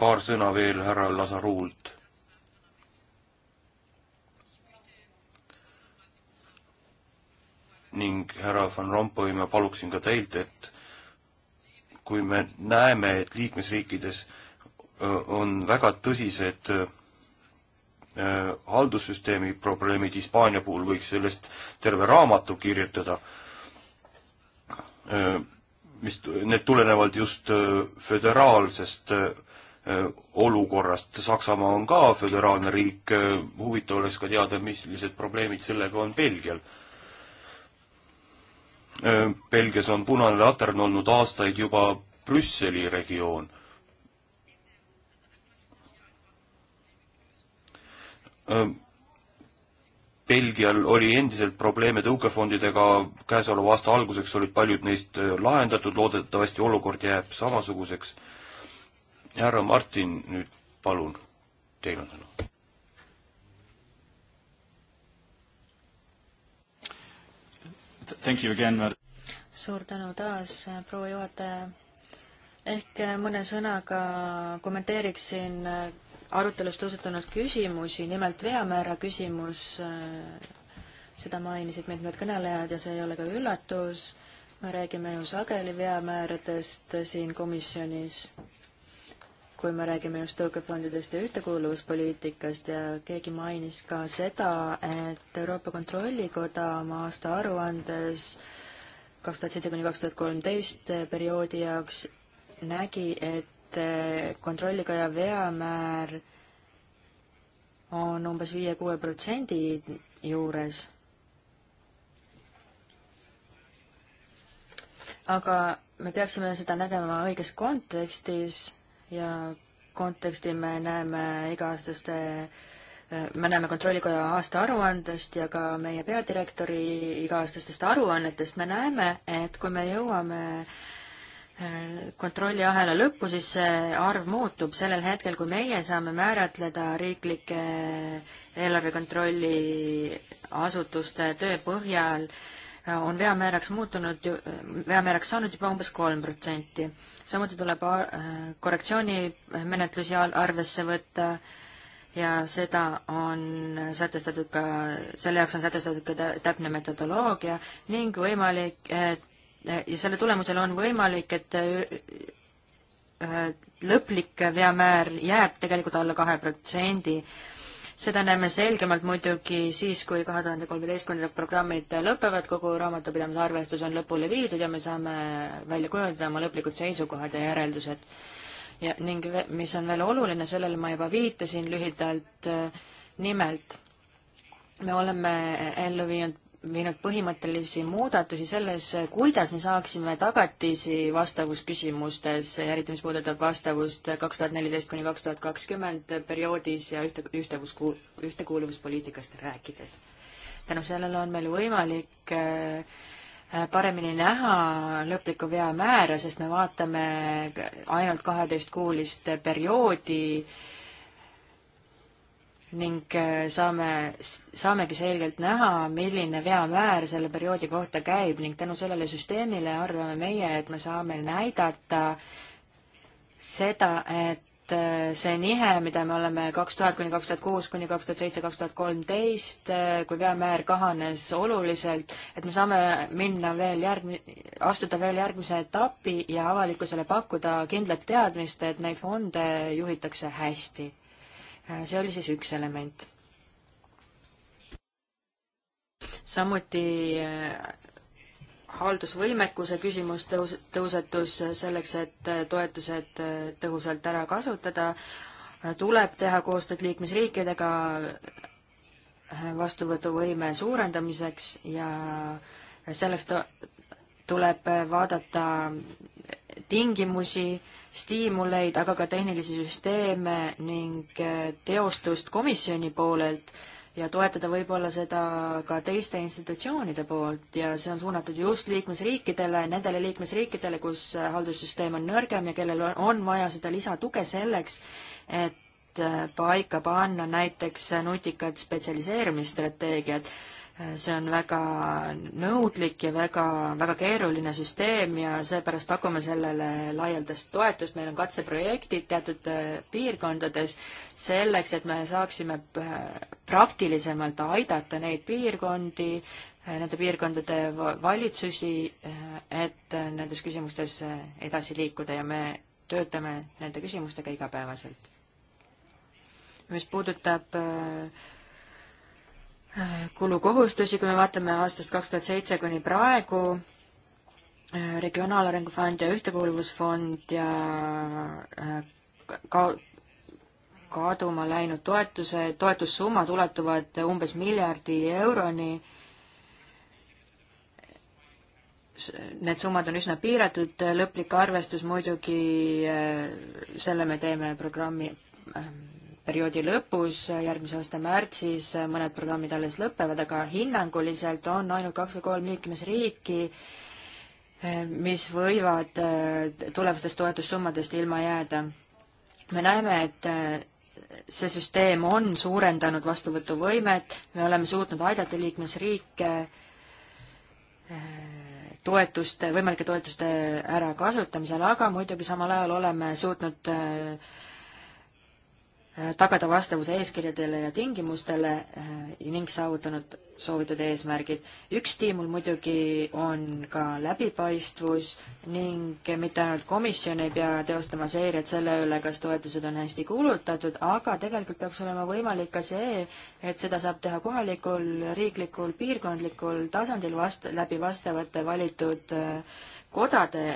paar sõna veel härra Lasaruult. ning härra Van Rompuy, ma paluksin ka teilt, et kui me näeme, et liikmesriikides äh, on väga tõsised Äh, haldussüsteemi probleemid Hispaania puhul, võiks sellest terve raamatu kirjutada, äh, mis, need tulenevad just äh, föderaalsest olukorrast, Saksamaa on ka föderaalne riik, huvitav oleks ka teada, millised probleemid sellega on Belgial. Belgias on punane latern olnud aastaid juba Brüsseli regioon Belgial oli endiselt probleeme tõukefondidega, käesoleva aasta alguseks olid paljud neist lahendatud, loodetavasti olukord jääb samasuguseks. härra Martin, nüüd palun, teil on sõna. Thank you again. suur tänu taas, proua juhataja. ehk mõne sõnaga kommenteeriksin arutelus tõusetunud küsimusi, nimelt veamäära küsimus, äh, seda mainisid mitmed kõnelejad ja see ei ole ka üllatus, me räägime ju sageli veamääradest siin komisjonis, kui me räägime just tõukefondidest ja ühtekuuluvuspoliitikast ja keegi mainis ka seda, et Euroopa Kontrollikoda oma aasta aruandes kaks tuhat seitse kuni kaks tuhat kolmteist perioodi jaoks nägi, et et eh, kontrollikoja veamäär on umbes viie-kuue protsendi juures. aga me peaksime seda nägema õiges kontekstis ja konteksti me näeme iga-aastaste, eh, me näeme Kontrollikoja aastaaruandest ja ka meie peadirektori iga-aastastest aruannetest me näeme, et kui me jõuame äh, Äh, kontrolliahela lõppu, siis see arv muutub sellel hetkel, kui meie saame määratleda riiklike eelarvekontrolli asutuste töö põhjal, äh, on veamääraks muutunud, äh, veamääraks saanud juba umbes kolm protsenti. samuti tuleb korrektsioonimenetlusi arvesse võtta ja seda on sätestatud ka, selle jaoks on sätestatud ka täpne metodoloogia ning võimalik, et ja selle tulemusel on võimalik, et äh, lõplik veamäär jääb tegelikult alla kahe protsendi. seda näeme selgemalt muidugi siis, kui kahe tuhande kolmeteistkümnendad programmid lõpevad, kogu raamatupidamise arvestus on lõpule viidud ja me saame välja kujundada oma lõplikud seisukohad ja järeldused. ja ning mis on veel oluline, sellele ma juba viitasin lühidalt, äh, nimelt me oleme ellu viinud viinud põhimõttelisi muudatusi selles, kuidas me saaksime tagatisi vastavusküsimustes, eriti mis puudutab vastavust kaks tuhat neliteist kuni kaks tuhat kakskümmend perioodis ja ühte, ühtevus, ühtekuuluvuspoliitikast rääkides. tänu sellele on meil võimalik äh, paremini näha lõplikku veamäära, sest me vaatame ainult kaheteistkuulist perioodi äh, ning äh, saame, saamegi selgelt näha, milline veamäär selle perioodi kohta käib ning tänu sellele süsteemile arvame meie, et me saame näidata seda, et äh, see nihe, mida me oleme kaks tuhat kuni kaks tuhat kuus kuni kaks tuhat seitse, kaks tuhat kolmteist, äh, kui veamäär kahanes oluliselt, et me saame minna veel järgmi-, astuda veel järgmise etapi ja avalikkusele pakkuda kindlat teadmist, et neid fonde juhitakse hästi Äh, see oli siis üks element. samuti äh, haldusvõimekuse küsimus tõus-, tõusetus selleks, et äh, toetused tõhusalt ära kasutada, tuleb teha koostööd liikmesriikidega vastuvõtuvõime suurendamiseks ja selleks tuleb vaadata tingimusi, stiimuleid, aga ka tehnilisi süsteeme ning eh, teostust komisjoni poolelt ja toetada võib-olla seda ka teiste institutsioonide poolt ja see on suunatud just liikmesriikidele, nendele liikmesriikidele, kus eh, haldussüsteem on nõrgem ja kellel on vaja seda lisatuge selleks, et eh, paika panna näiteks nutikad spetsialiseerumisstrateegiad see on väga nõudlik ja väga, väga keeruline süsteem ja seepärast pakume sellele laialdast toetust, meil on katseprojektid teatud äh, piirkondades, selleks, et me saaksime äh, praktilisemalt aidata neid piirkondi, äh, nende piirkondade valitsusi, et nendes küsimustes edasi liikuda ja me töötame nende küsimustega igapäevaselt. mis puudutab äh, kulukohustusi, kui me vaatame aastast kaks tuhat seitse kuni praegu, äh, Regionaalarengu Fond ja Ühtekuuluvusfond ja äh, ka kaduma läinud toetuse, toetussummad ulatuvad umbes miljardi euroni need summad on üsna piiratud, lõplik arvestus muidugi, äh, selle me teeme programmi perioodi lõpus, järgmise aasta märtsis, mõned programmid alles lõpevad, aga hinnanguliselt on ainult kaks või kolm liikmesriiki, mis võivad äh, tulevastest toetussummadest ilma jääda. me näeme, et äh, see süsteem on suurendanud vastuvõtuvõimet, me oleme suutnud aidata liikmesriike äh, toetuste, võimalike toetuste ärakasutamisel, aga muidugi samal ajal oleme suutnud äh, Äh, tagada vastavuse eeskirjadele ja tingimustele äh, ning saavutanud soovitud eesmärgid. üks stiimul muidugi on ka läbipaistvus ning mitte ainult komisjon ei pea teostama seiret selle üle, kas toetused on hästi kulutatud, aga tegelikult peaks olema võimalik ka see, et seda saab teha kohalikul, riiklikul, piirkondlikul tasandil vast-, läbi vastavate valitud äh, kodade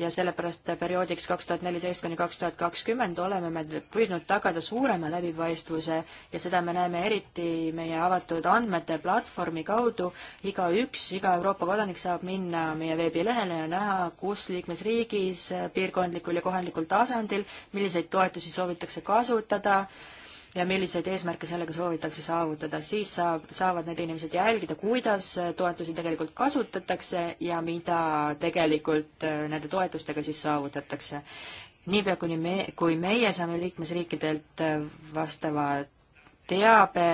ja sellepärast perioodiks kaks tuhat neliteist kuni kaks tuhat kakskümmend oleme me püüdnud tagada suurema läbipaistvuse ja seda me näeme eriti meie avatud andmete platvormi kaudu. igaüks, iga Euroopa kodanik saab minna meie veebilehele ja näha, kus liikmesriigis, piirkondlikul ja kohalikul tasandil, milliseid toetusi soovitakse kasutada ja milliseid eesmärke sellega soovitakse saavutada. siis saab, saavad need inimesed jälgida, kuidas toetusi tegelikult kasutatakse ja mida tegelikult äh, nende toetustega siis saavutatakse. niipea, kuni me, kui meie saame liikmesriikidelt äh, vastava teabe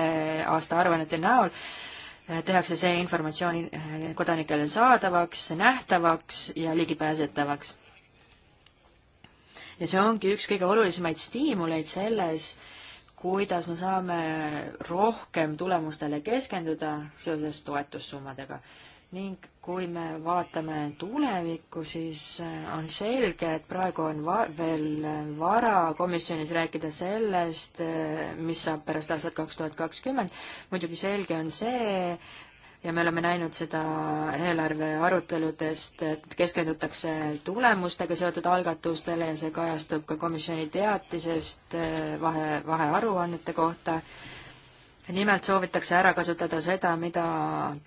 aastaaruannete näol, äh, tehakse see informatsioon kodanikele saadavaks, nähtavaks ja ligipääsetavaks. ja see ongi üks kõige olulisemaid stiimuleid selles, kuidas me saame rohkem tulemustele keskenduda seoses toetussummadega. ning kui me vaatame tulevikku, siis äh, on selge, et praegu on va veel vara komisjonis rääkida sellest, äh, mis saab pärast aastat kaks tuhat kakskümmend. muidugi selge on see, ja me oleme näinud seda eelarve aruteludest, et keskendutakse tulemustega seotud algatustele ja see kajastub ka komisjoni teatisest eh, vahe, vahearuannete kohta. nimelt soovitakse ära kasutada seda, mida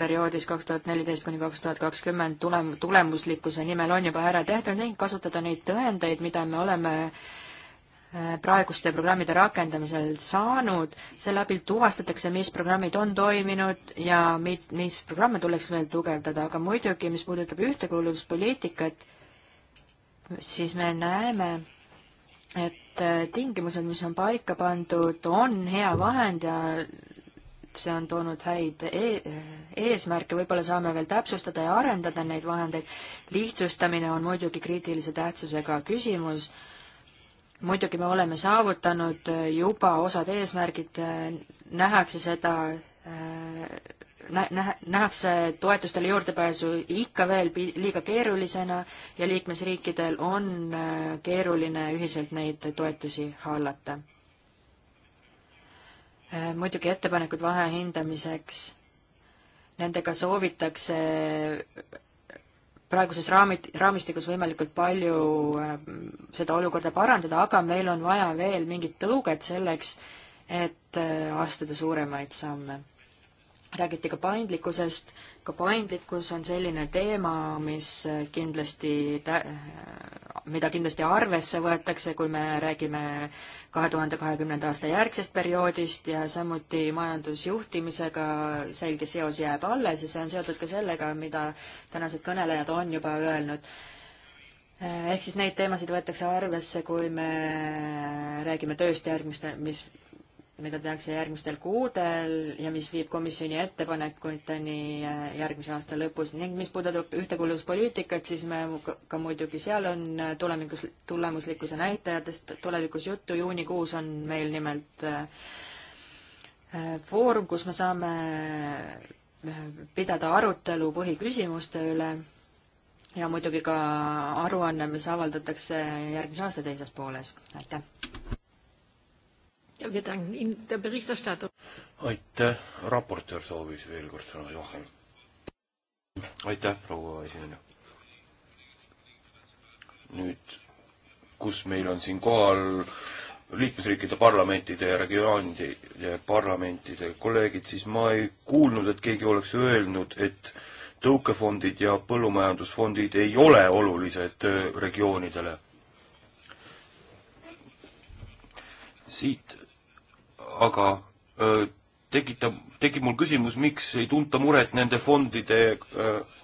perioodis kaks tuhat neliteist kuni kaks tuhat kakskümmend tulem-, tulemuslikkuse nimel on juba ära tehtud ning kasutada neid tõendeid, mida me oleme äh, Äh, praeguste programmide rakendamisel saanud, selle abil tuvastatakse, mis programmid on toiminud ja mis, mis programme tuleks veel tugevdada, aga muidugi, mis puudutab ühtekuuluvuspoliitikat, siis me näeme, et äh, tingimused, mis on paika pandud, on hea vahend ja see on toonud häid e eesmärke, võib-olla saame veel täpsustada ja arendada neid vahendeid. lihtsustamine on muidugi kriitilise tähtsusega küsimus muidugi me oleme saavutanud äh, juba osad eesmärgid, äh, nähakse seda äh, nä-, nähakse toetustele juurdepääsu ikka veel pi-, liiga keerulisena ja liikmesriikidel on keeruline ühiselt neid toetusi hallata. muidugi ettepanekud vahe hindamiseks, nendega soovitakse praeguses raamid, raamistikus võimalikult palju äh, seda olukorda parandada, aga meil on vaja veel mingit tõuget selleks, et äh, astuda suuremaid samme. räägiti ka paindlikkusest, ka paindlikkus on selline teema, mis äh, kindlasti, mida kindlasti arvesse võetakse, kui me räägime äh, kahe tuhande kahekümnenda aasta järgsest perioodist ja samuti majandusjuhtimisega selge seos jääb alles ja see on seotud ka sellega, mida tänased kõnelejad on juba öelnud. ehk siis neid teemasid võetakse arvesse, kui me räägime tööst järgmiste, mis mida tehakse järgmistel kuudel ja mis viib komisjoni ettepanekuteni äh, järgmise aasta lõpus ning mis puudutab ühtekuuluvuspoliitikat, siis me ka muidugi seal on äh, tulemikus, tulemuslikkuse näitajatest tulevikus juttu, juunikuus on meil nimelt äh, foorum, kus me saame pidada arutelu põhiküsimuste üle ja muidugi ka aruanne, mis avaldatakse järgmise aasta teises pooles, aitäh! aitäh, raportöör soovis veel kord sõna, Joachim. aitäh, proua esineja. nüüd, kus meil on siin kohal liikmesriikide parlamentide ja regioonide parlamentide kolleegid, siis ma ei kuulnud, et keegi oleks öelnud, et tõukefondid ja põllumajandusfondid ei ole olulised äh, regioonidele. siit aga tekitab, tekib mul küsimus, miks ei tunta muret nende fondide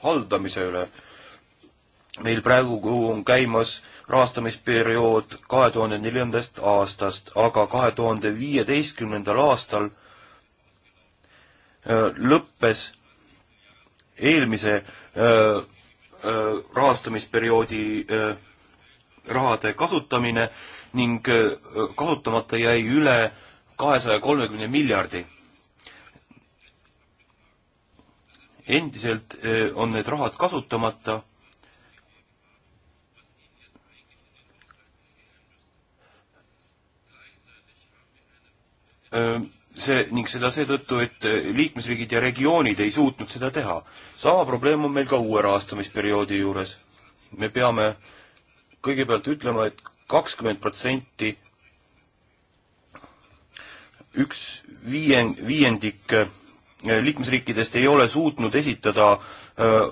haldamise üle. meil praegu on käimas rahastamisperiood kahe tuhande neljandast aastast, aga kahe tuhande viieteistkümnendal aastal lõppes eelmise rahastamisperioodi rahade kasutamine ning kasutamata jäi üle kahesaja kolmekümne miljardi. endiselt eh, on need rahad kasutamata. Eh, see ning seda seetõttu, et eh, liikmesriigid ja regioonid ei suutnud seda teha. sama probleem on meil ka uue rahastamisperioodi juures. me peame kõigepealt ütlema et, et kakskümmend protsenti üks viien-, viiendik äh, liikmesriikidest ei ole suutnud esitada öö, äh,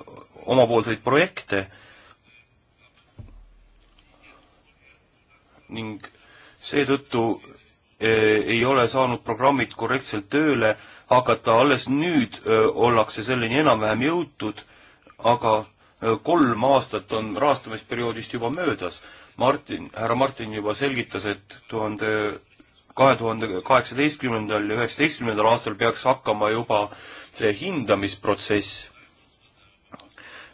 omapoolseid projekte ning seetõttu äh, ei ole saanud programmid korrektselt tööle hakata, alles nüüd öö, ollakse selleni enam-vähem jõutud, aga öö, kolm aastat on rahastamisperioodist juba möödas. Martin, härra Martin juba selgitas, et tuhande kahe tuhande kaheksateistkümnendal ja üheksateistkümnendal aastal peaks hakkama juba see hindamisprotsess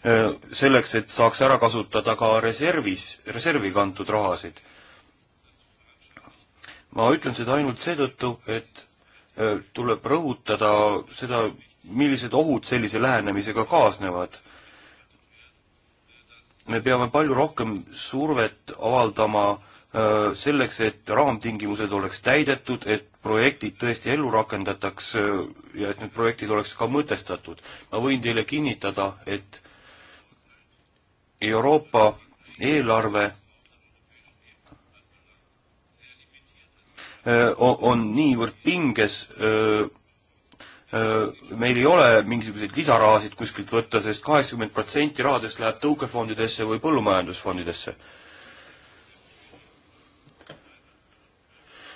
äh, selleks, et saaks ära kasutada ka reservis, reservi kantud rahasid. ma ütlen seda ainult seetõttu, et äh, tuleb rõhutada seda, millised ohud sellise lähenemisega kaasnevad. me peame palju rohkem survet avaldama Äh, selleks, et raamtingimused oleks täidetud, et projektid tõesti ellu rakendataks äh, ja et need projektid oleks ka mõtestatud. ma võin teile kinnitada, et Euroopa eelarve äh, on niivõrd pinges, meil ei ole mingisuguseid lisarahasid kuskilt võtta sest, sest kaheksakümmend protsenti rahadest läheb tõukefondidesse või põllumajandusfondidesse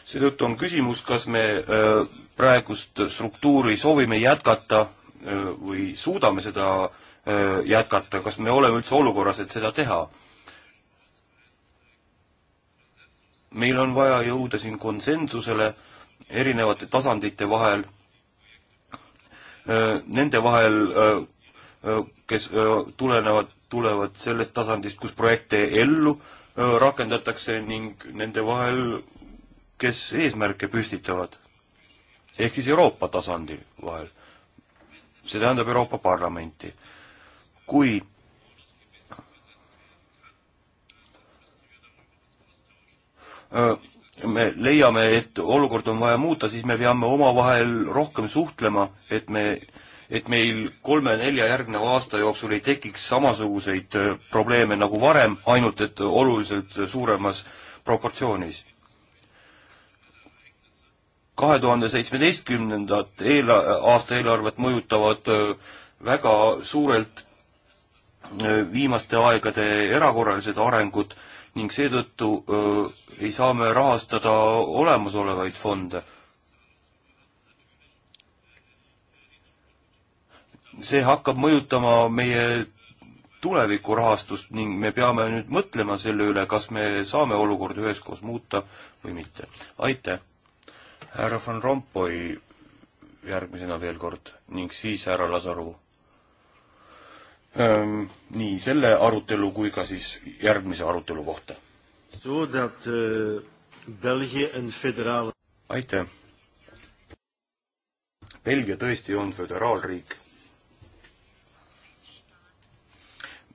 seetõttu on küsimus, kas me äh, praegust struktuuri soovime jätkata äh, või suudame seda äh, jätkata, kas me oleme üldse olukorras, et seda teha? meil on vaja jõuda siin konsensusele erinevate tasandite vahel, nende vahel, kes tulenevad, tulevad sellest tasandist, kus projekte ellu rakendatakse ning nende vahel, kes eesmärke püstitavad, ehk siis Euroopa tasandi vahel. see tähendab Euroopa Parlamenti. kui me leiame, et olukord on vaja muuta, siis me peame omavahel rohkem suhtlema, et me, et meil kolme-nelja järgneva aasta jooksul ei tekiks samasuguseid probleeme nagu varem, ainult et oluliselt suuremas proportsioonis kahe tuhande seitsmeteistkümnendat eela-, aasta eelarvet mõjutavad äh, väga suurelt äh, viimaste aegade erakorralised arengud ning seetõttu äh, ei saa me rahastada olemasolevaid fonde. see hakkab mõjutama meie tulevikurahastust ning me peame nüüd mõtlema selle üle, kas me saame olukorda üheskoos muuta või mitte. aitäh! härra Van Rompuy järgmisena veel kord ning siis härra Lasaru. Ehm, nii selle arutelu kui ka siis järgmise arutelu kohta. Eh, Federal... aitäh. Belgia tõesti on föderaalriik,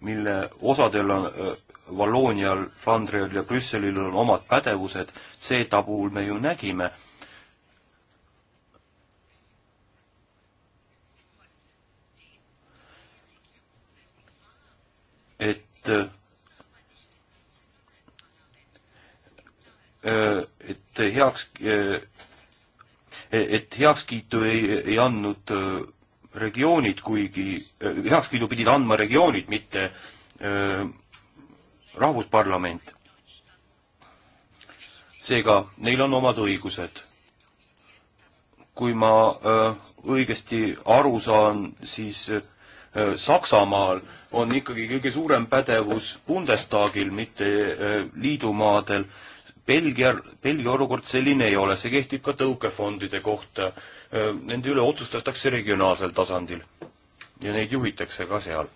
mille osadel on öö, eh, Valloonial, Flandrial ja Brüsselil on omad pädevused, see tabu me ju nägime et, äh, et heaks, äh, et heakskiitu ei, ei andnud äh, regioonid, kuigi heakskiidu pidid andma regioonid, mitte rahvusparlament. seega neil on omad õigused. kui ma öö, õigesti aru saan, siis Äh, Saksamaal on ikkagi kõige suurem pädevus Bundestagil, mitte äh, liidumaadel. Belgia, Belgia olukord selline ei ole, see kehtib ka tõukefondide kohta. Äh, nende üle otsustatakse regionaalsel tasandil ja neid juhitakse ka seal.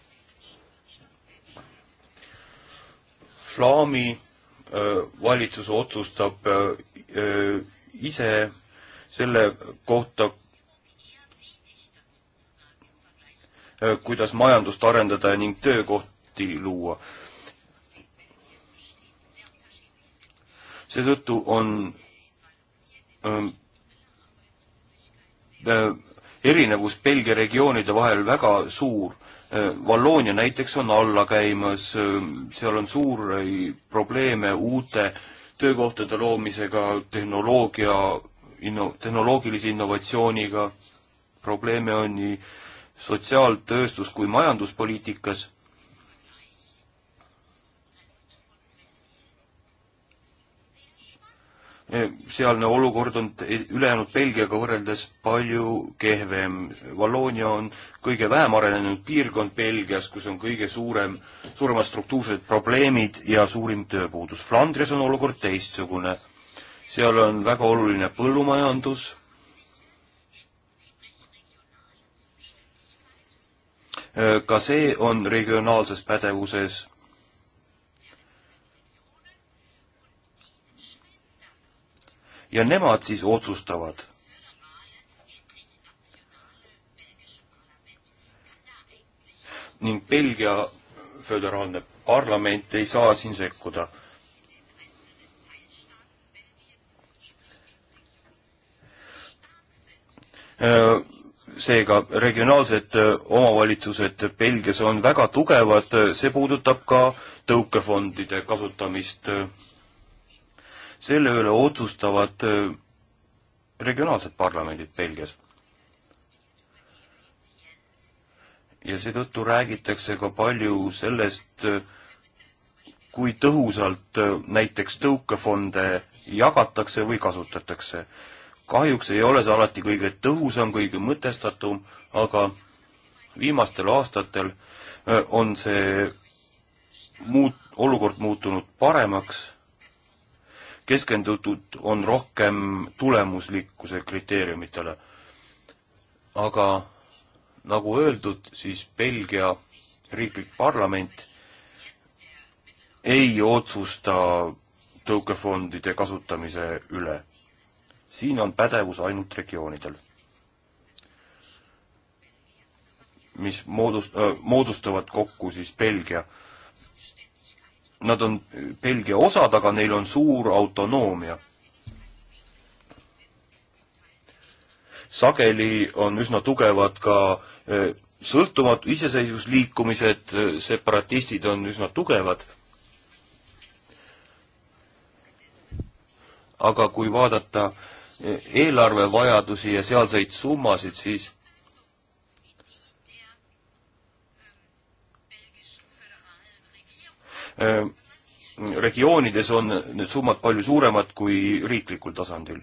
Flaami valitsus otsustab ise selle kohta, Äh, kuidas majandust arendada ning töökohti luua. seetõttu on ähm, äh, erinevus Belgia regioonide vahel väga suur. Valloonia äh, näiteks on alla käimas, ähm, seal on suuri probleeme uute töökohtade loomisega, tehnoloogia, inno-, tehnoloogilise innovatsiooniga, probleeme on nii sotsiaaltööstus kui majanduspoliitikas sealne olukord on ülejäänud Belgiaga võrreldes palju kehvem. Valloonia on kõige vähem arenenud piirkond Belgias, kus on kõige suurem, suuremad struktuursed probleemid ja suurim tööpuudus. Flandres on olukord teistsugune. seal on väga oluline põllumajandus Äh, ka see on regionaalses pädevuses ja nemad siis otsustavad. ning Belgia föderaalne parlament ei saa siin sekkuda. Äh, seega regionaalsed äh, omavalitsused Belgias on väga tugevad, äh, see puudutab ka tõukefondide kasutamist. Äh. selle üle otsustavad regionaalsed parlamendid Belgias. ja seetõttu räägitakse ka palju sellest, kui tõhusalt näiteks tõukefonde jagatakse või kasutatakse kahjuks ei ole see alati kõige tõhusam, kõige mõtestatum, aga viimastel aastatel äh, on see muut-, olukord muutunud paremaks, keskendutud on rohkem tulemuslikkuse kriteeriumitele. aga nagu öeldud, siis Belgia riiklik parlament ei otsusta tõukefondide kasutamise üle siin on pädevus ainult regioonidel, mis moodust- äh,, moodustavad kokku siis Belgia. Nad on Belgia osad, aga neil on suur autonoomia. sageli on üsna tugevad ka äh, sõltumatu iseseisvusliikumised, separatistid on üsna tugevad. aga kui vaadata eelarvevajadusi ja sealseid summasid, siis äh, regioonides on need summad palju suuremad kui riiklikul tasandil.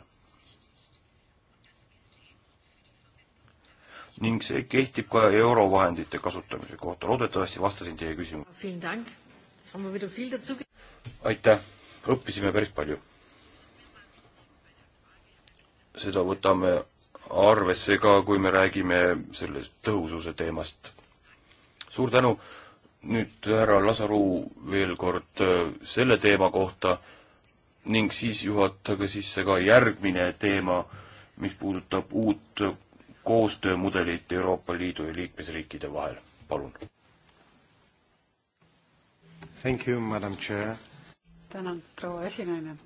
ning see kehtib ka eurovahendite kasutamise kohta. loodetavasti vastasin teie küsimusele. aitäh, õppisime päris palju seda võtame arvesse ka, kui me räägime sellest tõhususe teemast. suur tänu, nüüd härra Lasaru veel kord äh, selle teema kohta ning siis juhatage sisse ka järgmine teema, mis puudutab uut koostöömudelit Euroopa Liidu ja liikmesriikide vahel, palun. tänan, proua esinaine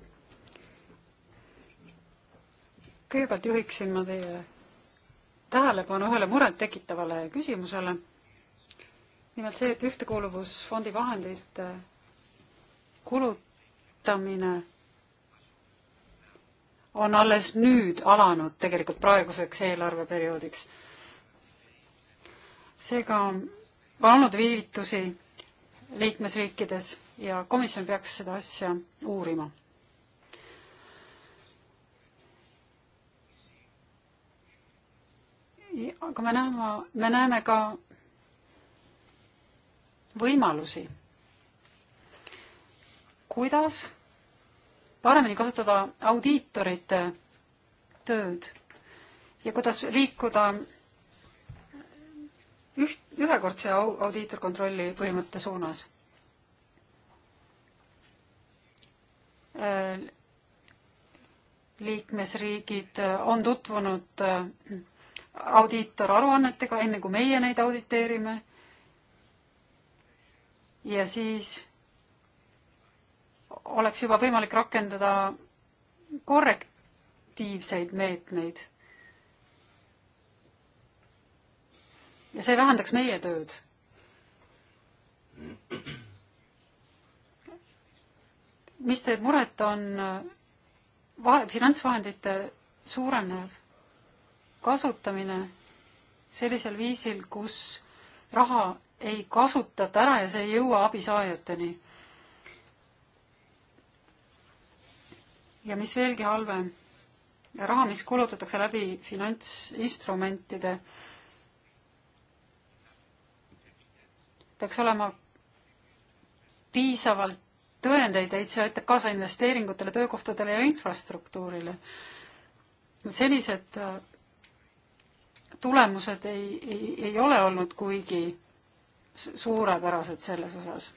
kõigepealt juhiksin ma teie tähelepanu ühele murettekitavale küsimusele. nimelt see, et ühtekuuluvusfondi vahendite kulutamine on alles nüüd alanud tegelikult praeguseks eelarveperioodiks. seega on olnud viivitusi liikmesriikides ja komisjon peaks seda asja uurima. aga me näeme, me näeme ka võimalusi, kuidas paremini kasutada audiitorite tööd ja kuidas liikuda üht, ühekordse audiitorkontrolli põhimõtte suunas. Äh, liikmesriigid on tutvunud äh, audiitoraruannetega, enne kui meie neid auditeerime. ja siis oleks juba võimalik rakendada korrektiivseid meetmeid. ja see vähendaks meie tööd. mis teeb muret, on vahe, finantsvahendite suurenev kasutamine sellisel viisil, kus raha ei kasutata ära ja see ei jõua abisaajateni. ja mis veelgi halvem, raha, mis kulutatakse läbi finantsinstrumentide, peaks olema piisavalt tõendeid, et see aitab kaasa investeeringutele, töökohtadele ja infrastruktuurile. sellised tulemused ei, ei, ei ole olnud kuigi suurepärased selles osas.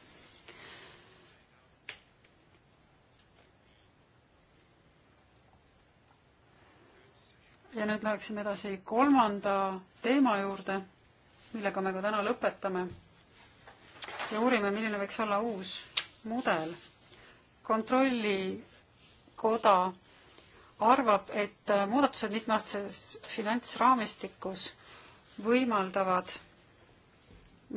ja nüüd läheksime edasi kolmanda teema juurde, millega me ka täna lõpetame. ja uurime, milline võiks olla uus mudel. kontrollikoda arvab, et äh, muudatused mitmeaastases finantsraamistikus võimaldavad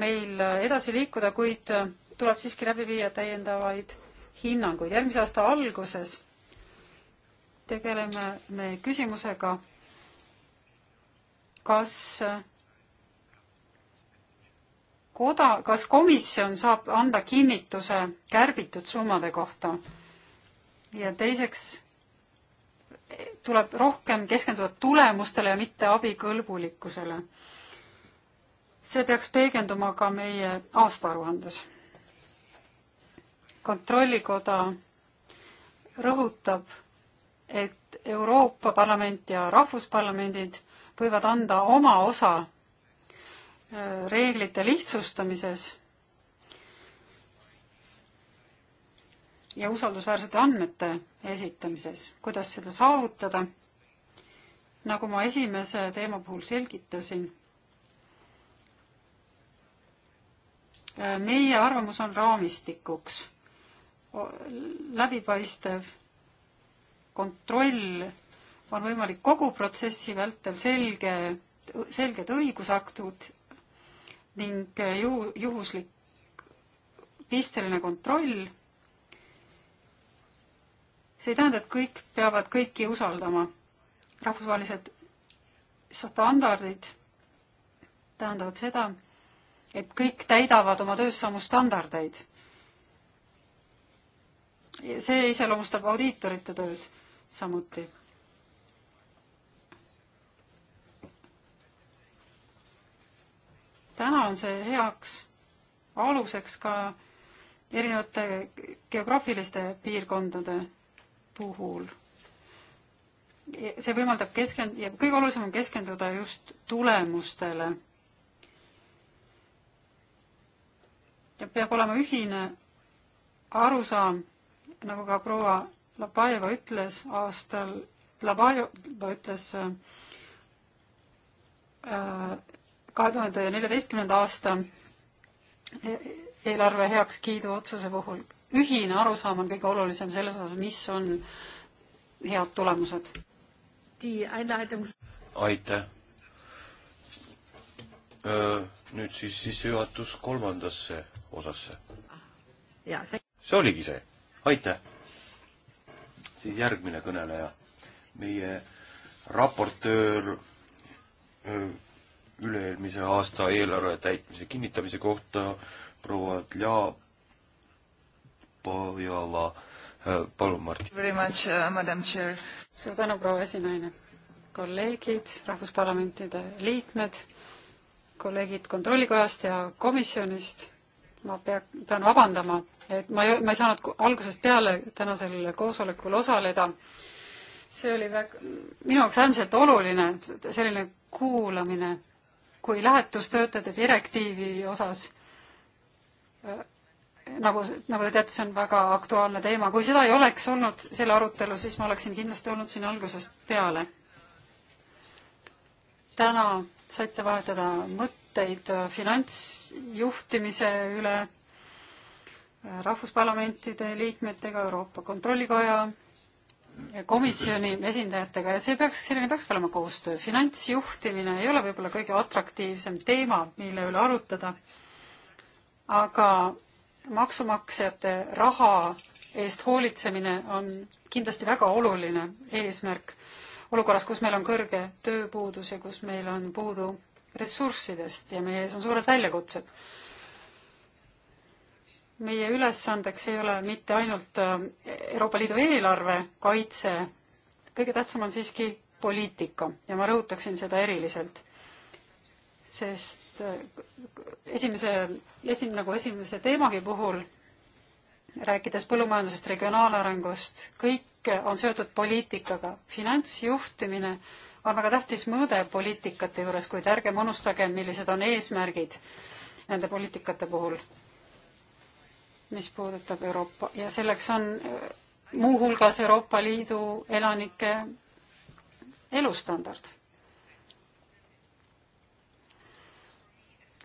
meil äh, edasi liikuda, kuid äh, tuleb siiski läbi viia täiendavaid hinnanguid. järgmise aasta alguses tegeleme me küsimusega, kas koda, kas komisjon saab anda kinnituse kärbitud summade kohta ja teiseks tuleb rohkem keskenduda tulemustele ja mitte abikõlbulikkusele. see peaks peegenduma ka meie aastaaruandes. kontrollikoda rõhutab, et Euroopa Parlament ja rahvusparlamendid võivad anda oma osa äh, reeglite lihtsustamises ja usaldusväärsete andmete esitamises. kuidas seda saavutada? nagu ma esimese teema puhul selgitasin, meie arvamus on raamistikuks, läbipaistev kontroll on võimalik kogu protsessi vältel selge, selged õigusaktud ning juhu, juhuslik pisteline kontroll see ei tähenda, et kõik peavad kõiki usaldama. rahvusvahelised standardid tähendavad seda, et kõik täidavad oma töös samu standardeid. see iseloomustab audiitorite tööd samuti. täna on see heaks aluseks ka erinevate geograafiliste piirkondade puhul see võimaldab keskend- ja kõige olulisem on keskenduda just tulemustele. ja peab olema ühine arusaam, nagu ka proua Labajeva ütles aastal, Labajeva ütles äh, kahe tuhande neljateistkümnenda aasta e-, eelarve heakskiidu otsuse puhul ühine arusaam on kõige olulisem selles osas, mis on head tulemused. aitäh. nüüd siis sissejuhatus kolmandasse osasse. Ah, see oligi see, aitäh. siis järgmine kõneleja, meie raportöör üle-eelmise aasta eelarve täitmise kinnitamise kohta proua Dla Pavjova, äh, palun, Martin. Uh, suur tänu, proua esinaine. kolleegid, rahvusparlamentide liikmed, kolleegid Kontrollikojast ja komisjonist, ma pea, pean vabandama, et ma ei, ma ei saanud algusest peale tänasel koosolekul osaleda. see oli väga, minu jaoks äärmiselt oluline selline kuulamine, kui lähetustöötajate direktiivi osas äh, nagu, nagu te teate, see on väga aktuaalne teema, kui seda ei oleks olnud selle arutelu, siis ma oleksin kindlasti olnud siin algusest peale. täna saite vahetada mõtteid finantsjuhtimise üle rahvusparlamentide liikmetega, Euroopa Kontrollikoja komisjoni esindajatega ja see peaks, selline peakski olema koostöö. finantsjuhtimine ei ole võib-olla kõige atraktiivsem teema, mille üle arutada, aga maksumaksjate raha eest hoolitsemine on kindlasti väga oluline eesmärk olukorras, kus meil on kõrge tööpuudus ja kus meil on puudu ressurssidest ja meie ees on suured väljakutsed. meie ülesandeks ei ole mitte ainult äh, Euroopa Liidu eelarve kaitse, kõige tähtsam on siiski poliitika ja ma rõhutaksin seda eriliselt sest äh, esimese, esim-, nagu esimese teemagi puhul, rääkides põllumajandusest, regionaalarengust, kõik on seotud poliitikaga. finantsjuhtimine on väga tähtis mõõde poliitikate juures, kuid ärgem unustagem, millised on eesmärgid nende poliitikate puhul, mis puudutab Euroopa ja selleks on äh, muuhulgas Euroopa Liidu elanike elustandard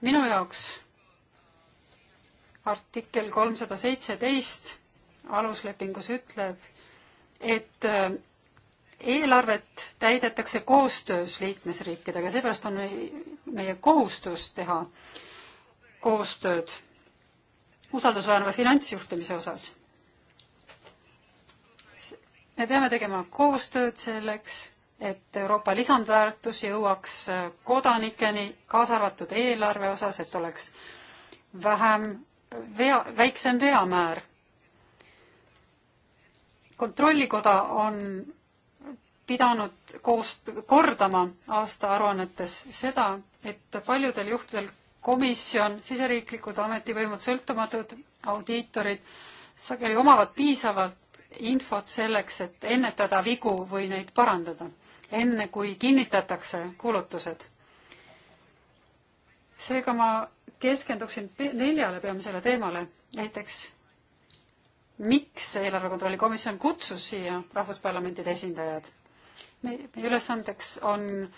minu jaoks artikkel kolmsada seitseteist aluslepingus ütleb, et äh, eelarvet täidetakse koostöös liikmesriikidega, seepärast on meie kohustus teha koostööd usaldusväärne finantsjuhtimise osas. me peame tegema koostööd selleks, et Euroopa lisandväärtus jõuaks äh, kodanikeni, kaasa arvatud eelarve osas, et oleks vähem vea, väiksem veamäär. kontrollikoda on pidanud koost-, kordama aastaaruannetes seda, et paljudel juhtudel komisjon, siseriiklikud ametivõimud, sõltumatud audiitorid sageli omavad piisavalt infot selleks, et ennetada vigu või neid parandada enne kui kinnitatakse kulutused. seega ma keskenduksin neljale peamisele teemale, näiteks miks eelarve kontrolli komisjon kutsus siia rahvusparlamentide esindajad. meie ülesandeks on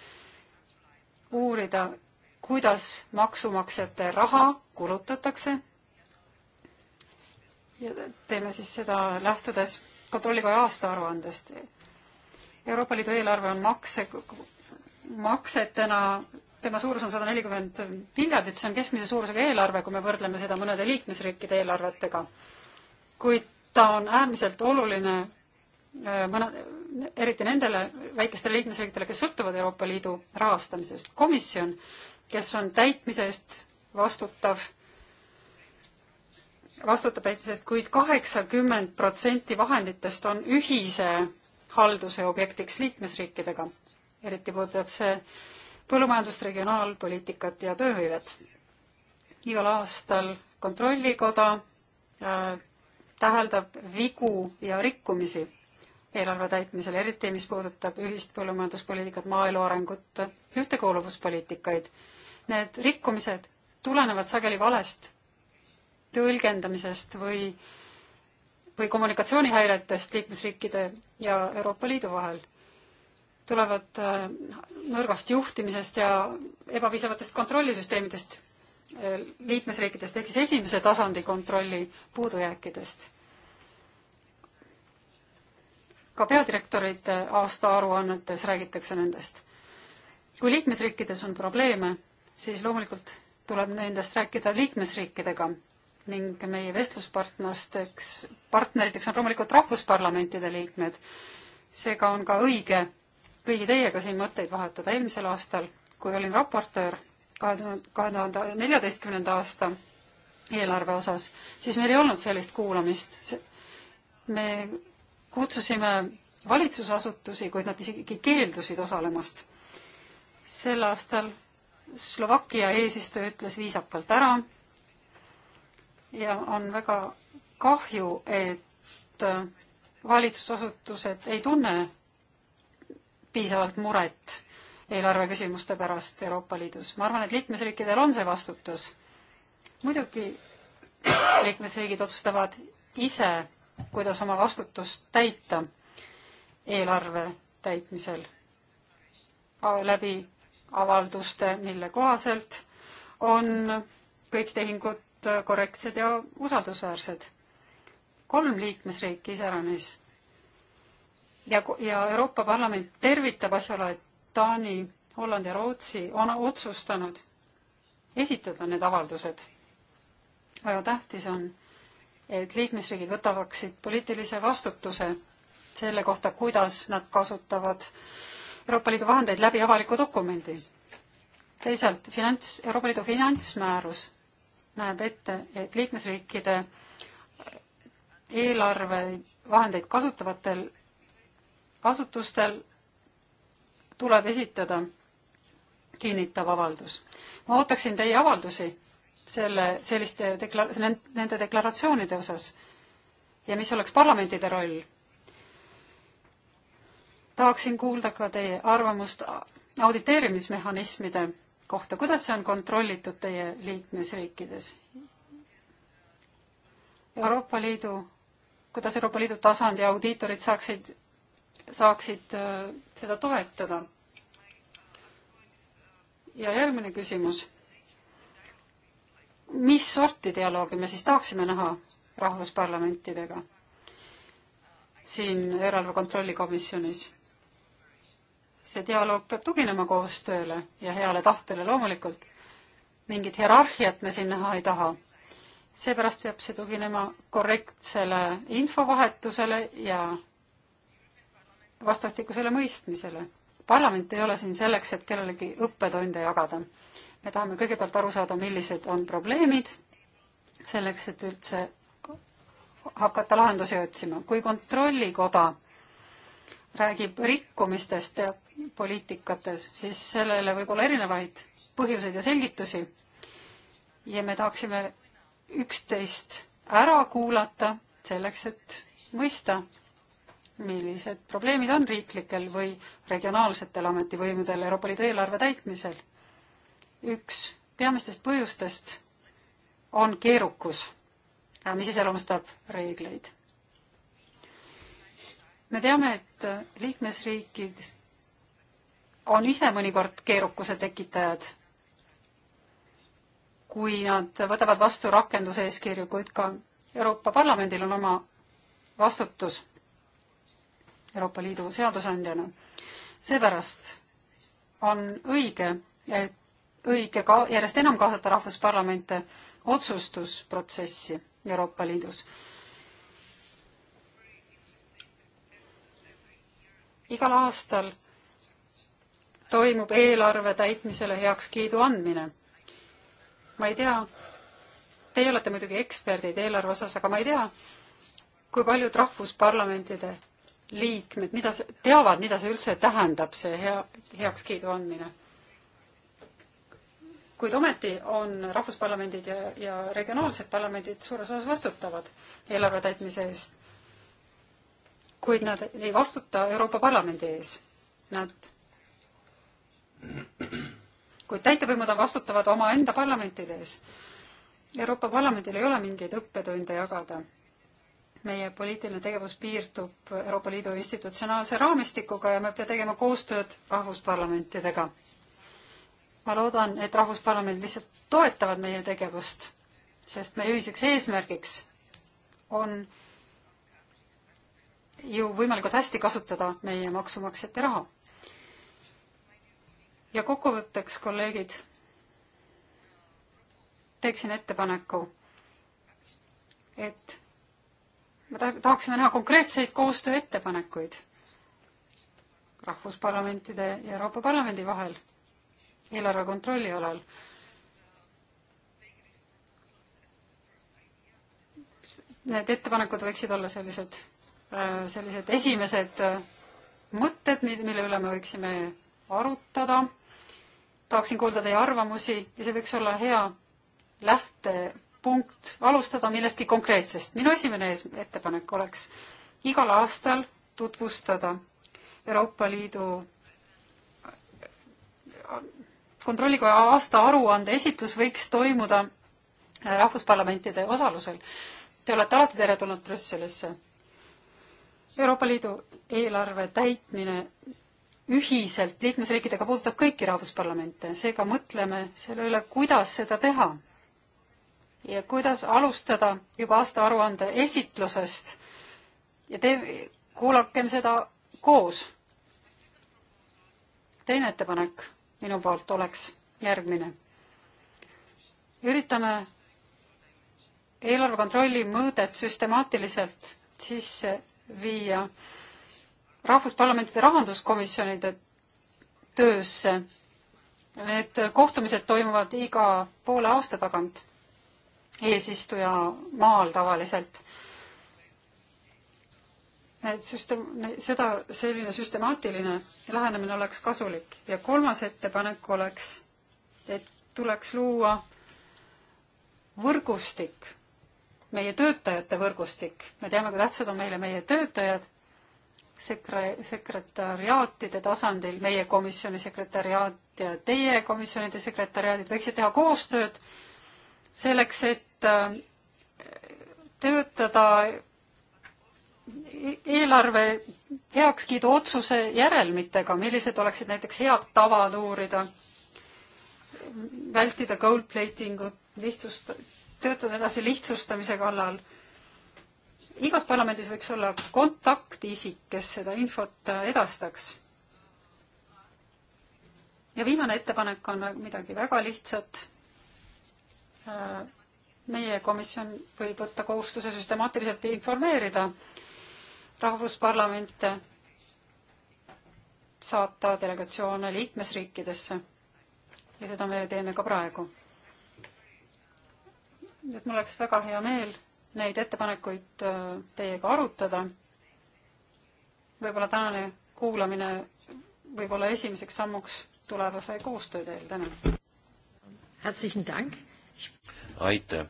uurida, kuidas maksumaksjate raha kulutatakse ja teeme siis seda lähtudes kontrollikoja aastaaruandest. Euroopa Liidu eelarve on makse, maksetena, tema suurus on sada nelikümmend miljardit, see on keskmise suurusega eelarve, kui me võrdleme seda mõnede liikmesriikide eelarvetega. kuid ta on äärmiselt oluline äh, mõne, eriti nendele väikestele liikmesriikidele, kes sõltuvad Euroopa Liidu rahastamisest. komisjon, kes on täitmise eest vastutav, vastutab täitmise eest kuid, kuid kaheksakümmend protsenti vahenditest on ühise halduse objektiks liikmesriikidega. eriti puudutab see põllumajandust, regionaalpoliitikat ja tööhõivet. igal aastal Kontrollikoda äh, täheldab vigu ja rikkumisi eelarve täitmisel, eriti mis puudutab ühist põllumajanduspoliitikat, maaelu arengut, ühtekuuluvuspoliitikaid. Need rikkumised tulenevad sageli valest tõlgendamisest või äh, või kommunikatsioonihäiretest liikmesriikide ja Euroopa Liidu vahel tulevad äh, nõrgast juhtimisest ja ebapiisavatest kontrollisüsteemidest äh, liikmesriikidest ehk siis esimese tasandi kontrolli puudujääkidest. ka peadirektorite aastaaruannetes räägitakse nendest. kui liikmesriikides on probleeme, siis loomulikult tuleb nendest rääkida liikmesriikidega ning meie vestluspartnasteks, partneriteks on loomulikult rahvusparlamentide liikmed. seega on ka õige kõigi teiega siin mõtteid vahetada. eelmisel aastal, kui olin raportöör kahe tuhande, kahe tuhande neljateistkümnenda aasta eelarve osas, siis meil ei olnud sellist kuulamist. me kutsusime valitsusasutusi, kuid nad isegi keeldusid osalemast. sel aastal Slovakkia eesistuja ütles viisakalt ära ja on väga kahju, et äh, valitsusasutused ei tunne piisavalt muret eelarve küsimuste pärast Euroopa Liidus. ma arvan, et liikmesriikidel on see vastutus. muidugi liikmesriigid otsustavad ise, kuidas oma vastutust täita eelarve täitmisel läbi avalduste, mille kohaselt on kõik tehingud korrektsed ja usaldusväärsed. kolm liikmesriiki iseäranis. ja, ja Euroopa Parlament tervitab asjaolu, et Taani, Holland ja Rootsi on otsustanud esitada need avaldused. väga tähtis on, et liikmesriigid võtavaksid poliitilise vastutuse selle kohta, kuidas nad kasutavad Euroopa Liidu vahendeid läbi avaliku dokumendi. teisalt finants, Euroopa Liidu finantsmäärus näeb ette, et liikmesriikide eelarvevahendeid kasutavatel asutustel tuleb esitada kinnitav avaldus. ma ootaksin teie avaldusi selle, selliste dekla-, nende deklaratsioonide osas ja mis oleks parlamentide roll. tahaksin kuulda ka teie arvamust auditeerimismehhanismide kohta, kuidas see on kontrollitud teie liikmesriikides? Euroopa Liidu, kuidas Euroopa Liidu tasandi audiitorid saaksid, saaksid äh, seda toetada? ja järgmine küsimus. mis sorti dialoogi me siis tahaksime näha rahvusparlamentidega siin eelarve kontrollikomisjonis? see dialoog peab tuginema koostööle ja heale tahtele loomulikult. mingit hierarhiat me siin näha ei taha. seepärast peab see tuginema korrektsele infovahetusele ja vastastikusele mõistmisele. parlament ei ole siin selleks, et kellelegi õppetunde jagada. me tahame kõigepealt aru saada, millised on probleemid, selleks et üldse hakata lahendusi otsima. kui kontrollikoda räägib rikkumistest ja poliitikates, siis sellele võib olla erinevaid põhjuseid ja selgitusi. ja me tahaksime üksteist ära kuulata selleks, et mõista, millised probleemid on riiklikel või regionaalsetel ametivõimudel Euroopa Liidu eelarve täitmisel. üks peamistest põhjustest on keerukus, äh, mis iseloomustab reegleid. me teame, et liikmesriigid on ise mõnikord keerukuse tekitajad, kui nad võtavad vastu rakenduse eeskirju, kuid ka Euroopa Parlamendil on oma vastutus Euroopa Liidu seadusandjana. seepärast on õige, õige ka järjest enam kaasata rahvusparlamente otsustusprotsessi Euroopa Liidus. igal aastal toimub eelarve täitmisele heakskiidu andmine. ma ei tea, teie olete muidugi eksperdid eelarve osas, aga ma ei tea, kui paljud rahvusparlamentide liikmed, mida, teavad, mida see üldse tähendab, see hea, heakskiidu andmine kuid ometi on rahvusparlamendid ja, ja regionaalsed parlamendid suures osas vastutavad eelarve täitmise eest. kuid nad ei vastuta Euroopa Parlamendi ees. Nad kuid täitevvõimud on vastutavad omaenda parlamentide ees. Euroopa Parlamendil ei ole mingeid õppetunde jagada. meie poliitiline tegevus piirdub Euroopa Liidu institutsionaalse raamistikuga ja me peame tegema koostööd rahvusparlamentidega. ma loodan, et rahvusparlamendid lihtsalt toetavad meie tegevust, sest meie ühiseks eesmärgiks on ju võimalikult hästi kasutada meie maksumaksjate raha ja kokkuvõtteks, kolleegid, teeksin ettepaneku, et me tahaksime näha konkreetseid koostööettepanekuid rahvusparlamentide ja Euroopa Parlamendi vahel eelarve kontrolli alal. Need ettepanekud võiksid olla sellised, äh, sellised esimesed äh, mõtted, mille üle me võiksime arutada tahaksin kuulda teie arvamusi ja see võiks olla hea lähtepunkt alustada millestki konkreetsest. minu esimene ettepanek oleks igal aastal tutvustada Euroopa Liidu äh, kontrollikoja aastaaruande esitlus võiks toimuda äh, rahvusparlamentide osalusel. Te olete alati teretulnud Brüsselisse. Euroopa Liidu eelarve täitmine ühiselt liikmesriikidega puudutab kõiki rahvusparlamente, seega mõtleme selle üle, kuidas seda teha. ja kuidas alustada juba aastaaruande esitlusest ja tee-, kuulakem seda koos. teine ettepanek minu poolt oleks järgmine. üritame eelarve kontrolli mõõdet süstemaatiliselt sisse viia rahvusparlamentide rahanduskomisjonide töösse. Need kohtumised toimuvad iga poole aasta tagant, eesistuja maal tavaliselt. Need süstem-, seda, selline süstemaatiline lähenemine oleks kasulik ja kolmas ettepanek oleks, et tuleks luua võrgustik, meie töötajate võrgustik, me teame, kui tähtsad on meile meie töötajad sekre-, sekretäriaatide tasandil, meie komisjoni sekretäriaat ja teie komisjonide sekretäriaadid võiksid teha koostööd selleks, et äh, töötada e-, eelarve heakskiidu otsuse järel, mitte ka, millised oleksid näiteks head tavad uurida, vältida gold plating ut, lihtsust-, töötada edasi lihtsustamise kallal igas parlamendis võiks olla kontaktisik, kes seda infot edastaks. ja viimane ettepanek on midagi väga lihtsat. meie komisjon võib võtta kohustuse süstemaatiliselt informeerida rahvusparlamente, saata delegatsioone liikmesriikidesse ja seda me teeme ka praegu. et mul oleks väga hea meel neid ettepanekuid äh, teiega arutada. võib-olla tänane kuulamine võib olla esimeseks sammuks tulevase koostöö teel, tänan. aitäh.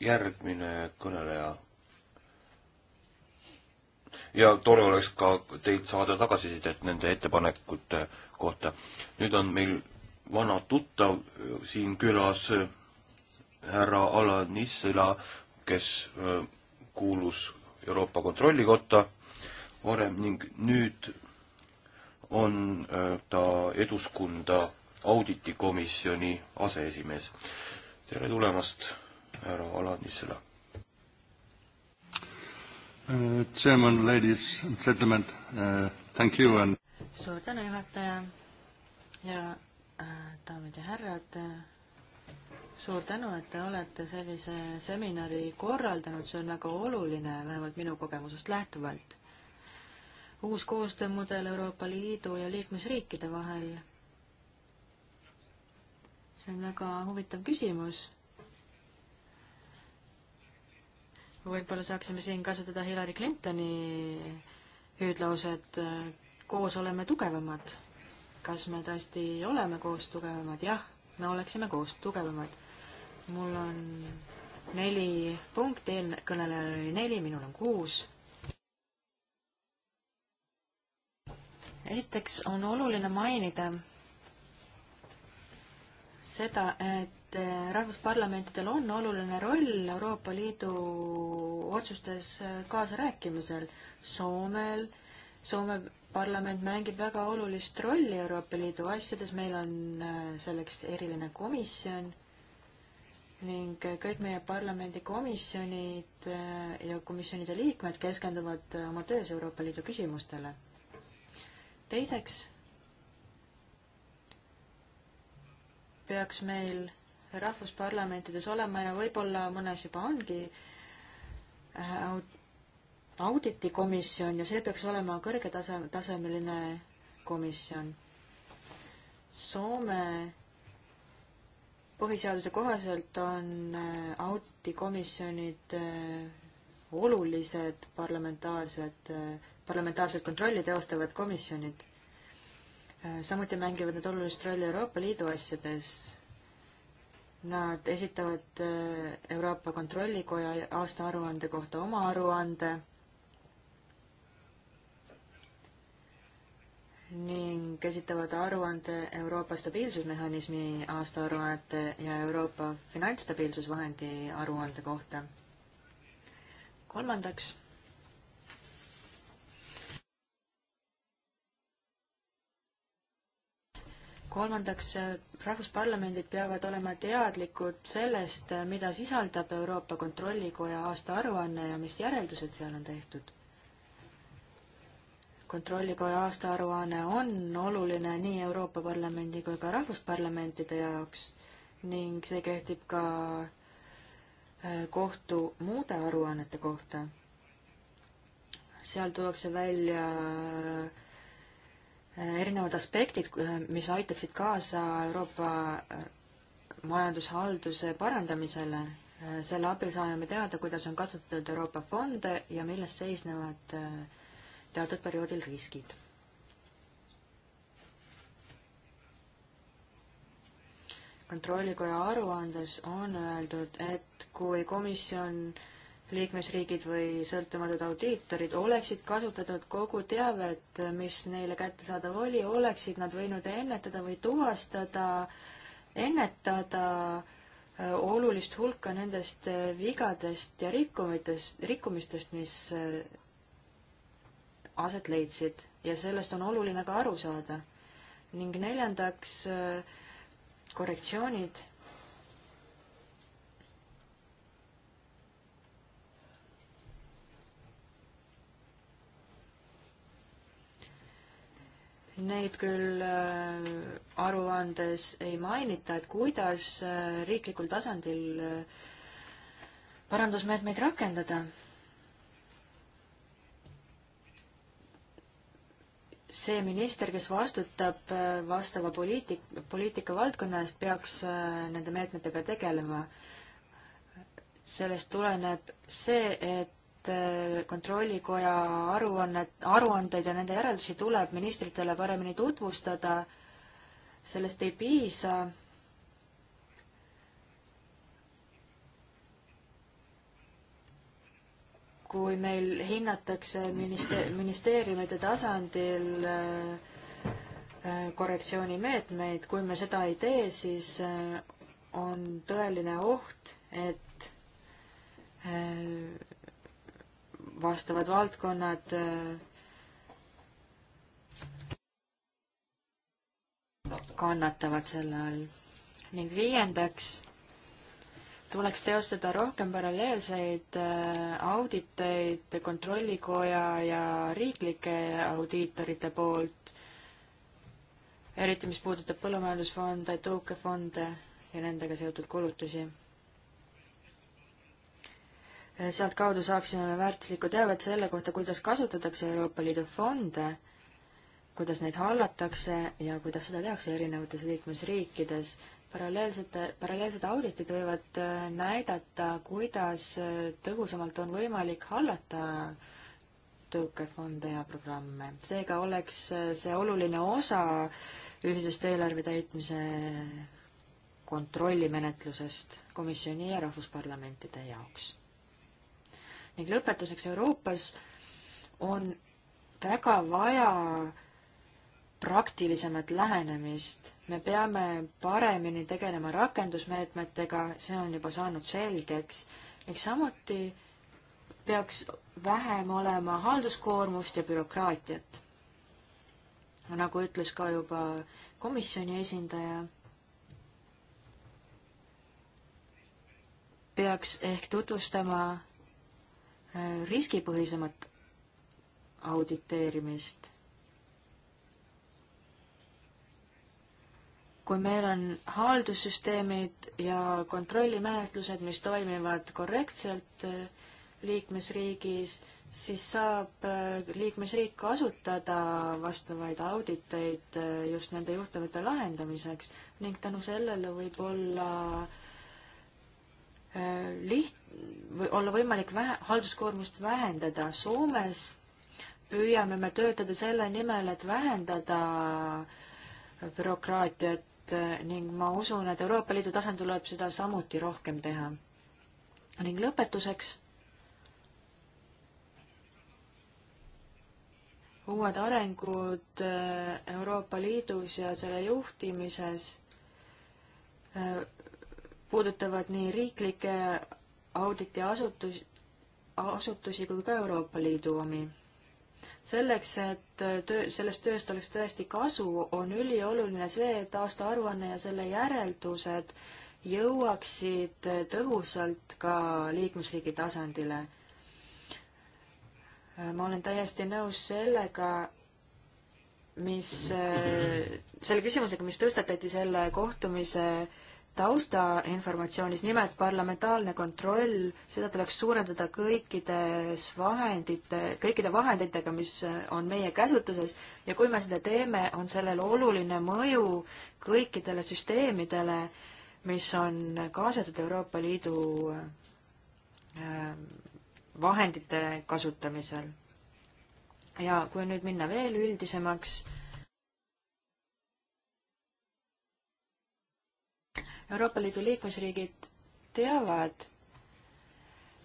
järgmine kõneleja. ja tore oleks ka teilt saada tagasisidet nende ettepanekute kohta. nüüd on meil vana tuttav siin külas härra Alan Nissela, kes kuulus Euroopa Kontrollikotta varem ning nüüd on ta Eduskunda auditikomisjoni aseesimees. tere tulemast, härra Alan Nissela uh,! Chairman, ladies and gentlemen uh,, thank you and suur tänu, juhataja ja äh, daamid ja härrad suur tänu, et te olete sellise seminari korraldanud, see on väga oluline, vähemalt minu kogemusest lähtuvalt. uus koostöömudel Euroopa Liidu ja liikmesriikide vahel. see on väga huvitav küsimus võib-olla saaksime siin kasutada Hillary Clintoni hüüdlauset, koos oleme tugevamad. kas me tõesti oleme koos tugevamad? jah, me oleksime koos tugevamad mul on neli punkti, eelkõnelejal oli neli, minul on kuus. esiteks on oluline mainida seda, et eh, rahvusparlamentidel on oluline roll Euroopa Liidu otsustes eh, kaasarääkimisel. Soomel, Soome parlament mängib väga olulist rolli Euroopa Liidu asjades, meil on eh, selleks eriline komisjon ning kõik meie parlamendikomisjonid äh, ja komisjonide liikmed keskenduvad äh, oma töös Euroopa Liidu küsimustele. teiseks peaks meil rahvusparlamentides olema ja võib-olla mõnes juba ongi äh, auditikomisjon ja see peaks olema kõrgetasemeline komisjon. Soome põhiseaduse kohaselt on äh, auditikomisjonid äh, olulised parlamentaarsed, äh, parlamentaarset kontrolli teostavad komisjonid. samuti mängivad nad olulist rolli Euroopa Liidu asjades. Nad esitavad Euroopa Kontrollikoja aastaaruande kohta oma aruande ning käsitlevad aruande Euroopa stabiilsusmehhanismi aastaaruannete ja Euroopa finantsstabiilsusvahendi aruande kohta. kolmandaks kolmandaks, rahvusparlamendid peavad olema teadlikud sellest, mida sisaldab Euroopa Kontrollikoja aastaaruanne ja mis järeldused seal on tehtud kontrollikoja aastaaruanne on oluline nii Euroopa Parlamendi kui ka rahvusparlamentide jaoks ning see kehtib ka äh, kohtu muude aruannete kohta. seal tuuakse välja äh, erinevad aspektid, äh, mis aitaksid kaasa Euroopa majandushalduse parandamisele. selle abil saame teada, kuidas on kasutatud Euroopa fonde ja milles seisnevad äh, teatud perioodil riskid. kontrollikoja aruandes on öeldud, et kui komisjon, liikmesriigid või sõltumatud audiitorid oleksid kasutatud kogu teavet, mis neile kättesaadav oli, oleksid nad võinud ennetada või tuvastada, ennetada äh, olulist hulka nendest äh, vigadest ja rikkumitest, rikkumistest, mis äh, aset leidsid ja sellest on oluline ka aru saada. ning neljandaks, äh, korrektsioonid. Neid küll äh, aruandes ei mainita, et kuidas äh, riiklikul tasandil parandusmeetmeid rakendada see minister, kes vastutab äh, vastava poliitik, poliitika valdkonna eest, peaks äh, nende meetmetega tegelema. sellest tuleneb see, et äh, Kontrollikoja aruannet, aruandeid ja nende järeldusi tuleb ministritele paremini tutvustada, sellest ei piisa kui meil hinnatakse ministe-, ministeeriumide tasandil äh, äh, korrektsioonimeetmeid, kui me seda ei tee, siis äh, on tõeline oht, et vastavad valdkonnad kannatavad selle all. ning viiendaks tuleks teostada rohkem paralleelseid äh, auditeid Kontrollikoja ja riiklike audiitorite poolt, eriti mis puudutab põllumajandusfonde, tõukefonde ja nendega seotud kulutusi. Äh, sealtkaudu saaksime väärtuslikku teavet selle kohta, kuidas kasutatakse Euroopa Liidu fonde, kuidas neid hallatakse ja kuidas seda tehakse erinevates liikmesriikides paralleelsete, paralleelsed auditid võivad äh, näidata, kuidas äh, tõhusamalt on võimalik hallata tõukefonde ja programme. seega oleks äh, see oluline osa ühisest eelarve täitmise kontrollimenetlusest komisjoni ja rahvusparlamentide jaoks. ning lõpetuseks Euroopas on väga vaja praktilisemat lähenemist. me peame paremini tegelema rakendusmeetmetega, see on juba saanud selgeks, ning samuti peaks vähem olema halduskoormust ja bürokraatiat. nagu ütles ka juba komisjoni esindaja, peaks ehk tutvustama äh, riskipõhisemat auditeerimist kui meil on haldussüsteemid ja kontrollimenetlused, mis toimivad korrektselt äh, liikmesriigis, siis saab äh, liikmesriik kasutada vastavaid auditeid äh, just nende juhtumite lahendamiseks ning tänu sellele võib olla liht-, või olla võimalik vähe, halduskoormust vähendada. Soomes püüame me töötada selle nimel, et vähendada bürokraatiat ning ma usun, et Euroopa Liidu tasandil tuleb seda samuti rohkem teha. ning lõpetuseks. uued arengud äh, Euroopa Liidus ja selle juhtimises äh, puudutavad nii riiklikke auditiasutus, asutusi kui ka Euroopa Liidu omi selleks, et äh, töö, sellest tööst oleks tõesti kasu, on ülioluline see, et aastaaruanne ja selle järeldused jõuaksid äh, tõhusalt ka liikmesriigi tasandile. Äh, ma olen täiesti nõus sellega, mis, selle küsimusega, mis tõstatati selle kohtumise äh, taustainformatsioonis, nimelt parlamentaarne kontroll, seda tuleks suurendada kõikides vahendite, kõikide vahenditega, mis on meie käsutuses ja kui me seda teeme, on sellel oluline mõju kõikidele süsteemidele, mis on kaasatud Euroopa Liidu ähm, vahendite kasutamisel. ja kui nüüd minna veel üldisemaks Euroopa Liidu liikmesriigid teavad,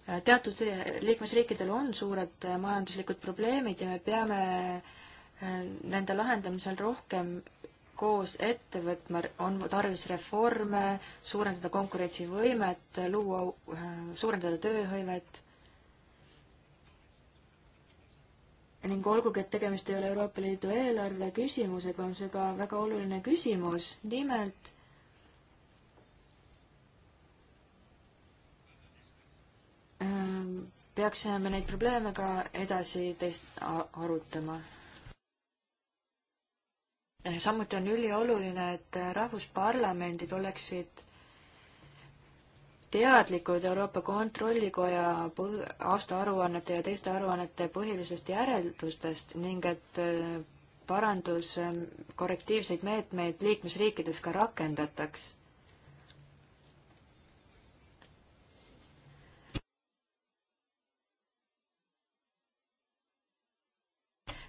äh, teatud liikmesriikidel on suured äh, majanduslikud probleemid ja me peame äh, nende lahendamisel rohkem koos ette võtma, on tarvis reforme, suurendada konkurentsivõimet, luua, suurendada tööhõivet. ning olgugi, et tegemist ei ole Euroopa Liidu eelarve küsimusega, on see ka väga oluline küsimus, nimelt peaksime neid probleeme ka edasi teist arutama. Eh, samuti on ülioluline, et rahvusparlamendid oleksid teadlikud Euroopa Kontrollikoja aastaaruannete ja teiste aruannete põhilisest järeldustest ning et eh, parandus korrektiivseid meetmeid liikmesriikides ka rakendataks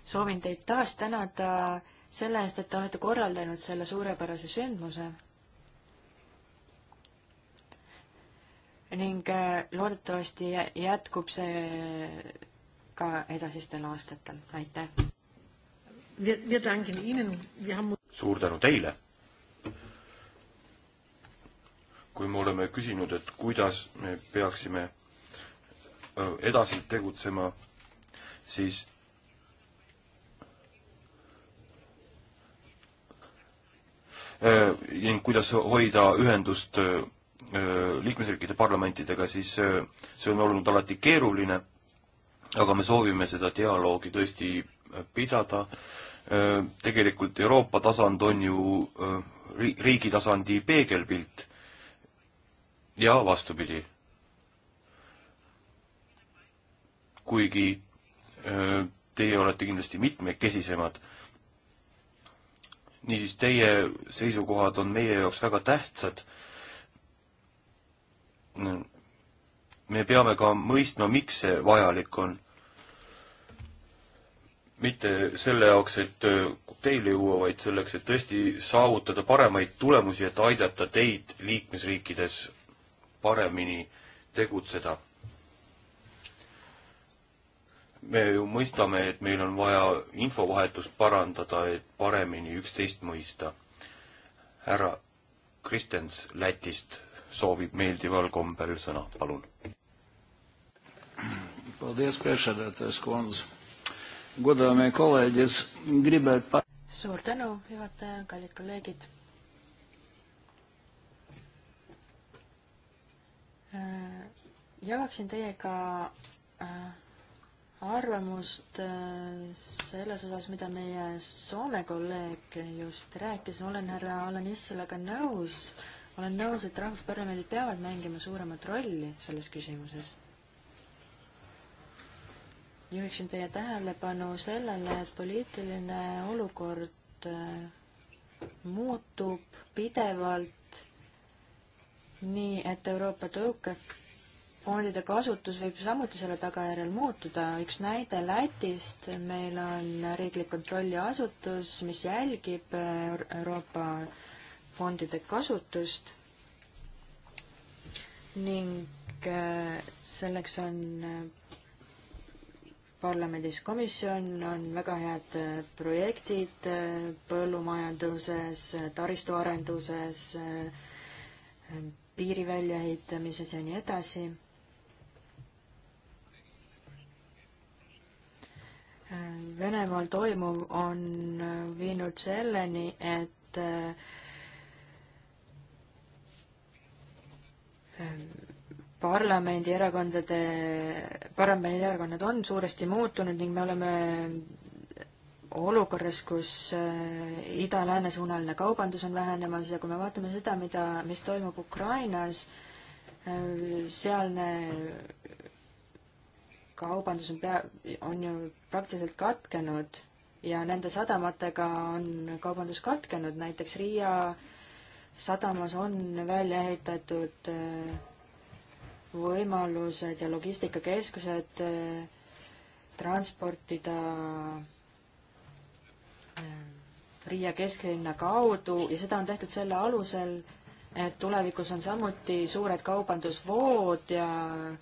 soovin teid taas tänada selle eest, et te olete korraldanud selle suurepärase sündmuse. ning äh, loodetavasti jätkub see ka edasistel aastatel, aitäh! suur tänu teile! kui me oleme küsinud, et kuidas me peaksime äh, edasi tegutsema, siis Äh, ning kuidas hoida ühendust äh, liikmesriikide parlamentidega, siis äh, see on olnud alati keeruline, aga me soovime seda dialoogi tõesti pidada. Tegelikult Euroopa tasand on ju riigi tasandi peegelpilt ja vastupidi. kuigi teie olete kindlasti mitmekesisemad niisiis, teie seisukohad on meie jaoks väga tähtsad. me peame ka mõistma, miks see vajalik on. mitte selle jaoks, et kokteile juua, vaid selleks, et tõesti saavutada paremaid tulemusi, et aidata teid liikmesriikides paremini tegutseda me ju mõistame, et meil on vaja infovahetust parandada, et paremini üksteist mõista. härra Kristens Lätist soovib meeldival kombel sõna, palun. suur tänu, juhataja, kallid kolleegid. Äh, jagaksin teiega äh, arvamust äh, selles osas, mida meie Soome kolleeg just rääkis, olen härra Alanis sellega nõus. olen nõus, et rahvusparlamendid peavad mängima suuremat rolli selles küsimuses. juhiksin teie tähelepanu sellele, et poliitiline olukord äh, muutub pidevalt nii, et Euroopa tõukeb fondide kasutus võib samuti selle tagajärjel muutuda. üks näide Lätist, meil on riiklik kontrolliasutus, mis jälgib äh, Euroopa fondide kasutust ning äh, selleks on äh, parlamendis komisjon, on väga head projektid põllumajanduses, taristuarenduses, piiri väljaehitamises ja nii edasi Venemaal toimuv on viinud selleni, et ehm, parlamendierakondade, parlamendierakonnad on suuresti muutunud ning me oleme olukorras, kus eh, ida-lääne suunaline kaubandus on vähenemas ja kui me vaatame seda, mida, mis toimub Ukrainas, eh, sealne kaubandus on pea, on ju praktiliselt katkenud ja nende sadamatega on kaubandus katkenud, näiteks Riia sadamas on välja ehitatud äh, võimalused ja logistikakeskused äh, transportida äh, Riia kesklinna kaudu ja seda on tehtud selle alusel, et tulevikus on samuti suured kaubandusvood ja äh,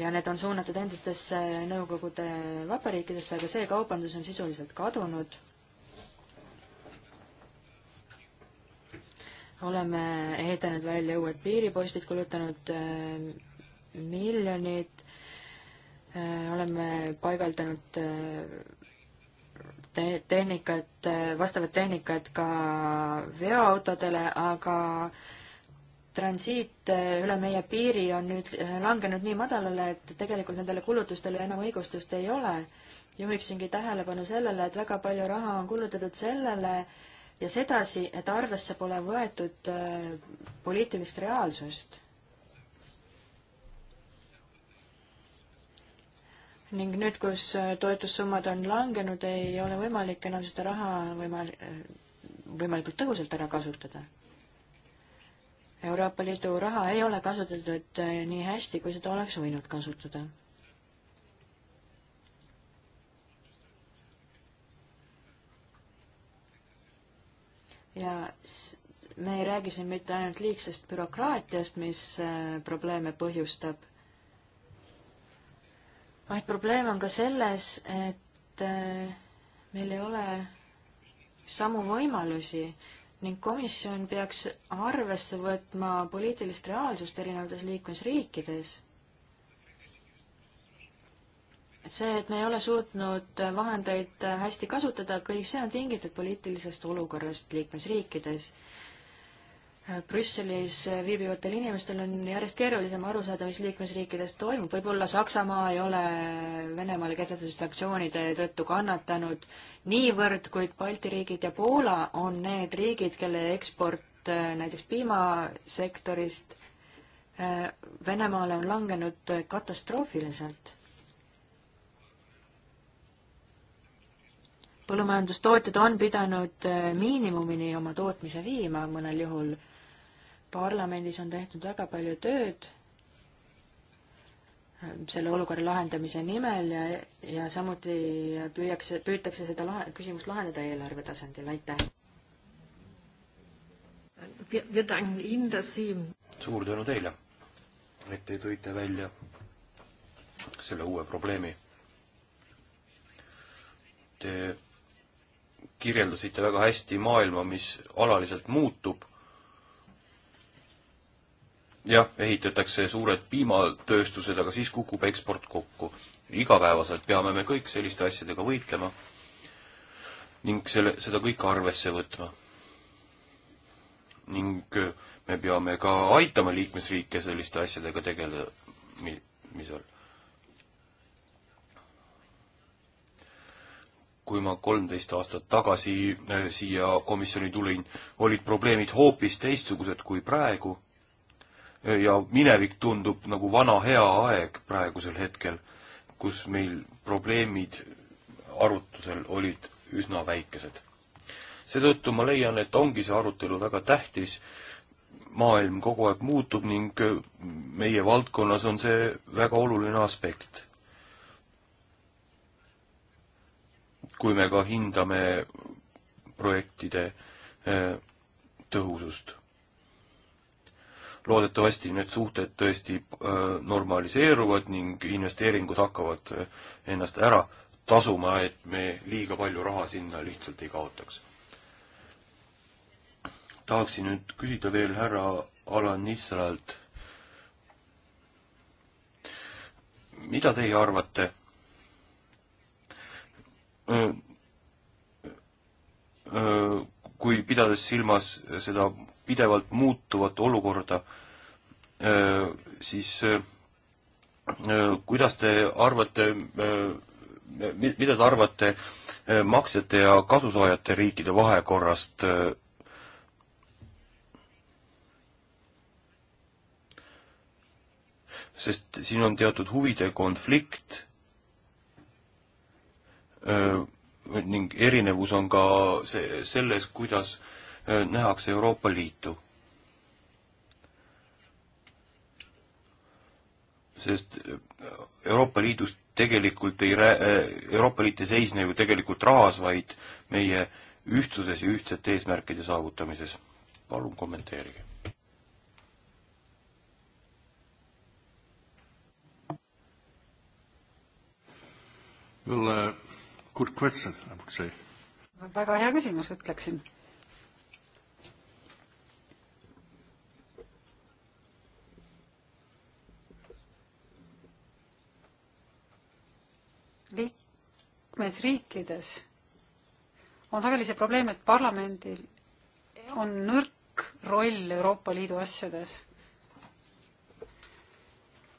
ja need on suunatud endistesse Nõukogude vabariikidesse, aga see kaubandus on sisuliselt kadunud. oleme ehitanud välja uued piiripostid, kulutanud äh, miljonid, äh, oleme paigaldanud äh, te-, tehnikat, vastavat tehnikat ka veoautodele, aga äh, transiit äh, üle meie piiri on nüüd äh, langenud nii madalale, et tegelikult nendele kulutustele enam õigustust ei ole. juhiksingi tähelepanu sellele, et väga palju raha on kulutatud sellele ja sedasi, et arvesse pole võetud äh, poliitilist reaalsust. ning nüüd, kus toetussummad on langenud, ei ole võimalik enam seda raha võima-, võimalikult tõhusalt ära kasutada Euroopa Liidu raha ei ole kasutatud äh, nii hästi, kui seda oleks võinud kasutada. ja me ei räägi siin mitte ainult liigsest bürokraatiast, mis äh, probleeme põhjustab, vaid probleem on ka selles, et äh, meil ei ole samu võimalusi ning komisjon peaks arvesse võtma poliitilist reaalsust erinevates liikmesriikides. see, et me ei ole suutnud vahendeid hästi kasutada, kõik see on tingitud poliitilisest olukorrast liikmesriikides Brüsselis viibivatel inimestel on järjest keerulisem aru saada, mis liikmesriikides toimub, võib-olla Saksamaa ei ole Venemaale kehtestatud sanktsioonide tõttu kannatanud niivõrd, kuid Balti riigid ja Poola on need riigid, kelle eksport äh, näiteks piimasektorist äh, Venemaale on langenud katastroofiliselt põllumajandustootjad on pidanud äh, miinimumini oma tootmise viima mõnel juhul parlamendis on tehtud väga palju tööd selle olukorra lahendamise nimel ja, ja samuti püüakse, püütakse seda lahe, küsimust lahendada eelarve tasandil, aitäh! suur tänu teile, et te tõite välja selle uue probleemi. Te kirjeldasite väga hästi maailma, mis alaliselt muutub jah, ehitatakse suured piimatööstused, aga siis kukub eksport kokku. igapäevaselt peame me kõik selliste asjadega võitlema ning selle, seda kõike arvesse võtma. ning äh, me peame ka aitama liikmesriike selliste asjadega tegeleda, mis on. kui ma kolmteist aastat tagasi äh, siia komisjoni tulin, olid probleemid hoopis teistsugused kui praegu ja minevik tundub nagu vana hea aeg praegusel hetkel, kus meil probleemid arutusel olid üsna väikesed. seetõttu ma leian, et ongi see arutelu väga tähtis, maailm kogu aeg muutub ning meie valdkonnas on see väga oluline aspekt. kui me ka hindame projektide eh, tõhusust loodetavasti need suhted tõesti äh, normaliseeruvad ning investeeringud hakkavad äh, ennast ära tasuma, et me liiga palju raha sinna lihtsalt ei kaotaks. tahaksin nüüd küsida veel härra Alan Nisralt. mida teie arvate? Äh, kui pidades silmas seda pidevalt muutuvat olukorda, siis kuidas te arvate, mida te arvate maksjate ja kasusaajate riikide vahekorrast sest siin on teatud huvide konflikt öö, ning erinevus on ka see, selles, kuidas nähakse Euroopa Liitu. sest Euroopa Liidus tegelikult ei rää-, Euroopa Liit ei seisne ju tegelikult rahas, vaid meie ühtsuses ja ühtsete eesmärkide saavutamises. palun kommenteerige. Well, uh, good question, I would say. väga hea küsimus, ütleksin liikmesriikides on sageli see probleem, et parlamendil on nõrk roll Euroopa Liidu asjades.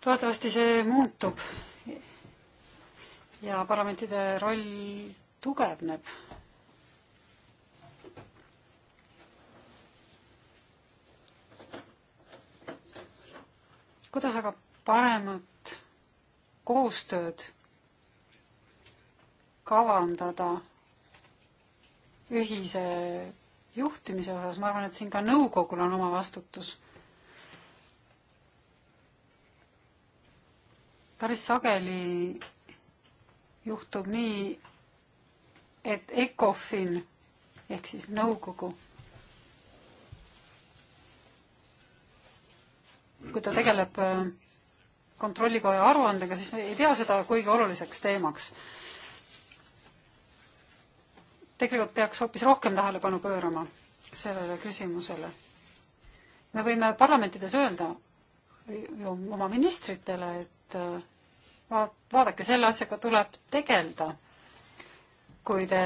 loodetavasti see muutub ja parlamentide roll tugevneb. kuidas aga paremat koostööd kavandada ühise juhtimise osas, ma arvan, et siin ka nõukogul on oma vastutus. päris sageli juhtub nii, et ECOFIN ehk siis nõukogu, kui ta tegeleb kontrollikoja aruandega, siis ei pea seda kuigi oluliseks teemaks tegelikult peaks hoopis rohkem tähelepanu pöörama sellele küsimusele. me võime parlamentides öelda ju oma ministritele, et äh, vaadake, selle asjaga tuleb tegeleda. kui te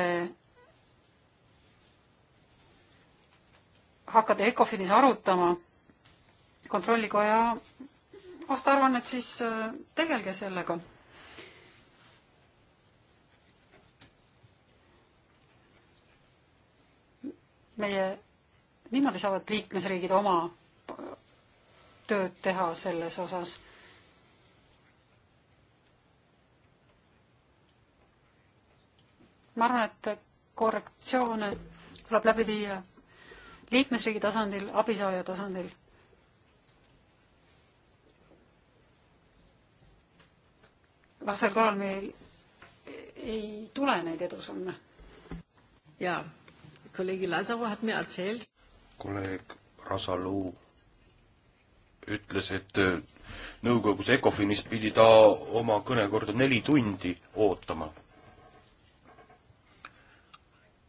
hakkate ECOFINis arutama kontrollikoja aastaaruannet, siis äh, tegelge sellega meie, niimoodi saavad liikmesriigid oma tööd teha selles osas. ma arvan, et korrektsioone tuleb läbi viia liikmesriigi tasandil, abisaaja tasandil. vastasel korral meil ei tule neid edusamme. jaa kolleeg Rasalu ütles, et äh, nõukogus Ecofinis pidi ta oma kõnekorda neli tundi ootama.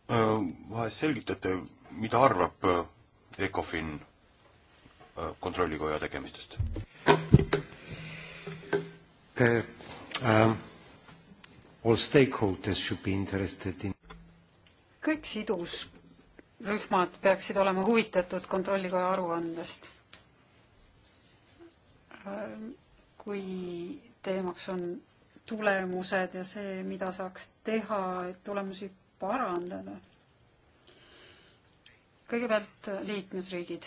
Äh, vahest selgitate, mida arvab äh, Ecofin kontrollikoja tegemistest? Um, kõik sidus rühmad peaksid olema huvitatud Kontrollikoja aruandest. kui teemaks on tulemused ja see, mida saaks teha, et tulemusi parandada. kõigepealt liikmesriigid.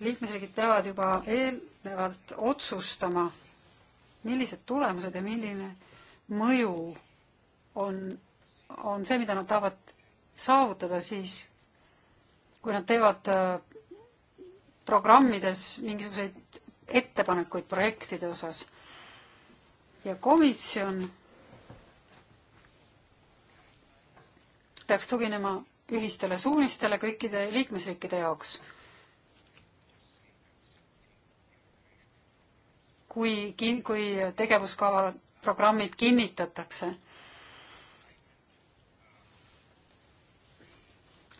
liikmesriigid peavad juba eelnevalt otsustama, millised tulemused ja milline mõju on on see, mida nad tahavad saavutada siis, kui nad teevad äh, programmides mingisuguseid ettepanekuid projektide osas. ja komisjon peaks tuginema ühistele suunistele kõikide liikmesriikide jaoks. kui, kui tegevuskava programmid kinnitatakse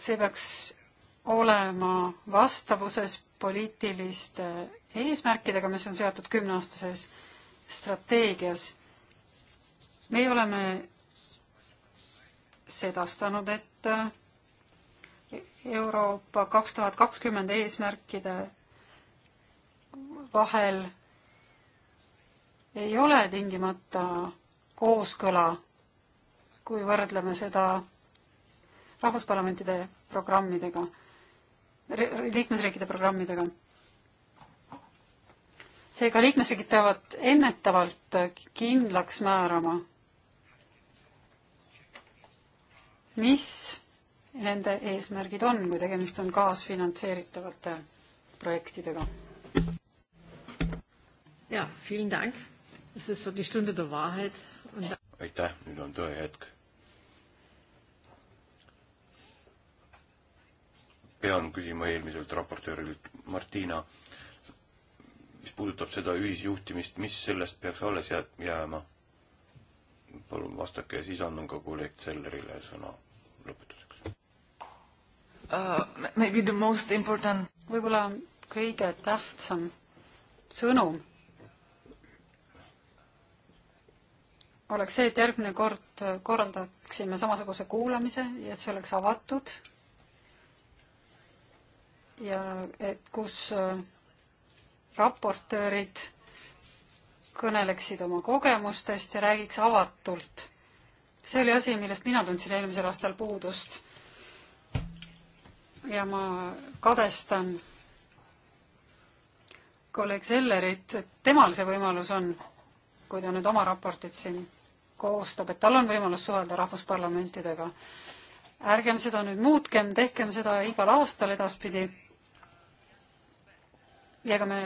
see peaks olema vastavuses poliitiliste eesmärkidega, mis on seatud kümneaastases strateegias. meie oleme sedastanud, et äh, Euroopa kaks tuhat kakskümmend eesmärkide vahel ei ole tingimata kooskõla, kui võrdleme seda rahvusparlamentide programmidega, liikmesriikide programmidega. seega liikmesriigid peavad ennetavalt kindlaks määrama, mis nende eesmärgid on, kui tegemist on kaasfinantseeritavate projektidega? jaa, vielen Dank. Es ist so die Stunde der Wahrheit. aitäh, nüüd on tõehetk. pean küsima eelmiselt raportöörilt Martina, mis puudutab seda ühisjuhtimist, mis sellest peaks alles jääma? palun vastake ja siis annan ka kolleeg Sellerile sõna lõpetuseks uh,. Maybe the most important. võib-olla kõige tähtsam sõnum oleks see, et järgmine kord korraldaksime samasuguse kuulamise ja et see oleks avatud ja kus äh, raportöörid kõneleksid oma kogemustest ja räägiks avatult. see oli asi, millest mina tundsin eelmisel aastal puudust. ja ma kadestan kolleeg Sellerit, et temal see võimalus on, kui ta nüüd oma raportit siin koostab, et tal on võimalus suhelda rahvusparlamentidega ärgem seda nüüd muutkem, tehkem seda igal aastal edaspidi. ja ega me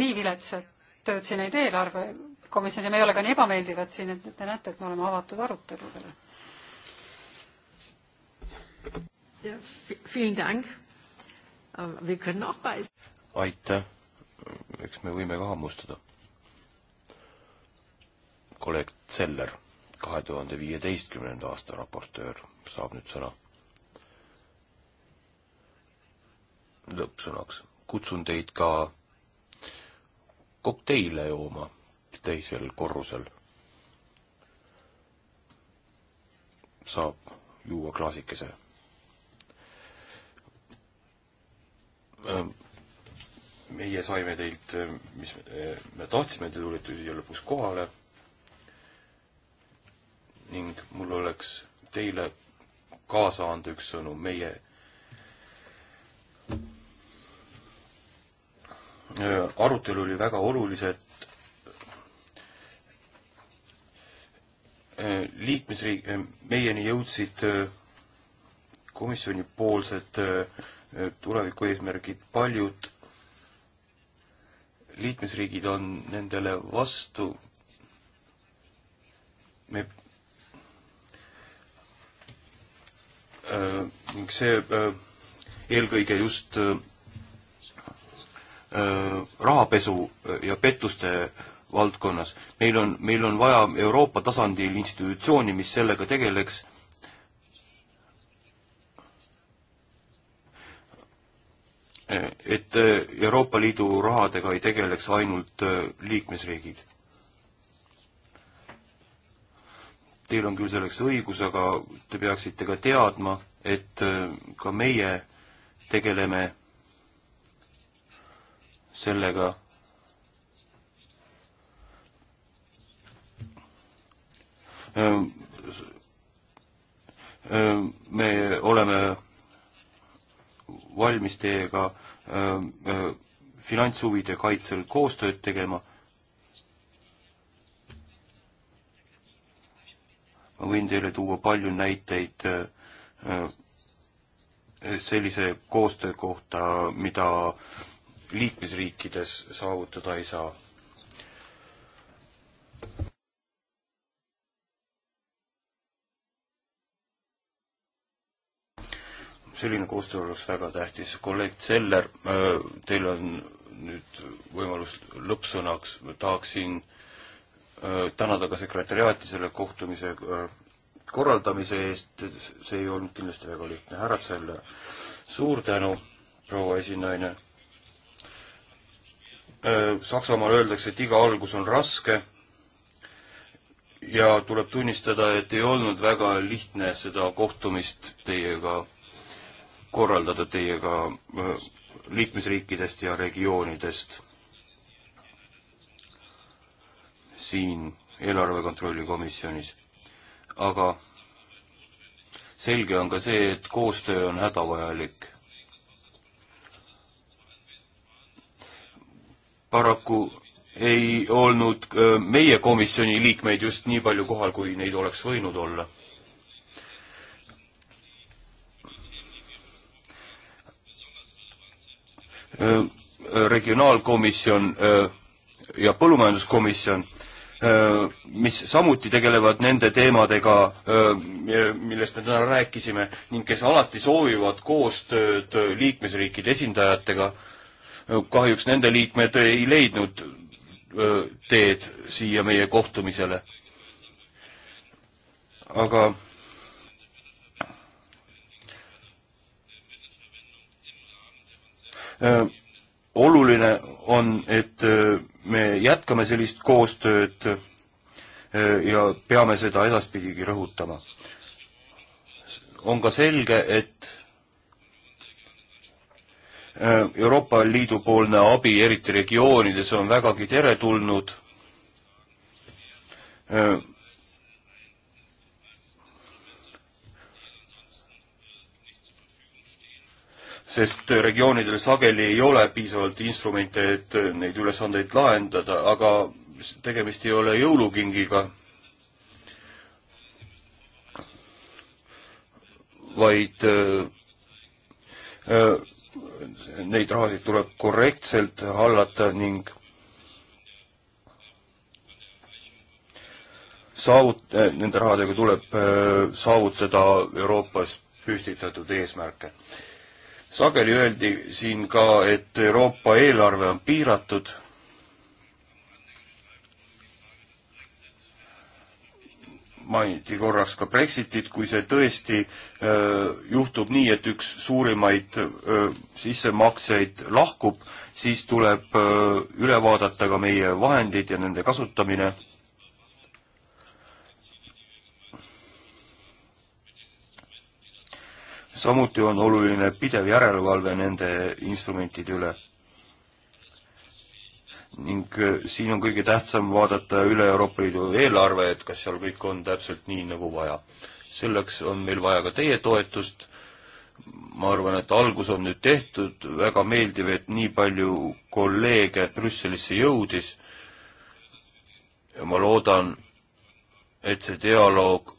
nii viletsat tööd siin ei tee eelarvekomisjonis ja me ei ole ka nii ebameeldivad siin, et te näete, et me oleme avatud aruteludele. aitäh, eks me võime ka hammustada. kolleeg Zeller, kahe tuhande viieteistkümnenda aasta raportöör saab nüüd sõna. lõppsõnaks. kutsun teid ka kokteile jooma teisel korrusel. saab juua klaasikese. meie saime teilt, mis me tahtsime, te tulite siia lõpuks kohale ning mul oleks teile kaasa anda üks sõnum meie äh, arutelu oli väga olulised äh, liikmesriik, äh, meieni jõudsid komisjonipoolsed tuleviku eesmärgid, paljud liikmesriigid on nendele vastu Äh, ning see äh, eelkõige just äh, rahapesu ja pettuste valdkonnas. meil on, meil on vaja Euroopa tasandil institutsiooni, mis sellega tegeleks. et Euroopa Liidu rahadega ei tegeleks ainult liikmesriigid Teil on küll selleks õigus, aga te peaksite ka teadma, et äh, ka meie tegeleme sellega, äh, äh, me oleme valmis teiega finantshuvide kaitsel koostööd tegema ma võin teile tuua palju näiteid äh, äh, sellise koostöö kohta, mida liikmesriikides saavutada ei saa. selline koostöö oleks väga tähtis. kolleeg Zeller, äh, teil on nüüd võimalus lõppsõnaks, tahaksin äh, Äh, tänada ka sekretäriaati selle kohtumise äh, korraldamise eest, see ei olnud kindlasti väga lihtne. härra Tsell, suur tänu, proua esinaine. Äh, Saksamaal öeldakse, et iga algus on raske ja tuleb tunnistada, et ei olnud väga lihtne seda kohtumist teiega korraldada, teiega liikmesriikidest ja regioonidest siin eelarve kontrolli komisjonis. aga selge on ka see, et koostöö on hädavajalik. paraku ei olnud äh, meie komisjoni liikmeid just nii palju kohal, kui neid oleks võinud olla. Äh, regionaalkomisjon öö, äh, ja Põllumajanduskomisjon, äh, mis samuti tegelevad nende teemadega, äh, millest me täna rääkisime ning kes alati soovivad koostööd äh, liikmesriikide esindajatega. kahjuks nende liikmed ei leidnud teed siia meie kohtumisele. aga oluline on, et me jätkame sellist koostööd e, ja peame seda edaspidigi rõhutama. on ka selge, et e, Euroopa Liidu poolne abi, eriti regioonides, on vägagi teretulnud e, sest regioonidel sageli ei ole piisavalt instrumente, et neid ülesandeid lahendada, aga tegemist ei ole jõulukingiga, vaid äh, äh neid rahasid tuleb korrektselt hallata ning saavut-, äh, nende rahadega tuleb äh, saavutada Euroopas püstitatud eesmärke sageli öeldi siin ka, et Euroopa eelarve on piiratud. mainiti korraks ka Brexitit, kui see tõesti öö, juhtub nii, et üks suurimaid öö, sissemakseid lahkub, siis tuleb öö, üle vaadata ka meie vahendid ja nende kasutamine samuti on oluline pidev järelevalve nende instrumentide üle. ning äh, siin on kõige tähtsam vaadata üle Euroopa Liidu eelarve, et kas seal kõik on täpselt nii, nagu vaja. selleks on meil vaja ka teie toetust, ma arvan, et algus on nüüd tehtud, väga meeldiv, et nii palju kolleege Brüsselisse jõudis ja ma loodan, et see dialoog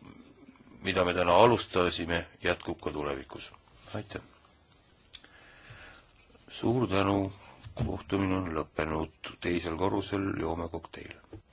mida me täna alustasime, jätkub ka tulevikus. aitäh! suur tänu, kohtumine on lõppenud, teisel korrusel joome kokteile.